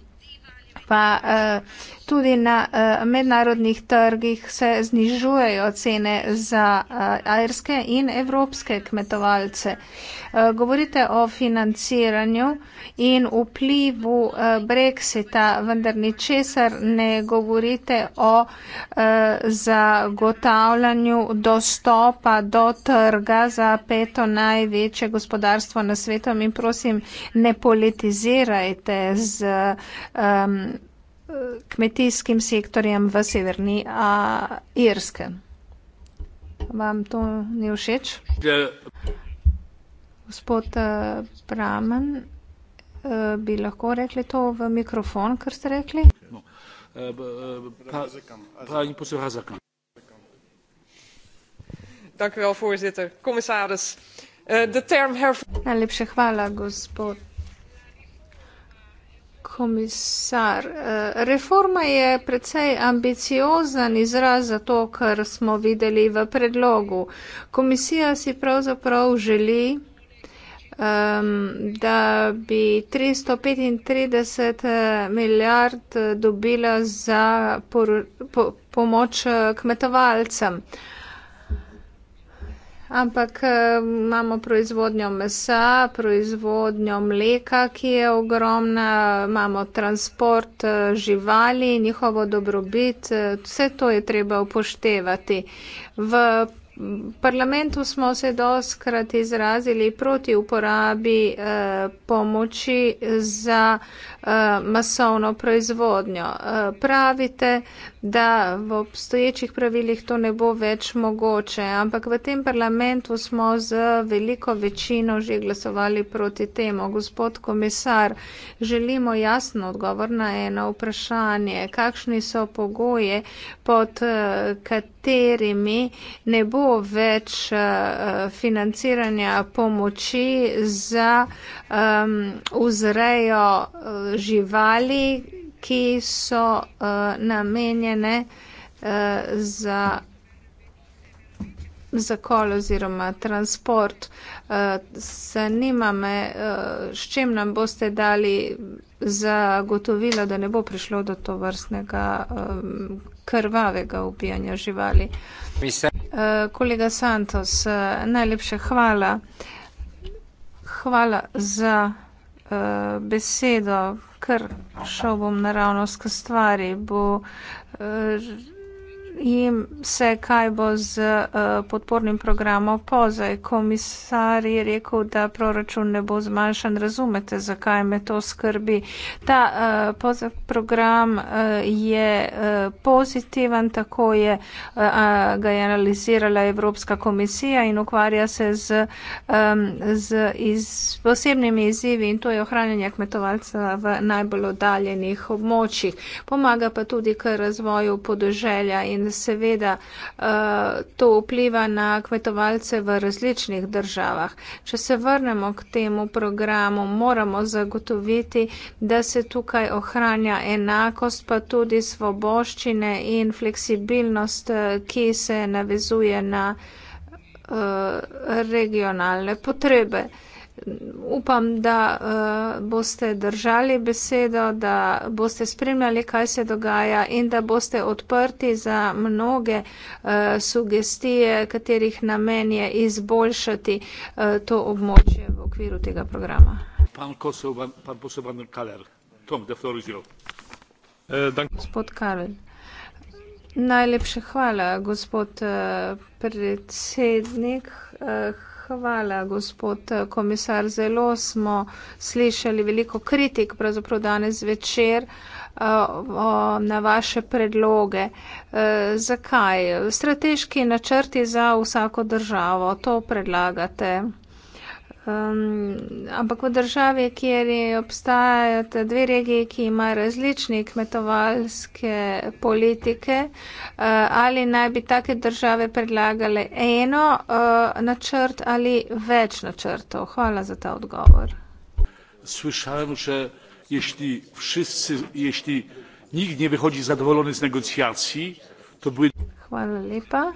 S3: Pa, eh, tudi na uh, mednarodnih trgih se znižujejo cene za uh, eh, ajerske in evropske kmetovalce. Uh, govorite o financiranju in vplivu uh, brexita, vendar ni česar ne govorite o uh, zagotavljanju dostopa do trga za peto največje gospodarstvo na svetu in prosim ne politizirajte z. Um, kmetijskim sektorjem v severni Irske. Vam to ni všeč? Gospod Bramen, eh, eh, bi lahko rekli to v mikrofon, kar ste rekli?
S1: No. Eh,
S3: Najlepša hvala, gospod komisar. Eh, reforma je precej ambiciozen izraz za to, kar smo videli v predlogu. Komisija si pravzaprav želi, um, da bi 335 eh, milijard eh, dobila za por, po, pomoč kmetovalcem. Uh, ampak eh, imamo proizvodnjo mesa, proizvodnjo mleka, ki je ogromna, imamo transport eh, živali, njihovo dobrobit, eh, vse to je treba upoštevati. V parlamentu smo se doskrat izrazili proti uporabi pomoči za masovno proizvodnjo. Pravite, da v obstoječih pravilih to ne bo več mogoče, ampak v tem parlamentu smo z veliko večino že glasovali proti temu. Gospod komisar, želimo jasen odgovor na eno vprašanje, kakšni so pogoje, pod eh, katerimi ne bo več eh, financiranja pomoči za um, vzrejo eh, živali ki so uh, namenjene uh, za zakol oziroma transport. Eh, zanima uh, me, uh, s čim nam boste dali zagotovila, da ne bo prišlo do tovrstnega um, krvavega ubijanja živali. Uh, kolega Santos, uh, najlepše hvala. Hvala za uh, besedo kar šel bom naravnost k stvari, bo uh, jim se kaj bo z uh, podpornim programom pozaj. Komisar je rekel, da proračun ne bo zmanjšan. Razumete, zakaj me to skrbi. Ta uh, eh, pozaj program uh, eh, je uh, pozitiven, tako je uh, ga je analizirala Evropska komisija in ukvarja se z, um, z iz, posebnimi izzivi in to je ohranjanje kmetovalca v najbolj oddaljenih območjih. Pomaga pa tudi k razvoju podeželja in seveda eh, to vpliva na kmetovalce v različnih državah. Če se vrnemo k temu programu, moramo zagotoviti, da se tukaj ohranja enakost, pa tudi svoboščine in fleksibilnost, eh, ki se navezuje na eh, regionalne potrebe. Upam, da uh, boste držali besedo, da boste spremljali, kaj se dogaja in da boste odprti za mnoge uh, sugestije, katerih namen je izboljšati uh, to območje v okviru tega programa. E, gospod Karl. Najlepše hvala, gospod uh, predsednik. Uh, Hvala, gospod komisar. Zelo smo slišali veliko kritik, pravzaprav danes večer, eh, na vaše predloge. Eh, zakaj? Strateški načrti za vsako državo, to predlagate. Um, ampak v državi, kjer obstajajo dve regiji, ki ima različne kmetovalske politike, uh, ali naj bi take države predlagale eno uh, načrt ali več načrtov? Hvala za ta odgovor.
S1: Slišam, da ješti vsi, ješti nikdo ne vyhodi zadovoljen iz negociacij, to bo.
S3: Hvala lepa.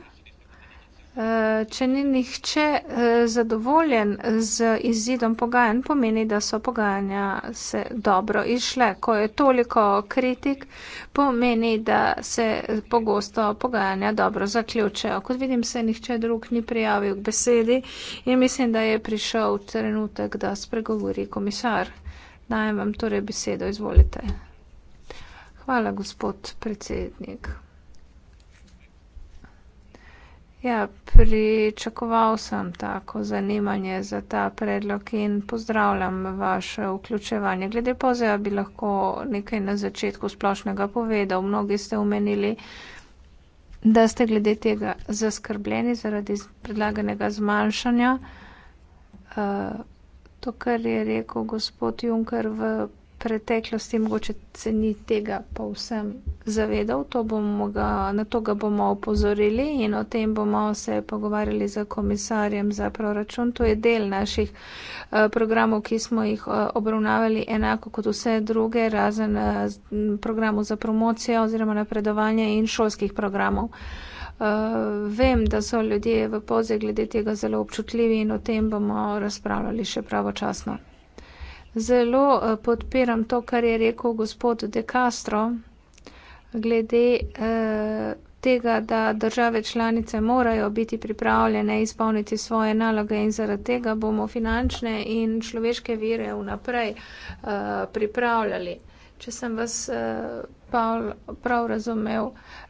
S3: Eh, če ni nihče eh, zadovoljen z izidom pogajanj, pomeni, da so pogajanja se dobro išle. Ko je toliko kritik, pomeni, da se pogosto pogajanja dobro zaključajo. Kot vidim, se nihče drug ni prijavil k besedi in mislim, da je prišel trenutek, da spregovori komisar. Najem vam torej besedo, izvolite. Hvala, gospod predsednik. Ja, pričakoval sem tako zanimanje za ta predlog in pozdravljam vaše vključevanje. Glede pozeja bi lahko nekaj na začetku splošnega povedal. Mnogi ste omenili, da ste glede tega zaskrbljeni zaradi predlaganega zmanjšanja. Eh, to, kar je rekel gospod Juncker v preteklosti, mogoče se ni tega povsem zavedal, ga, na to ga bomo opozorili in o tem bomo se pogovarjali z komisarjem za proračun. To je del naših uh, programov, ki smo jih uh, obravnavali enako kot vse druge, razen uh, programov za promocijo oziroma napredovanje in šolskih programov. Uh, vem, da so ljudje v pozi glede tega zelo občutljivi in o tem bomo razpravljali še pravočasno. Zelo eh, podpiram to, kar je rekel gospod De Castro, glede eh, tega, da države članice morajo biti pripravljene izpolniti svoje naloge in zaradi tega bomo finančne in človeške vire vnaprej eh, pripravljali. Če sem vas, eh, Pavel, prav razumev,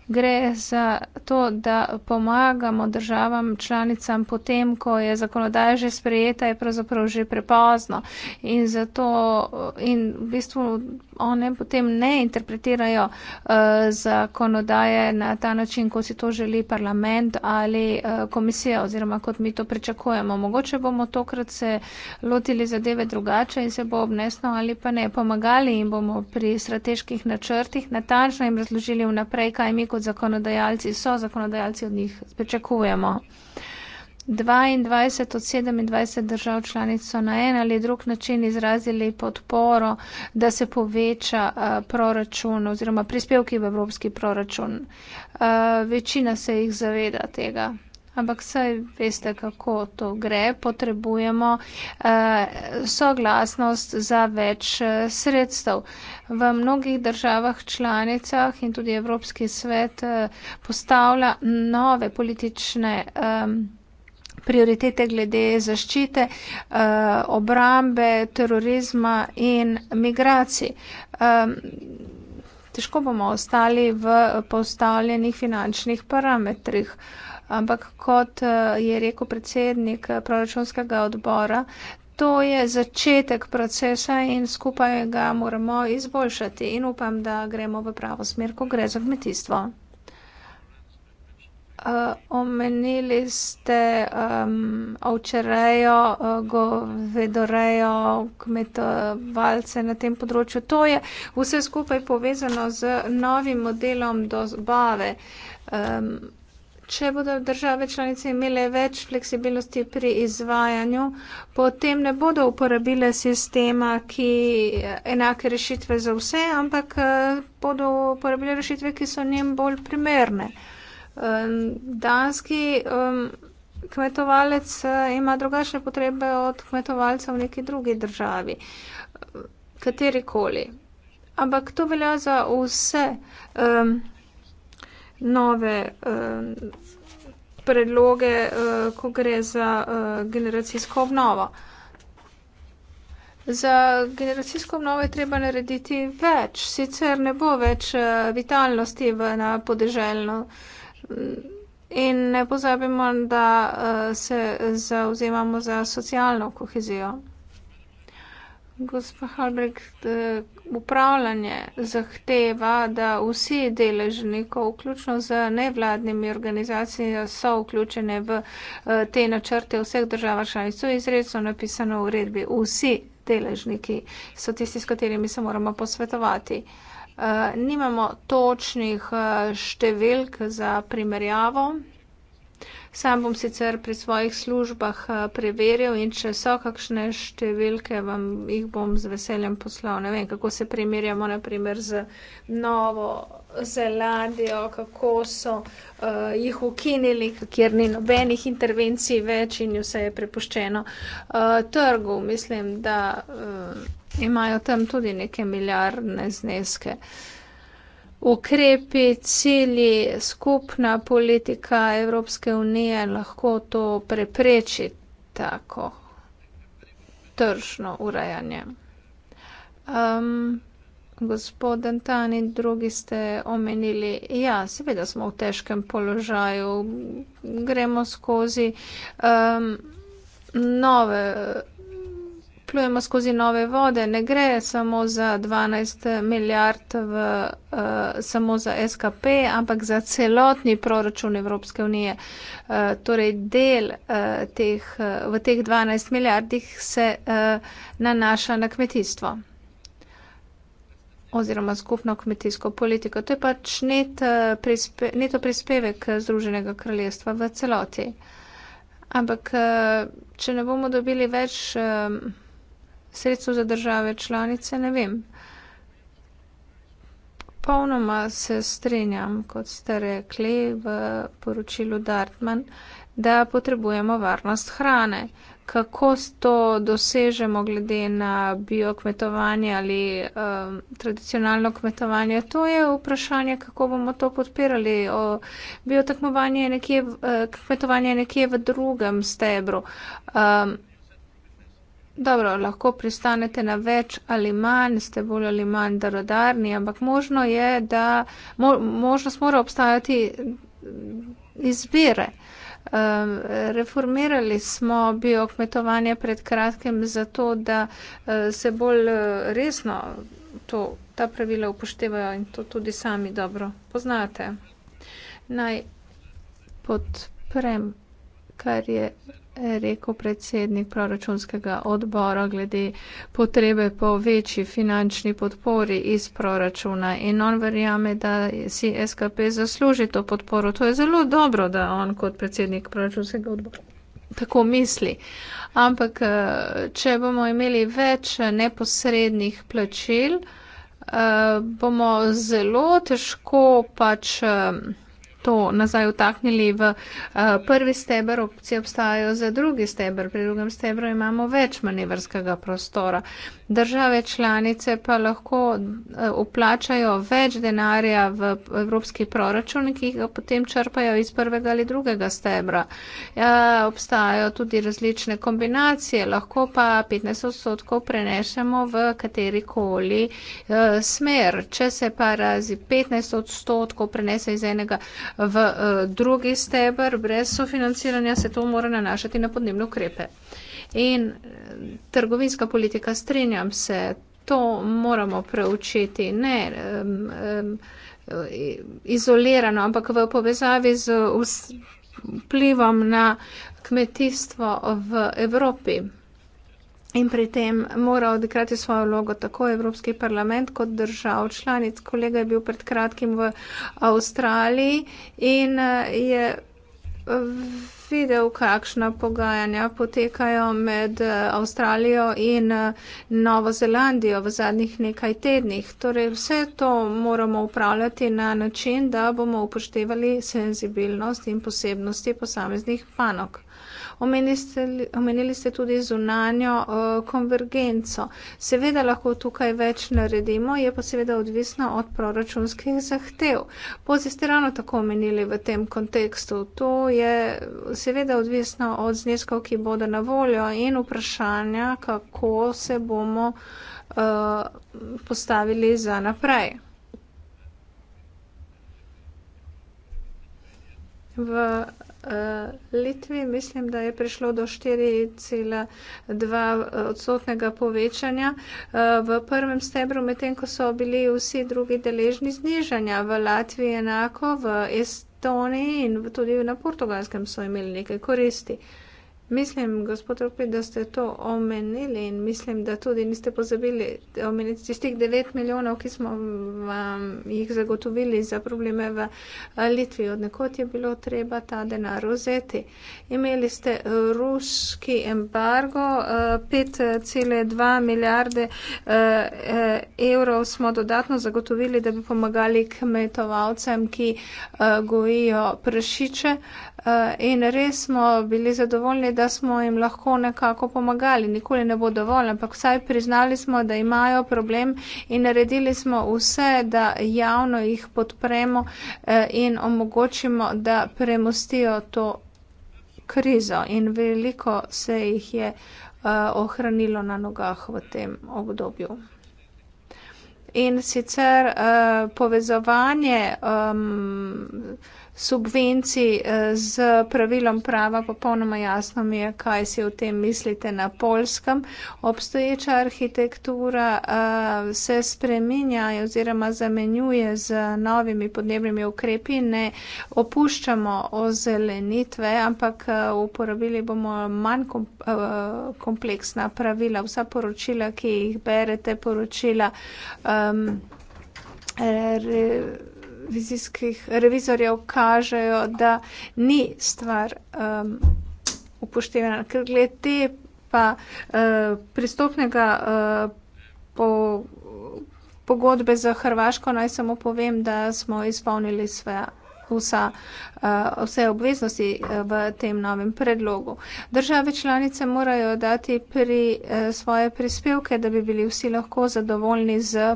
S3: gre za to, da pomagamo državam članicam potem, ko je zakonodaja že sprejeta, je pravzaprav že prepozno. In zato in v bistvu one potem ne interpretirajo uh, zakonodaje na ta način, kot si to želi parlament ali uh, komisija oziroma kot mi to pričakujemo. Mogoče bomo tokrat se lotili zadeve drugače in se bo obnesno ali pa ne pomagali in bomo pri strateških načrtih natančno jim razložili vnaprej, kaj mi kot kot zakonodajalci, so zakonodajalci od njih, pričakujemo. 22 od 27 držav članic so na en ali drug način izrazili podporo, da se poveča eh, proračun oziroma prispevki v evropski proračun. Eh, večina se jih zaveda tega ampak saj veste, kako to gre. Potrebujemo eh, soglasnost za več eh, sredstev. V mnogih državah članicah in tudi Evropski svet eh, postavlja nove politične. Eh, prioritete glede zaščite, eh, obrambe, terorizma in migracij. Težko bomo ostali v postavljenih finančnih parametrih ampak kot eh, je rekel predsednik eh, proračunskega odbora, to je začetek procesa in skupaj ga moramo izboljšati in upam, da gremo v pravo smer, ko gre za kmetijstvo. Uh, omenili ste um, ovčerejo, uh, govedorejo, kmetovalce na tem področju. To je vse skupaj povezano z novim modelom dozbave. Um, če bodo države članice imele več fleksibilnosti pri izvajanju, potem ne bodo uporabile sistema, ki enake rešitve za vse, ampak bodo uporabile rešitve, ki so njem bolj primerne. Danski kmetovalec ima drugačne potrebe od kmetovalca v neki drugi državi, katerikoli. Ampak to velja za vse nove uh, predloge, uh, ko gre za uh, generacijsko obnovo. Za generacijsko obnovo je treba narediti več, sicer ne bo več vitalnosti v, na podeželjno. In ne pozabimo, da se zauzemamo za socialno kohezijo. Gospa Halbrek, eh, upravljanje zahteva, da vsi deležnikov, vključno z nevladnimi organizacijami, so vključene v eh, te načrte vseh država članic. To je izredno napisano v uredbi. Vsi deležniki so tisti, s katerimi se moramo posvetovati. Eh, nimamo točnih številk za primerjavo. Sam bom sicer pri svojih službah eh, preveril in če so kakšne številke, vam jih bom z veseljem poslal. Ne vem, kako se primerjamo naprimer z Novo Zelandijo, kako so uh, jih ukinili, kjer ni nobenih intervencij več in vse je prepuščeno uh, trgu. Mislim, da uh, imajo tam tudi neke milijardne zneske. Uh, ukrepi, cilji, skupna politika Evropske unije lahko to prepreči tako tržno urajanje. Um, gospod Antani, drugi ste omenili, ja, seveda smo v težkem položaju, gremo skozi um, nove plujemo skozi nove vode, ne gre samo za 12 milijard v, uh, samo za SKP, ampak za celotni proračun Evropske unije. Uh, torej del uh, teh, uh, v teh 12 milijardih se uh, nanaša na kmetijstvo oziroma skupno kmetijsko politiko. To je pač net, uh, prispe, neto prispevek Združenega kraljestva v celoti. Ampak, če ne bomo dobili več sredstvo za države članice, ne vem. Popolnoma se strenjam, kot ste rekli v poročilu Dartman, da potrebujemo varnost hrane. Kako to dosežemo glede na biokmetovanje ali um, tradicionalno kmetovanje, to je vprašanje, kako bomo to podpirali. Biotekmovanje je nekje, eh, kmetovanje je nekje v drugem stebru. Um, Dobro, lahko pristanete na več ali manj, ste bolj ali manj darodarni, ampak možno je, da mo, možnost mora obstajati izbire. Um, reformirali smo biokmetovanje pred kratkim zato, da uh, se bolj eh, resno to, ta pravila upoštevajo in to tudi sami dobro poznate. Naj podprem, kar je rekel predsednik proračunskega odbora glede potrebe po večji finančni podpori iz proračuna in on verjame, da si SKP zasluži to podporo. To je zelo dobro, da on kot predsednik proračunskega odbora tako misli. Ampak, eh, če bomo imeli več neposrednih plačil, eh, bomo zelo težko pač eh, to nazaj vtaknili v eh, prvi steber, opcije obstajajo za drugi steber, pri drugem stebru imamo več manevrskega prostora države članice pa lahko uplačajo eh, več denarja v evropski proračun, ki ga potem črpajo iz prvega ali drugega stebra. Ja, obstajajo tudi različne kombinacije, lahko pa 15 odstotkov prenesemo v katerikoli eh, smer. Če se pa razi 15 odstotkov prenese iz enega v eh, drugi steber, brez sofinanciranja se to mora nanašati na podnebne ukrepe. In eh, trgovinska politika, strinjam se, to moramo preučiti ne um, um, izolirano, ampak v povezavi z vplivom na kmetijstvo v Evropi. In pri tem mora odigrati svojo vlogo tako Evropski parlament kot držav članic. Kolega je bil pred kratkim v Avstraliji in eh, je videl, kakšna pogajanja potekajo med eh, Avstralijo in eh, Novo Zelandijo v zadnjih nekaj tednih. Torej, vse to moramo upravljati na način, da bomo upoštevali senzibilnost in posebnosti posameznih panok. Omenili ste tudi zunanjo eh, konvergenco. Seveda lahko tukaj več naredimo, je pa seveda odvisno od proračunskih zahtev. Pozi ste ravno tako omenili v tem kontekstu. To je seveda odvisno od zneskov, ki bodo na voljo in vprašanja, kako se bomo eh, postavili za naprej. V Eh, Litvi mislim, da je prišlo do 4,2 odstotnega povečanja eh, v prvem stebru, medtem ko so bili vsi drugi deležni znižanja. V Latviji enako, v Estoniji in tudi na portugalskem so imeli nekaj koristi. Uh, Mislim, gospod Rupi, da ste to omenili in mislim, da tudi niste pozabili omeniti tistih 9 milijonov, ki smo vam jih zagotovili za probleme v eh, Litvi. Od nekot je bilo treba ta denar vzeti. Imeli ste ruski embargo, 5,2 eh, eh, milijarde evrov smo dodatno zagotovili, da bi pomagali kmetovalcem, ki gojijo pršiče. In res smo bili zadovoljni, da smo jim lahko nekako pomagali. Nikoli ne bo dovolj, ampak vsaj priznali smo, da imajo problem in naredili smo vse, da javno jih podpremo eh, in omogočimo, da premostijo to krizo. In veliko se jih je eh, ohranilo na nogah v tem obdobju. In sicer uh, povezovanje um, subvencij eh, z pravilom prava, popolnoma jasno mi je, kaj si o tem mislite na polskem. Obstoječa arhitektura eh, se spreminja oziroma zamenjuje z novimi podnebnimi ukrepi, ne opuščamo ozelenitve, ampak eh, uporabili bomo manj kompleksna pravila. Vsa poročila, ki jih berete, poročila. Um, revizijskih revizorjev kažejo, da ni stvar um, upoštevena. Ker glede pa uh, pristopnega uh, po. Pogodbe za Hrvaško, naj samo povem, da smo izpolnili sve, vsa uh, Eh, vse obveznosti eh, v tem novem predlogu. Države članice morajo dati pri eh, svoje prispevke, da bi bili vsi lahko zadovoljni z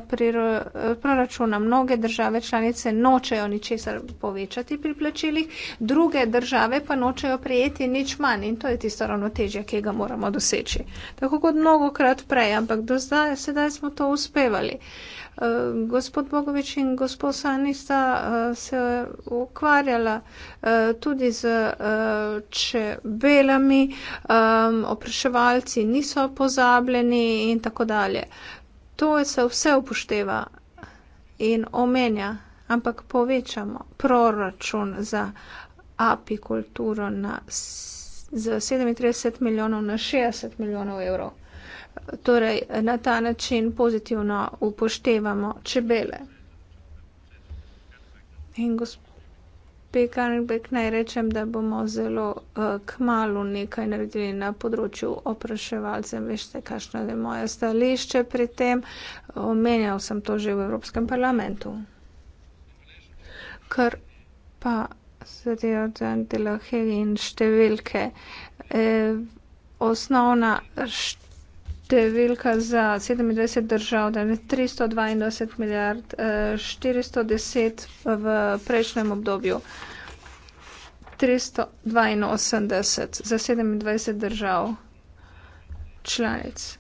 S3: proračuna. Mnoge države članice nočejo ničesar povečati pri plačilih, druge države pa nočejo prejeti nič manj in to je tisto ravnotežje, ki ga moramo doseči. Tako kot mnogo krat prej, ampak do zdaj, sedaj smo to uspevali. Gospod Bogovič in gospod Sanista se ukvarjala Eh, tudi z eh, čebelami, opraševalci niso pozabljeni in tako dalje. To se vse upošteva in omenja, ampak povečamo proračun za apikulturo na, z 37 milijonov na 60 milijonov evrov. Torej, na ta način pozitivno upoštevamo čebele. In gospod. Pekarnik naj rečem, da bomo zelo uh, eh, kmalo nekaj naredili na področju opraševalcev. Veste, kakšno je moje stališče pri tem. Omenjal sem to že v Evropskem parlamentu. Kar pa zadeva Dan Delahel in številke. Eh, osnovna št številka za 27 držav, da je 322 milijard, 410 eh, v prejšnjem obdobju, 382 za 27 držav članic.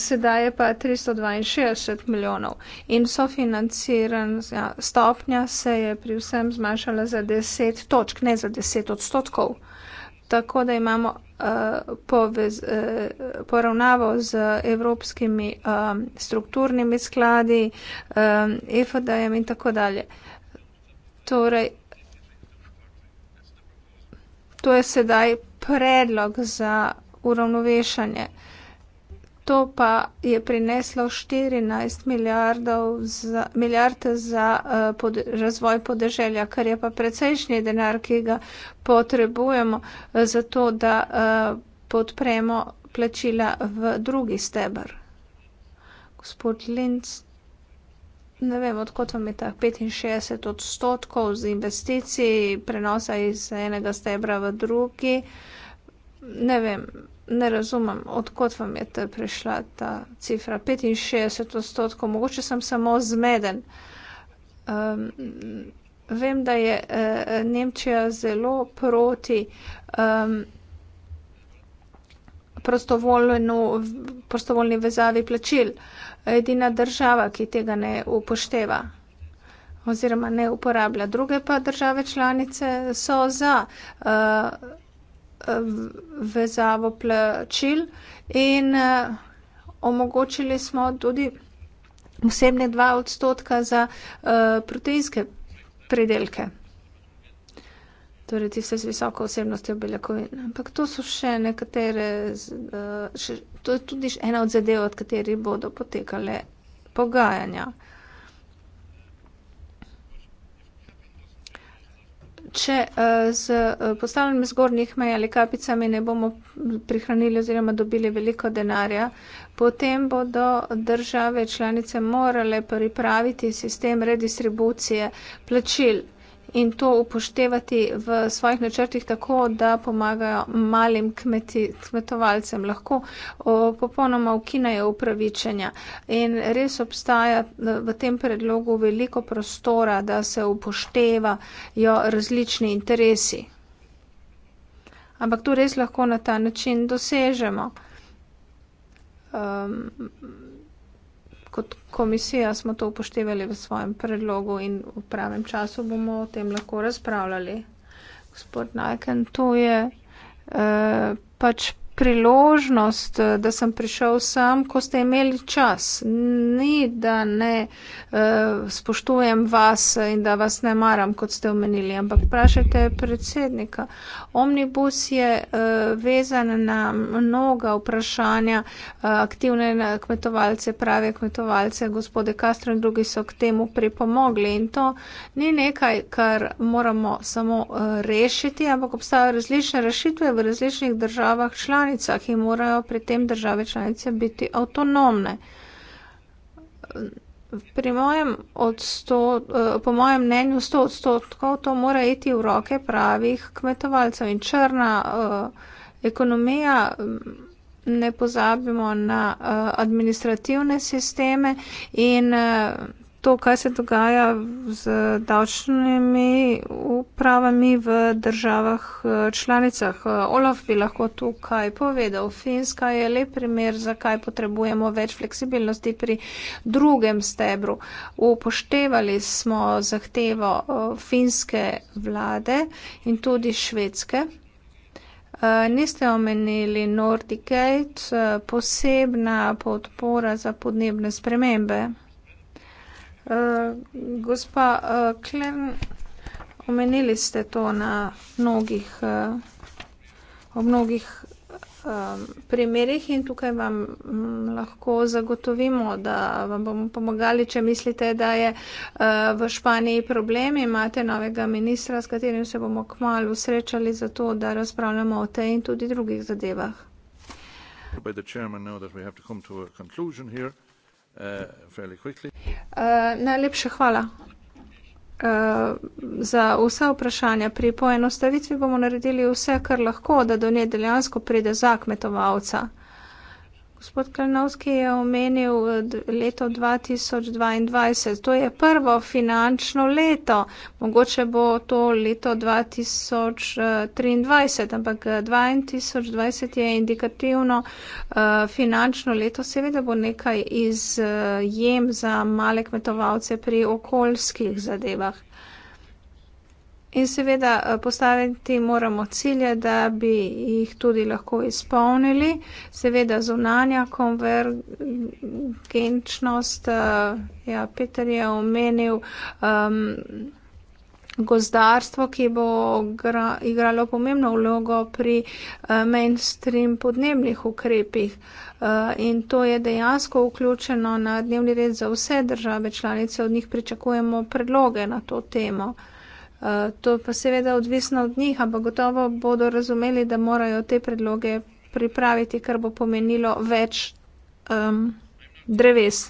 S3: Sedaj je pa 362 milijonov in sofinanciranja stopnja se je pri vsem zmanjšala za 10 točk, ne za 10 odstotkov. Tako da imamo povez, eh, poravnavo z evropskimi um, strukturnimi skladi, um, eh, EFD-jem in tako dalje. Torej, to je sedaj predlog za uravnovešanje. Uh, to pa je prineslo 14 za, milijard za uh, pod, razvoj podeželja, kar je pa precejšnji denar, ki ga potrebujemo uh, za to, da uh, podpremo plačila v drugi stebr. Gospod Linz, ne vem, odkot vam je ta 65 odstotkov z investicij prenosa iz enega stebra v drugi. Ne vem, ne razumem, odkot vam je prišla ta cifra 65 odstotkov, mogoče sem samo zmeden. Um, vem, da je uh, Nemčija zelo proti um, prostovoljni vezavi plačil. Edina država, ki tega ne upošteva oziroma ne uporablja. Druge pa države članice so za. Uh, vezavo plačil in eh, omogočili smo tudi vsebne dva odstotka za eh, proteinske pridelke. Torej, tiste z visoko osebnostjo beljakovin. Ampak to so še nekatere, eh, še, to je tudi ena od zadev, od katerih bodo potekale pogajanja. če eh, z eh, postavljanjem zgornjih mej ali kapicami ne bomo prihranili oziroma dobili veliko denarja, potem bodo države članice morale pripraviti sistem redistribucije plačil in to upoštevati v svojih načrtih tako, da pomagajo malim kmeti, kmetovalcem. Lahko o, popolnoma ukinejo upravičenja in res obstaja v tem predlogu veliko prostora, da se upoštevajo različni interesi. Ampak to res lahko na ta način dosežemo. Um, komisija smo to upoštevali v svojem predlogu in v pravem času bomo o tem lahko razpravljali. Gospod Najken, to je eh, pač priložnost, eh, da sem prišel sam, ko ste imeli čas. Ni, da ne eh, spoštujem vas eh, in da vas ne maram, kot ste omenili, ampak vprašajte predsednika. Omnibus je vezan na mnoga vprašanja, aktivne kmetovalce, prave kmetovalce, gospode Kastro in drugi so k temu pripomogli in to ni nekaj, kar moramo samo rešiti, ampak obstajajo različne rešitve v različnih državah članih članicah in morajo pri tem države članice biti avtonomne. Mojem odsto, eh, po mojem mnenju 100 odstotkov to mora iti v roke pravih kmetovalcev in črna eh, ekonomija. Ne pozabimo na eh, administrativne sisteme in to, kaj se dogaja z davčnimi upravami v državah eh, članicah. Eh, Olaf bi lahko tukaj povedal, Finska je le primer, zakaj potrebujemo več fleksibilnosti pri drugem stebru. Upoštevali smo zahtevo eh, finske vlade in tudi švedske. Uh, niste omenili Nordicate, uh, posebna podpora za podnebne spremembe. Eh, gospa uh, Klen, omenili ste to na mnogih, uh, mnogih um, primerih in tukaj vam m, mm, lahko zagotovimo, da vam bomo pomagali, če mislite, da je uh, v Španiji problem. Imate novega ministra, s katerim se bomo kmalo srečali za to, da razpravljamo o tej in tudi drugih zadevah.
S1: By the chairman, now that we have to come to a conclusion here. Eh, fairly quickly.
S3: Uh, najlepša hvala. Uh, za vsa vprašanja pri poenostavitvi bomo naredili vse, kar lahko, da do nje dejansko pride za kmetovalca. Gospod Kalnovski je omenil eh, leto 2022. To je prvo finančno leto. Mogoče bo to leto 2023, eh, ampak 2020 eh, je indikativno finančno leto. Seveda bo nekaj izjem za male kmetovalce pri okoljskih zadevah. In seveda eh, postaviti moramo cilje, da bi jih tudi lahko izpolnili. Seveda zunanja konvergenčnost, eh, ja, Peter je omenil um, gozdarstvo, ki bo gra, igralo pomembno vlogo pri uh, mainstream podnebnih ukrepih. Uh, in to je dejansko vključeno na dnevni red za vse države članice, od njih pričakujemo predloge na to temo. Eh, to pa seveda odvisno od njih, ampak gotovo bodo razumeli, da morajo te predloge pripraviti, kar bo pomenilo več um, dreves.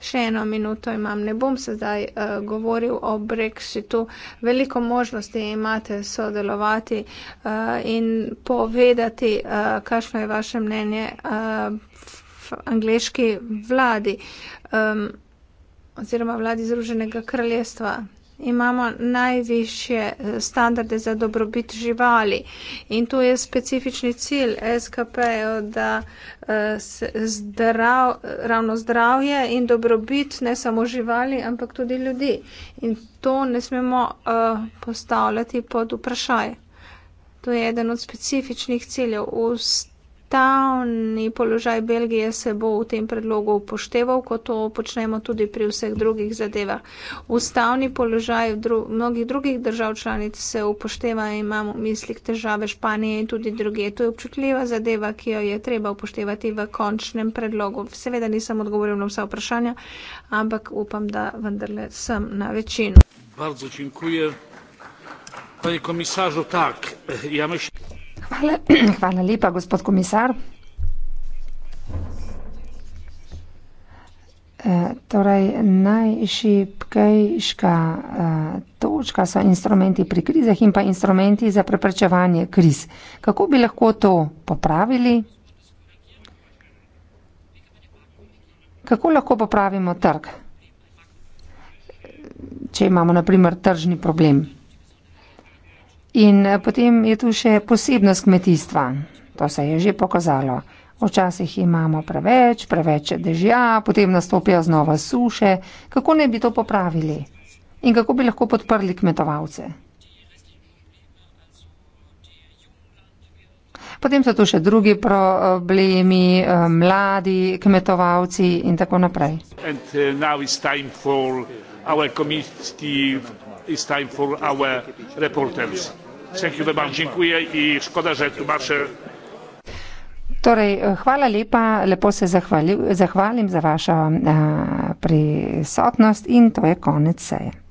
S3: Še eno minuto imam, ne bom se zdaj uh, govoril o brexitu. Veliko možnosti imate sodelovati uh, in povedati, uh, kakšno je vaše mnenje uh, v angliški vladi um, oziroma vladi Združenega kraljestva imamo najviše eh, standarde za dobrobit živali in to je specifični cilj SKP, da eh, se zdrav, ravno zdravje in dobrobit ne samo živali, ampak tudi ljudi. In to ne smemo eh, postavljati pod vprašaj. To je eden od specifičnih ciljev. Ust ustavni položaj Belgije se bo v tem predlogu upošteval, kot to počnemo tudi pri vseh drugih zadevah. Ustavni položaj dru mnogih drugih držav članic se upošteva in imamo v mislih težave Španije in tudi druge. To je občutljiva zadeva, ki jo je treba upoštevati v končnem predlogu. Seveda nisem odgovoril na vsa vprašanja, ampak upam, da vendarle sem na večino.
S1: Bardzo dziękuję. Panie komisarzu, tak, ja myślę.
S2: Hvala, hvala lepa, gospod komisar. E, torej, najšipkejška e, eh, točka so instrumenti pri krizah in pa instrumenti za preprečevanje kriz. Kako bi lahko to popravili? Kako lahko popravimo trg, če imamo naprimer tržni problem? In eh, potem je tu še posebnost kmetijstva. To se je že pokazalo. Včasih imamo preveč, preveč dežja, potem nastopijo znova suše. Kako ne bi to popravili? In kako bi lahko podprli kmetovalce? Potem so tu še drugi problemi, eh, mladi kmetovalci in tako naprej.
S1: And, uh, Dziękuję i szkoda, że tłumaczę.
S2: Torej, e, hvala lepa, lepo se zahvalim za vašo e, prisotnost in to je konec seje.